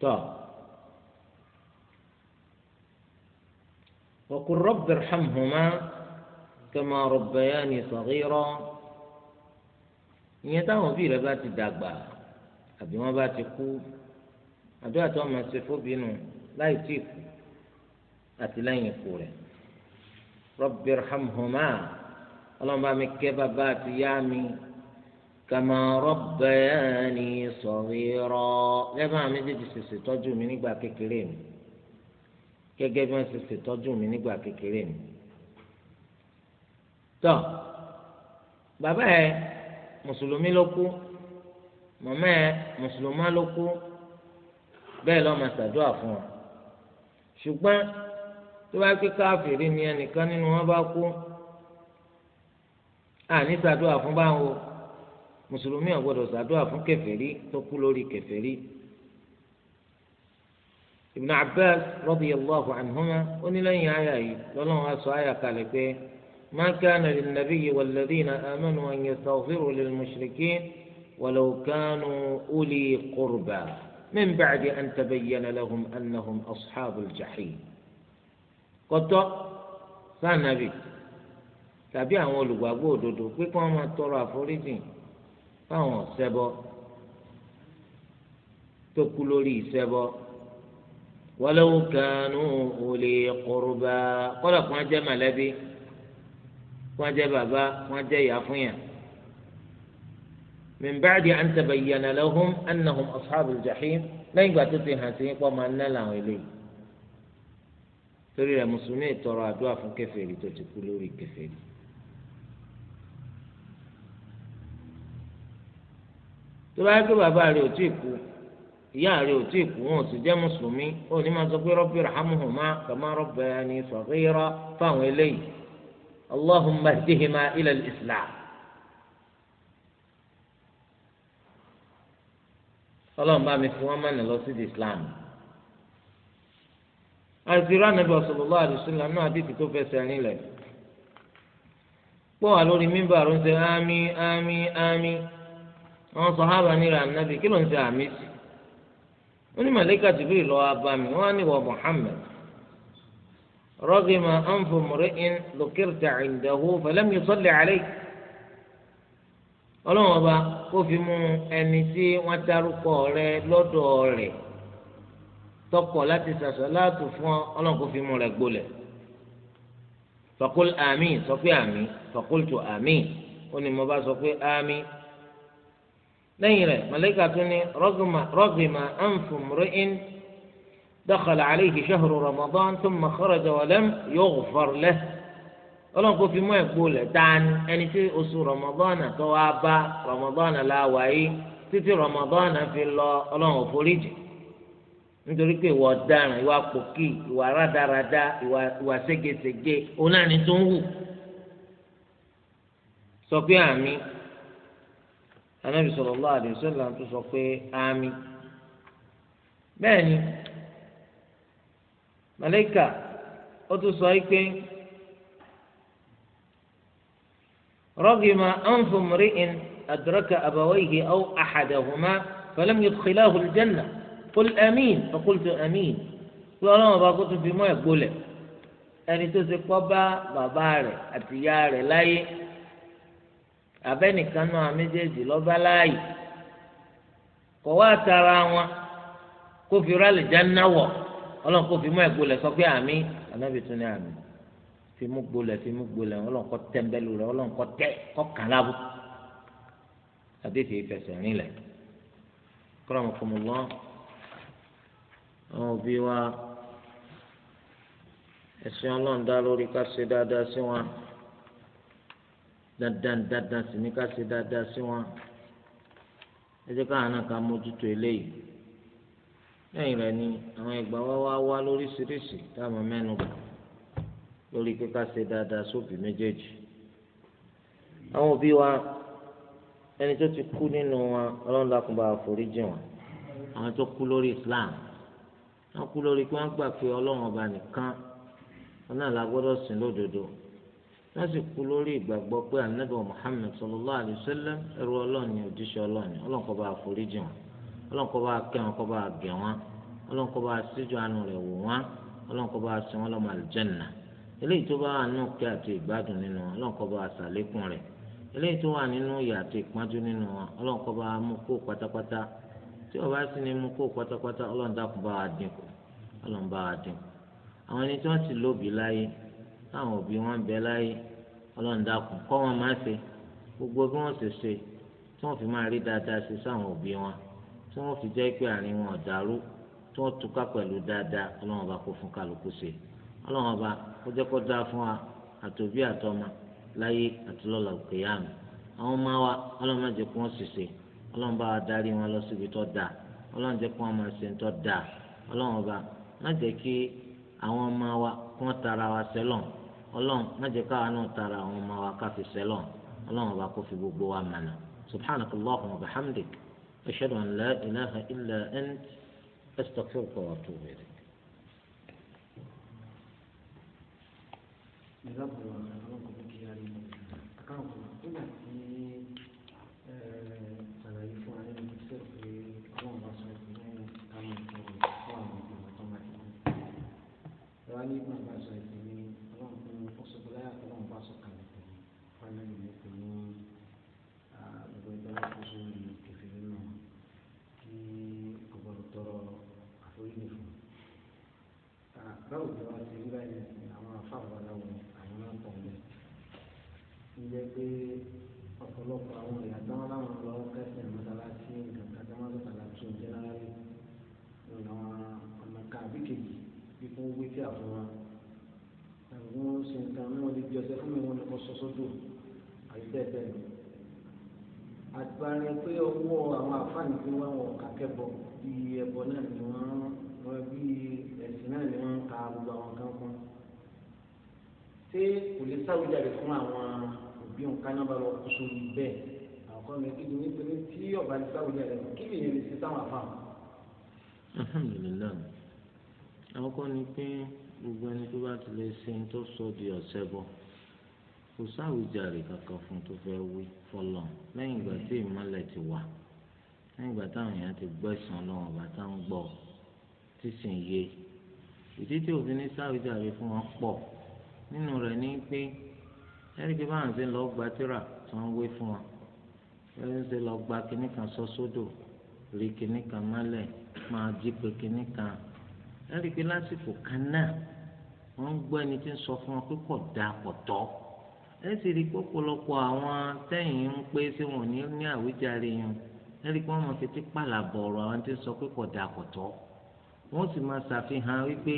tọ́ọ̀. وقل رب ارحمهما كما ربياني صغيرا ìyẹn táwọn في rẹ bá أبي ما àbí wọn bá ti kú àdúrà tó máa ṣe fóbìnú رب ارحمهما اللهم بامي كيف بات يامي كما ربياني صغيرا لما عمي دي تسيسي توجو مني باكي كريمي gẹ́gẹ́ bí wọ́n ṣe ṣètọ́jú mi nígbà kékeré mi. tọ́ bàbá ẹ mùsùlùmí ló kú màmá ẹ mùsùlùmá ló kú bẹ́ẹ̀ lọ́ọ́ máa ṣàdúrà fún ọ. ṣùgbọ́n tó bá pé káfíìrì ni ẹnìkan nínú wọn bá kú àní ṣàdúrà fún báwo mùsùlùmí ò ṣàdúrà fún kèfèrí tó kú lórí kèfèrí. Ibn Abbas radiyallahu anhuma ó ní lẹ́yìn àyà yìí lọ́lọ́run á sọ àyà kalẹ̀ pé ma kana lin-nabiyyi wal-ladhina amanu an yastaghfiru lil-mushrikin walau kanu uli qurba min ba'di an tabayyana lahum annahum ashabul jahim. kọ́tọ́ sáà nàbì tàbí àwọn olùgbàgbọ́ òdodo pé máa tọrọ àforíjì fáwọn ọ̀sẹ́bọ tó kú lórí ìṣẹ́bọ ولو كانوا أولي قربى قال كما جاء ملبي كما جاء بابا كما جاء يافيا من بعد أن تبين لهم أنهم أصحاب الجحيم لا يقاتلون هاتين وما نلا إليه torí rẹ̀ mùsùlùmí ìtọrọ àdúrà fún kèfèrí tó ti kú lórí kèfèrí. tó bá yẹ kó bàbá rẹ̀ ò tí ì kú ìyá rẹ ò tí ì kú wọn ò sì jẹ́ mùsùlùmí ó ní ma sọ pé rọ́bì rahamuhuma kàmá rọ́bì ẹni sọ̀rọ̀ fáwọn eléyìí allahumma na ila islam. ọlọ́run bá mi fi wọ́n mọ̀nà lọ sí islam. àìsírò ànábì sallallahu alaihi náà àdìsí tó fẹsẹ̀ rinlẹ̀. pọ́ wà lórí mímbà ló ń ṣe ámì ámì ámì. àwọn sàhábà nílò ànábì kí ló ń ṣe àmì wọ́n ní màlẹ́kà Jibril lọ́wọ́ abami wọ́n á ní wọ Muhammad rọ́gìmọ̀ ànfọ̀ mùrẹ́ìn lókèrètà ìdáwó fẹlẹ́mi sọ́lẹ̀ àlẹ́ ọlọ́wọ́n ọba kó fi mú ẹni tí wọ́n dárúkọ rẹ̀ lọ́dọ̀ rẹ̀ tọkọ láti sàṣọ láàtò fún ọlọ́wọ́n kó fi mú rẹ̀ gbolẹ̀ fọkúl àmín sọ pé àmín fọkúl tó àmín bá sọ pé àmín lẹ́yìn rẹ̀ màlẹ́kà tún ní rọ́gbìmà ànfùmùrẹ́ìn dọ́kàlà àlẹ́yìí ṣẹ́hùrù rọ̀mọ́dán tó mọ̀ kọ́rọ̀jà wọlẹ́m yóò fọ́rọ̀ lẹ́ ọlọ́run kò fi mú ẹ̀kpó lẹ̀ tán ẹni tí oṣù rọ̀mọ́dán tó wá bá rọ̀mọ́dán láwàá yìí títí rọ̀mọ́dán fi lọ ọlọ́run òforíjì nítorí pé ìwà ọ̀daràn ìwà pòkì ìwà rádaràda ìwà ségesège anabi sallallahu alaihi wasallam tó sọ pé àmì bẹ́ẹ̀ ni màlàíkà ó tún sọ pé رغم أنف امرئ أدرك أبويه أو أحدهما فلم يدخلاه الجنة قل آمين فقلت آمين وأنا ما قلت في ما يقول أن تسقط بابا رẹ̀ àti ìyá rẹ̀ láyé abẹ́nìkan náà méjèèjì lọ́ba láàyè kọ̀ wá tara wọn kó fi rálẹ̀ jáná wọ̀ ọlọ́run kó fi mú ẹ̀gbọ́lẹ̀ sọ pé àmì anábì tún ní àmì fi mú gbolẹ̀ fi mú gbolẹ̀ ọlọ́run kọ́ tẹ́ńbẹ́lú rẹ̀ ọlọ́run kọ́ tẹ́ kọ́ kàn lábù àdéhìí fẹsẹ̀ rinlẹ̀ kọ́ra fún mi lọ àwọn òbí wa ẹ̀sìn ọlọ́run dá lórí ká ṣe dáadáa sí wọn dandan dandan sì ní ká ṣe dáadáa sí wọn ẹ jẹ́ káwọn náà ká mójútó eléyìí lẹ́yìn rẹ̀ ni àwọn ìgbà wá wá wá lóríṣiríṣi táwọn mẹ́nu bà lórí pé ká ṣe dáadáa sóbì méjèèjì àwọn òbí wa ẹni tó ti kú nínú wọn ọlọ́run dákun bá foríjì wọn àwọn tó kú lórí Islam wọn kú lórí pé wọn gbà pé ọlọ́run ọba nìkan wọn náà la gbọ́dọ̀ sìn lódodo wọ́n sì kú lórí ìgbàgbọ́ pé anabi muhammed sallallahu alayhi wa sallam ẹrú ọlọ́ọ̀ni òjíṣẹ́ ọlọ́ọ̀ni ọlọ́ọ̀kọ́ bá foríjì wọn ọlọ́ọ̀kọ́ bá kẹ́ wọn kọ́ bá gẹ̀ wọn ọlọ́ọ̀kọ́ bá síjú àánú rẹ̀ wò wọn ọlọ́ọ̀kọ́ bá sin wọn lọ́mọ àlùjẹ́nà eléyìí tó bá wà nínú kẹ́ àti ìgbádùn nínú wọn ọlọ́ọ̀kọ́ bá sàlékún rẹ̀ eléyìí tó wà táwọn òbí wọn bẹ láyé ọlọ́run dákun kọ́ wọn má ṣe gbogbo bí wọ́n ṣe ṣe tí wọ́n fi máa rí dáadáa ṣe sáwọn òbí wọn tí wọ́n fi jẹ́ pé àárín wọn dàrú tí wọ́n túká pẹ̀lú dáadáa ọlọ́run ọba kó fún kálukú ṣe ọlọ́run ọba kó jẹ́ kó dáa fún wa àtòbí àtọmọ láyé àti òkè yá àwọn ọmọ wa ọlọ́run má jẹ́ kó wọ́n ṣèṣe ọlọ́run bá wa darí wọn lọ síbi tó dáa ọlọ́run jẹ́ kó wọ́n máa ṣe tó dáa ọlọ́run ọba má jẹ́ kí àwọn ọmọ wa kó wọ́n tara wa sẹ́lọ̀n ọlọ́run má jẹ́ káwa náà tara àwọn ọmọ wa ká fi sẹ́lọ̀ ọlọ́run ọba kó fi gbogbo wa mọ̀nà subhanaka allahumma wa bihamdik ashhadu an la ilaha illa ant astaghfiruka wa atubu ilayk. Thank you. jẹ́ pé ọ̀pọ̀lọpọ̀ àwọn ìyá táwọn láwọn lọ kẹsẹ̀ mọ́tàláṣí nǹkan kan tí wọ́n lọ tàlàtì ọ̀jẹ́ láàárín ìlànà ọ̀nà kàbí kejì bí fún wí tí àfọ wa àwọn ṣe nǹkan náà lè di ọ̀sẹ̀ fún mi wọn lọ́kọ́ sọ́sọ́dọ̀ àyè bẹ́ẹ̀ bẹ́ẹ̀ lọ. àgbàrin pé owó àwọn àfáàní tí wọ́n wọ̀ kàkẹ́bọ̀ bí ẹbọ náà ni wọ́n bí ẹ̀sìn náà ni wọ́n ka gbogbo àwọn kan kan. ṣé kò lè sáwùjáde fún àwọn bí nǹkan náà bá lọ kó sórí bẹ́ẹ̀ àwọn kan lè dúró nítorí tí ọba ní sáwùjọ rẹ kí ni ìyẹn lè ṣe sáwọn àfàm. alhamdulilayi àwọn kan ní pé gbogbo ẹni tó bá ti lè ṣe ń tó sọ di ọ̀sẹ̀ bọ̀ kò sáwùjáre kankan fún tó fẹ́ wí fọlọ́ lẹ́yìn ìgbà tí ìmọ̀lẹ̀ ti wà lẹ́yìn ìgbà táwọn èèyàn ti gbẹ̀sán lọ́wọ́ bá táwọn gbọ́ tí sì ń yé ìdí tí òfin ní sáwùjáre fún wọn pọ̀ nínú rẹ̀ ní pé ẹni bí báwọn ṣe ń lọ gba tíra tí wọ́n wé fún wọn ẹni ṣe lọ gba kinní kan sọ sódò rí kinní kan mọ́lẹ̀ máa jí pé kinní kan ẹni pé lásìkò kan náà wọ́n ń gbọ́ ẹni tí ń sọ fún wọn pé kò dáa kò tọ́ ẹ sì rí pọ̀pọ̀lọpọ̀ àwọn tẹ́yìn ń pé sí wọn ní ní àwíjàre yẹn ẹ pé wọ́n máa fi pàlà bọ̀rọ̀ àwọn tí ń sọ pé kò dáa kò tọ́ wọ́n sì máa ṣàfihàn wípé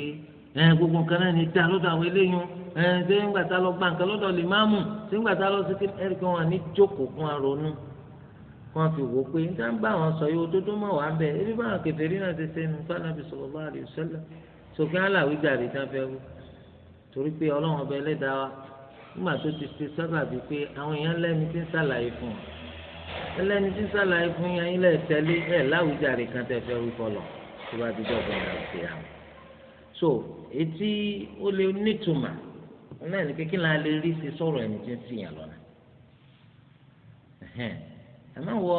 ẹ gbogbo nǹkan náà ní dá lọ́dọ̀ àwọn eléyìí ẹ ṣé ń gbàtà lọ gba nǹkan lọ́dọ̀ lìmáàmù ṣé ń gbàtà lọ sí kíni ẹ̀rí kí wọ́n ní jókòó fún aronú kí wọ́n fi wò ó pé níta ń bá àwọn sọ yìí ojoojó mọ̀ wá ń ebi báwọn kẹfẹ́rí náà ti ṣe nu fanabi sallallahu alaihi wasallam sókè aláwí gàrí tán fẹ́ wú torí pé ọlọ́run ọba ẹlẹ́dàá wa nígbà tó ti ṣe sábàbí pé àwọn èèyàn lẹ́ni tí ń ṣàlàyé fún wọn ẹlẹ́ni tí ń ṣàlàyé fún yẹn ilẹ̀ tẹ́lẹ̀ ẹ̀ láwùjáre kan tẹ̀ fẹ́ wí fọlọ̀ tó bá ti dọ̀gbọ̀n àti àwọn. so etí ó lè nítumà náà ní kékeré la lè rí ṣe sọ̀rọ̀ ẹni tí ń sìn yàn lọ́nà àmọ́ wọ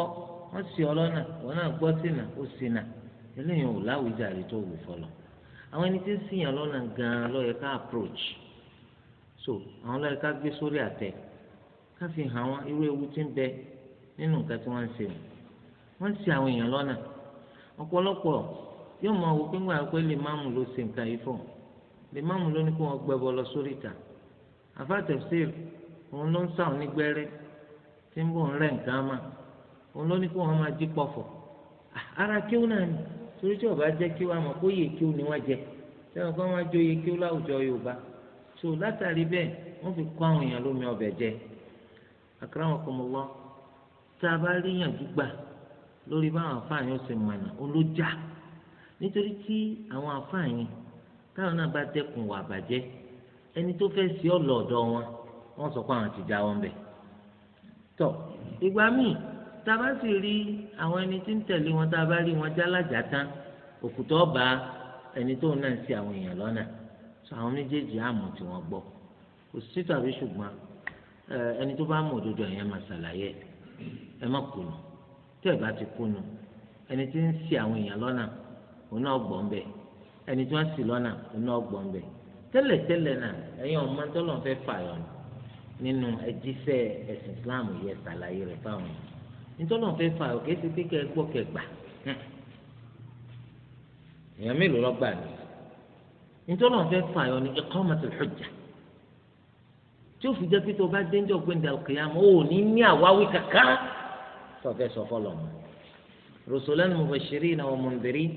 wọ́n sì ọ lọ́nà wọ́n náà gbọ́ sínà ó sínà eléyìí ò láwùjáre tó wù fọlọ́ àwọn ẹni tí ń sìn yàn lọ́nà gan-an ká approach so àwọn ló ká gbé sórí àtẹ ká fi hàn wọn irú ewu tí ń bẹ nínú nǹkan tí wọ́n ń wọ́n àwọn èèyàn lọ́nà ọ̀pọ̀lọpọ̀ yóò mọ òkú ńgbà pé lè máàmù ló ṣe nǹkan yìí fún lè máàmù ló ní kó wọn gbẹbọ lọ sórí ìta àfa tafsir òun ló ń sà òun gbẹrẹ tí ń bò ń rẹ nǹkan mà òun ló ní kó wọn máa jí pọfọ ara kíw náà ni torí tí ọba jẹ kíw àmọ́ kó yè kíw ni wọn jẹ sẹ́wọ̀n kó wọn jó yè kíw láwùjọ Yorùbá tó látàrí bẹ́ẹ̀ wọ́n fi kọ́ àwọn èèyàn lómi ọbẹ̀ jẹ akramakumullah tá a bá ríyàn gbígbà lórí báwọn afáàyàn ṣe mọ̀nà nítorí tí àwọn àfààní táwọn náà bá dẹ́kun wà bàjẹ́ ẹni tó fẹ́ sí ọlọ ọ̀dọ̀ wọn wọ́n sọ pé àwọn ti já wọn bẹ̀. tọ ìgbà míì tá a bá sì rí àwọn ẹni tí ń tẹ̀lé wọn tá a bá rí wọn jálàjà tán òkùtọ́ ọba ẹni tóun náà ń àwọn èèyàn lọ́nà sọ àwọn méjèèjì àmọ̀ tí wọ́n gbọ́ kò sí tàbí ṣùgbọ́n ẹni tó bá mọ̀ òdodo ẹ̀yẹn máa ṣàlàyé ẹ má kùnú tí ẹ bá ti kùnú ẹni tí ń ṣì àwọn èèyàn lọ́nà òun náà gbọ̀ ń bẹ̀ ẹni tí wọ́n sì lọ́nà òun náà gbọ̀ ń bẹ̀ tẹ́lẹ̀tẹ́lẹ̀ náà ẹ̀yin ọmọ tọ́lọ̀ fẹ́ fààyàn nínú ẹjíṣẹ́ ẹ̀sìn Islam yẹ ṣàlàyé rẹ̀ fáwọn nítọ́lọ̀ fẹ́ fààyàn kìí ṣe kékeré gbọ́ kẹgbà èèyàn mélòó lọ́gbà ni nítọ́lọ̀ fẹ́ fààyàn ni iqamatul hujja tí ó fi jẹ́ pé tó bá dé ńjọ́ gbẹ̀ndà al-qiyamah ó ní ní àwáwí kankan tó fẹ́ sọ fọlọ́ mọ́ rusulan mubashirina wa mundhirin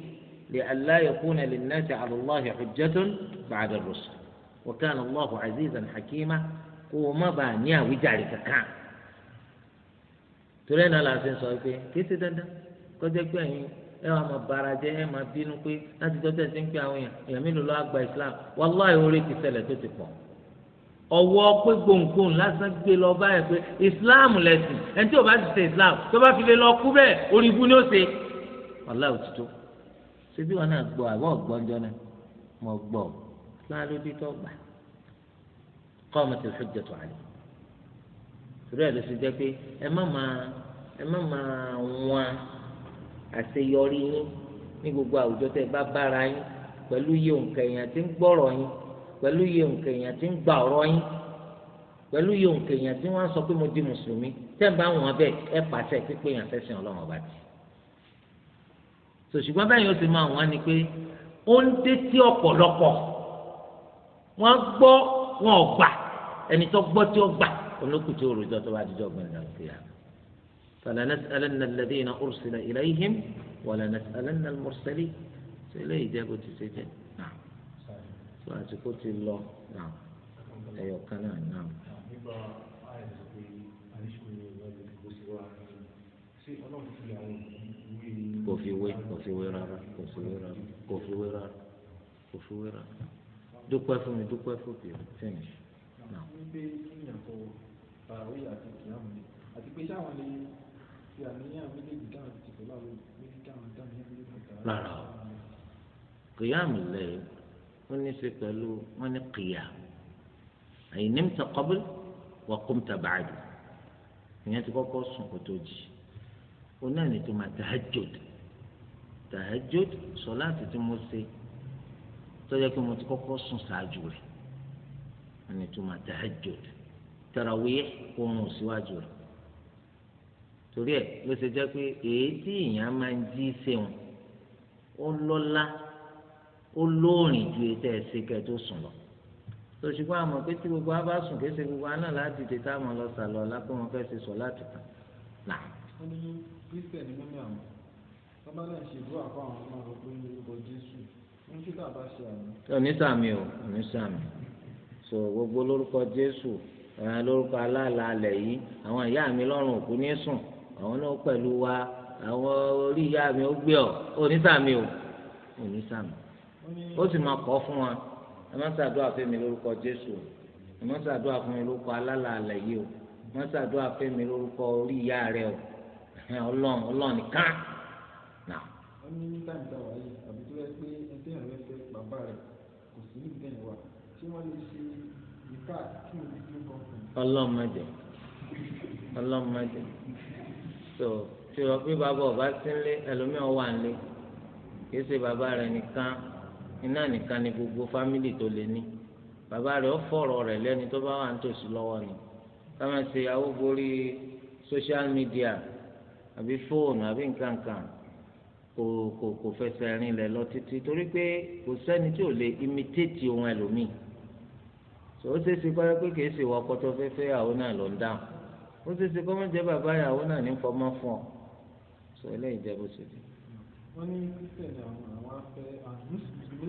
لئلا يكون للناس على الله حجة بعد الرسل وكان الله عزيزا حكيما وما بانيا وجارك كان torí náà la fi sọ pé kéésì dandan kọjá pé ẹ̀yin ẹ wàá máa bara jẹ ẹ máa bínú pé láti jọ tẹsí ń pè àwọn èèyàn èèyàn mélòó lọ àgbà islam wàláhì orí ti ṣẹlẹ̀ tó ti pọ̀ ọwọ́ pé gbòǹgbòǹ lásán gbé lọ báyìí pé islam lẹ̀sìn ẹni tí o bá ti ṣe islam tó bá fi lè lọ kú bẹ́ẹ̀ orí ibú ni ó ṣe wàláhì òtítọ́ ṣebí wọn náà gbọ́ àbọ̀ gbọ́njọ́ náà mo gbọ́ máa ló dé tó gbà qamatil hujjatu alayhi torí ẹ̀ ló ṣe jẹ́ pé ẹ má máa ẹ má máa wọn àṣeyọrí yín ní gbogbo àwùjọ tẹ bá bára yín pẹ̀lú iye nǹkan èèyàn tí ń gbọ́rọ̀ yín pẹ̀lú iye nǹkan èèyàn tí ń gbà ọ̀rọ̀ yín pẹ̀lú iye nǹkan èèyàn tí wọ́n á sọ pé mo di mùsùlùmí tẹ́ ń bá wọn bẹ́ẹ̀ ẹ pàṣẹ pípé èèyàn fẹ́ sìn ọlọ́run ọba tì í sòṣùgbọ́n bẹ́ẹ̀ yóò ti máa wọ́n ni pé ó ń dé tí ọ̀pọ̀lọpọ̀ wọ́n gbọ́ wọn ò gbà ẹni tó gbọ́ tí ó gbà olókùn tí ó rojọ́ tó bá dijọ́ gbẹ̀ndà sí i. فلنسألن الذين أرسل إليهم ولنسألن المرسلين سيلا إجابة سيجا نعم سؤال سكوت الله نعم أيوة كلام نعم Thank you fi wé kò fi wé rárá kò fi wé rárá kò fi wé rárá kò fi wé rárá dúpẹ́ fún mi dúpẹ́ fún mi finish. wípé kí ni àpò bàwí àti kìámù ni àti pé sáwọn lè fi àníyàn méjèèjì dáhùn ti pẹ̀lú àwọn méjì dáhùn ní méjèèjì dáhùn. rárá o kìámù lẹ́yìn ó ní ṣe pẹ̀lú wọ́n ní kìámù ẹ̀yìn ní mta kọ́bíl wà kó mta bàádì ìyẹn ti kọ́kọ́ sùn kó tó jì ó náà ní tó máa tahajjud tahajjud sọláàtì tí mo ṣe tó yẹ kí mo ti kọ́kọ́ sùn ṣáájú rẹ̀ ẹni tó máa tahajjud tarawih kó oorun síwájú rẹ̀ torí ẹ̀ ló ṣe jẹ́ pé èyí tí èèyàn máa ń jí ṣeun ó lọ́lá ó lóòrìn ju ètò ẹ̀sìn kẹ́ẹ̀ tó sùn lọ tó ṣùgbọ́n àmọ̀ pé tí gbogbo wa bá sùn kí ṣe gbogbo wa láti dìde táwọn lọ sàlọ̀ lápẹ́ wọn fẹ́ ṣe sọ láti tàn sábà náà ṣe dúró àpá àwọn ọmọ rẹ pé orúkọ jésù ní kí ṣe àmì. onísàmì o onísàmì so gbogbo lórúkọ jésù lórúkọ aláàlálẹ̀ yìí àwọn ìyá mi lọ́rùn òkú ní sùn àwọn náà pẹ̀lú wa àwọn orí ìyá mi ó gbé ọ onísàmì o onísàmì ó sì máa kọ́ fún wa ẹ má ṣàdúrà fún mi lórúkọ jésù ẹ má ṣàdúrà fún mi lórúkọ aláàlálẹ̀ yìí o ẹ má ṣàdúrà fún mi lórúkọ orí ìyá rẹ o ọlọ́run ọlọ́run nìkan ó ní ní táyì tá wáyé àbí tó yẹ pé ẹgbẹ́ rẹ̀ fẹ́ bàbá rẹ̀ kò sí ní ìgbẹ́yìn wa tí wọ́n lè ṣe ìka kí n lè tún kan fún un. ọlọ́mọdé ọlọ́mọdé tó tí wọ́n pé bàbá ọba sínlé ẹlòmíràn wà nílé kìí ṣe bàbá rẹ̀ nìkan iná nìkan ni gbogbo fámìlì tó lè ní bàbá rẹ̀ ó fọ̀rọ̀ rẹ̀ lẹ́ni tó bá wà nítòsí lọ́wọ́ ni káwọn ṣe awó borí social media àbí fóònù àbí nǹkan kan kò kò kò fẹsẹ̀ rìn lẹ̀ lọ títí torí pé kò sẹ́ni tí ò lè imitate ohun ẹlòmíì so ó ṣeéṣe kọ́ pé kìí ṣe wọ́n kọ́tọ́ fẹ́fẹ́ àwọn náà ló ń dáhùn ó ṣeéṣe kọ́ mọ́jẹ́ bàbá ìyàwó náà ní fọmọ fún ọ so eléyìí jẹ́ bó ṣe dé. wọ́n ní christian àwọn àwọn afẹ́ mùsùlùmí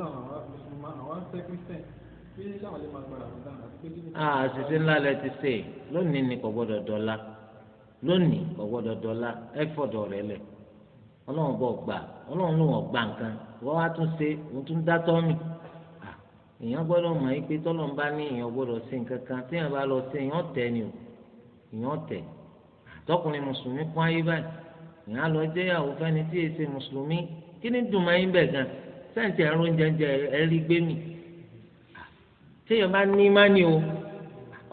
àwọn afẹ́ christian bí láwọn lè máa gbára àwọn dáhùn àti pé kí ni. àṣìṣe ńlá lẹ ti ṣe lónìí ni kò gbọ́dọ̀ dọ́là lónìí kò gbọ́dọ̀ dọ́là ẹ ọlọ́run bọ̀ gbà ọlọ́run ló wọ̀n gbà nǹkan wọ́n wá tún ṣe òun tún dá tọ́mì èèyàn gbọ́dọ̀ mọ̀ yí pé bá ní èèyàn gbọ́dọ̀ ṣe nǹkan tí èèyàn bá lọ èèyàn ni o èèyàn tẹ̀ àtọkùnrin mùsùlùmí kún ayé báyìí èèyàn lọ jẹ́ ìyàwó fẹ́ni tí èsè mùsùlùmí kí ni mi tí èèyàn bá ní má ni o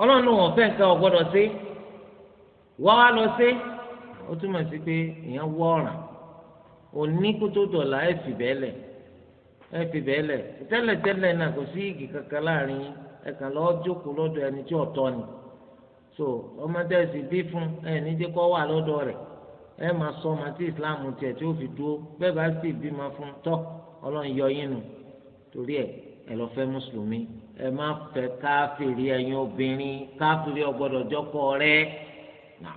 ọlọ́run fẹ́ nǹkan ọ̀gbọ́dọ̀ wọ́n wá lọ ó túmọ̀ sí òní kótó dọ̀là ẹ̀ fi bẹ́ẹ̀ lẹ̀ ẹ̀ fi bẹ́ẹ̀ lẹ̀ tẹ́lẹ̀tẹ́lẹ̀ náà kò sí igi kankan láàrin yín ẹ̀ kàn lọ́ọ́ jókòó lọ́dọ̀ ẹni tí ọ̀tọ̀ ni so ọmọdé ẹ̀sìn bí fún ẹ̀ níjẹ́ kọ́ wà lọ́dọ̀ rẹ̀ ẹ̀ máa sọ ọmọ tí Islam tiẹ̀ tí ó fi dúró bẹ́ẹ̀ bá sì bímọ fún tọ́ ọlọ́run yọ yín nu torí ẹ̀ ẹ̀ lọ fẹ́ mùsùlùmí ẹ má fẹ́ káfìrí ẹ̀yin obìnrin káfìrí ọgbọ́dọ̀ jọ́kọ rẹ̀ náà.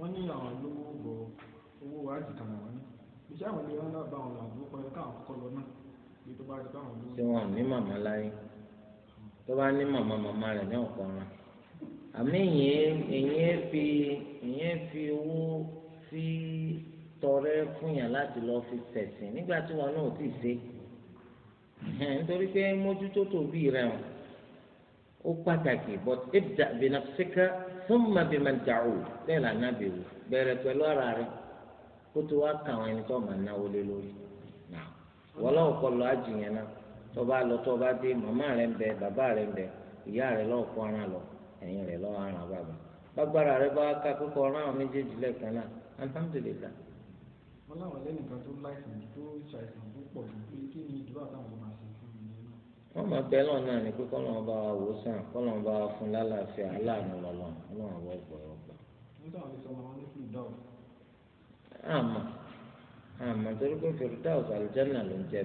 wọ́n ní àwọn lówó bọ̀ owó wa ti kàrà wọ́n ní iṣẹ́ àwọn ilé wọn náà bá wọn lọ àdúgbò pẹ́ káwọn kọ́ lọ náà bí tó bá ti bá wọn lọ. ṣé wọn ò ní màmá láyé tó bá ní màmá màmá rẹ̀ ní ọ̀pọ̀ ọ̀ràn àmì ìyẹn ìyẹn fi ìyẹn fi owó sí tọrẹ fún yàn láti lọ fi tẹ̀sìn nígbà tí wọn náà ti ṣe nítorí pé mójútó tòbí rẹ̀ ó pàtàkì but ibda binafsika. thumma biman ta'ud bẹ́ẹ̀ là nàbì wò bẹ̀rẹ̀ pẹ̀lú ara rẹ̀ kó tó wá kà wọn ẹni tó máa náwó lé lórí wọlọ́wọ́ kọ lọ àjìyàn náà tó bá lọ tó bá dé màmá ń bẹ bàbá rẹ ń bẹ ìyá ara lọ ẹyin rẹ ara bàbá gbàgbára bá ká kókó àwọn méjèèjì náà láwọn wọn máa bẹ lọ náà ni pé kọlọ ọba wa wò sàn kọlọ ọba wa fún lálàáfíà aláàánú lọlọ Ọlọ́run ọba ọgbà ọgbà. àmọ́ àmọ́ torí pé fèrèdáwùsì àlùjáná ló ń jẹ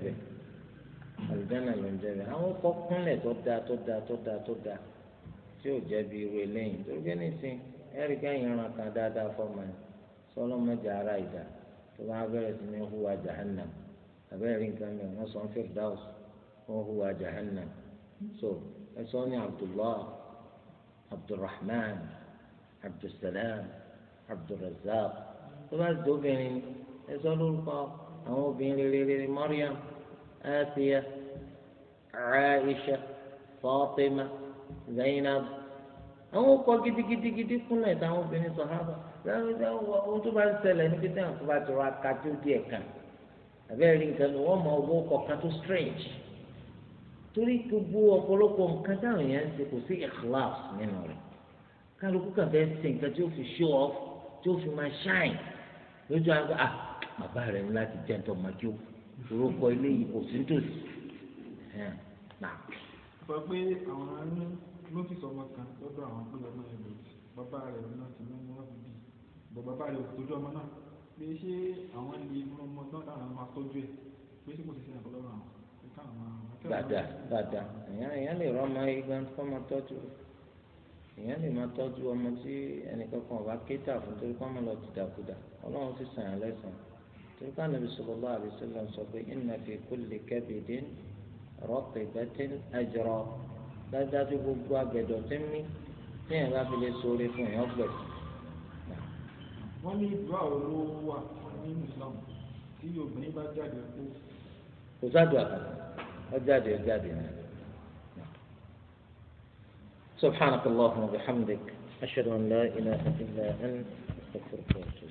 àlùjáná ló ń jẹ àwọn kọ kúnlẹ̀ tó dáa tó dáa tó dáa tó dáa tí ò jẹ irú eléyìí torí pé nísìnyí ẹrí kẹyìn ọ̀ràn kan dáadáa fọmọ ẹ sọlọmọdé ara ìdá tó bá bẹ̀rẹ̀ sí ní hùwà jahannam àbẹ́rẹ́ nǹkan mẹ́rin wọ́n sọ ń fèrèdáwùsì. وهو جهنم سور اسمي عبد الله عبد الرحمن عبد السلام عبد الرزاق فبس دو بينين اسمه الفاق هو بين مريم آسية عائشة فاطمة زينب هو قال كده كده كده كله تامو بين الصحابة لا لا هو هو تبع السلام كده تبع تراب كاتيو كان أبي أرين كان هو موضوع كاتو strange torí gbogbo ọ̀pọ̀lọpọ̀ nǹkan táwọn èèyàn ń ṣe kò sí ikhlas nínú rẹ̀ kálukú kan fẹ́ ṣe nǹkan tí ó fi show off tí ó fi máa shine lójú àgbà ah bàbá rẹ̀ ní láti jẹ́ ǹtọ́ máa kí ó orúkọ ilé yìí kò sí nítòsí. sọ pé àwọn arúgbó ló fi sọ ọmọ kan lọ́dọ̀ àwọn pé ọmọ ẹ̀ lòdì bàbá rẹ̀ náà ti mú wọn bí bọ̀ bàbá rẹ̀ òtòjú ọmọ náà pé ṣé àwọn ilé ọmọ náà dáhùn máa tọ́jú ẹ̀ pé ṣé kò sí sí àkọlọ́rọ̀ àwọn dáadáa dáadáa èèyàn lè rọ́ ọmọ igba kọ́ máa tọ́jú èèyàn lè máa tọ́jú ọmọ tí ẹnìkan kan ọba kéta fún torí kọ́ máa lọ dìdàkudà ọlọ́run sì sàn án lẹ́sàn-án torí ká nàbí sallallahu alaihi wasallam sọ pé inna fi kulli kabidin ratbatin ajra dájú gbogbo agbẹ̀dọ̀ tí ń mí tí èèyàn bá fi lè sóore fún èèyàn gbẹ̀. wọ́n ní ìdúrà olówó wà nínú Islam tí obìnrin bá jáde kú. kò sádùn àkàtà. jáde jáde سبحانك اللهم وبحمدك أشهد أن لا إله إلا أنت أستغفرك وأتوب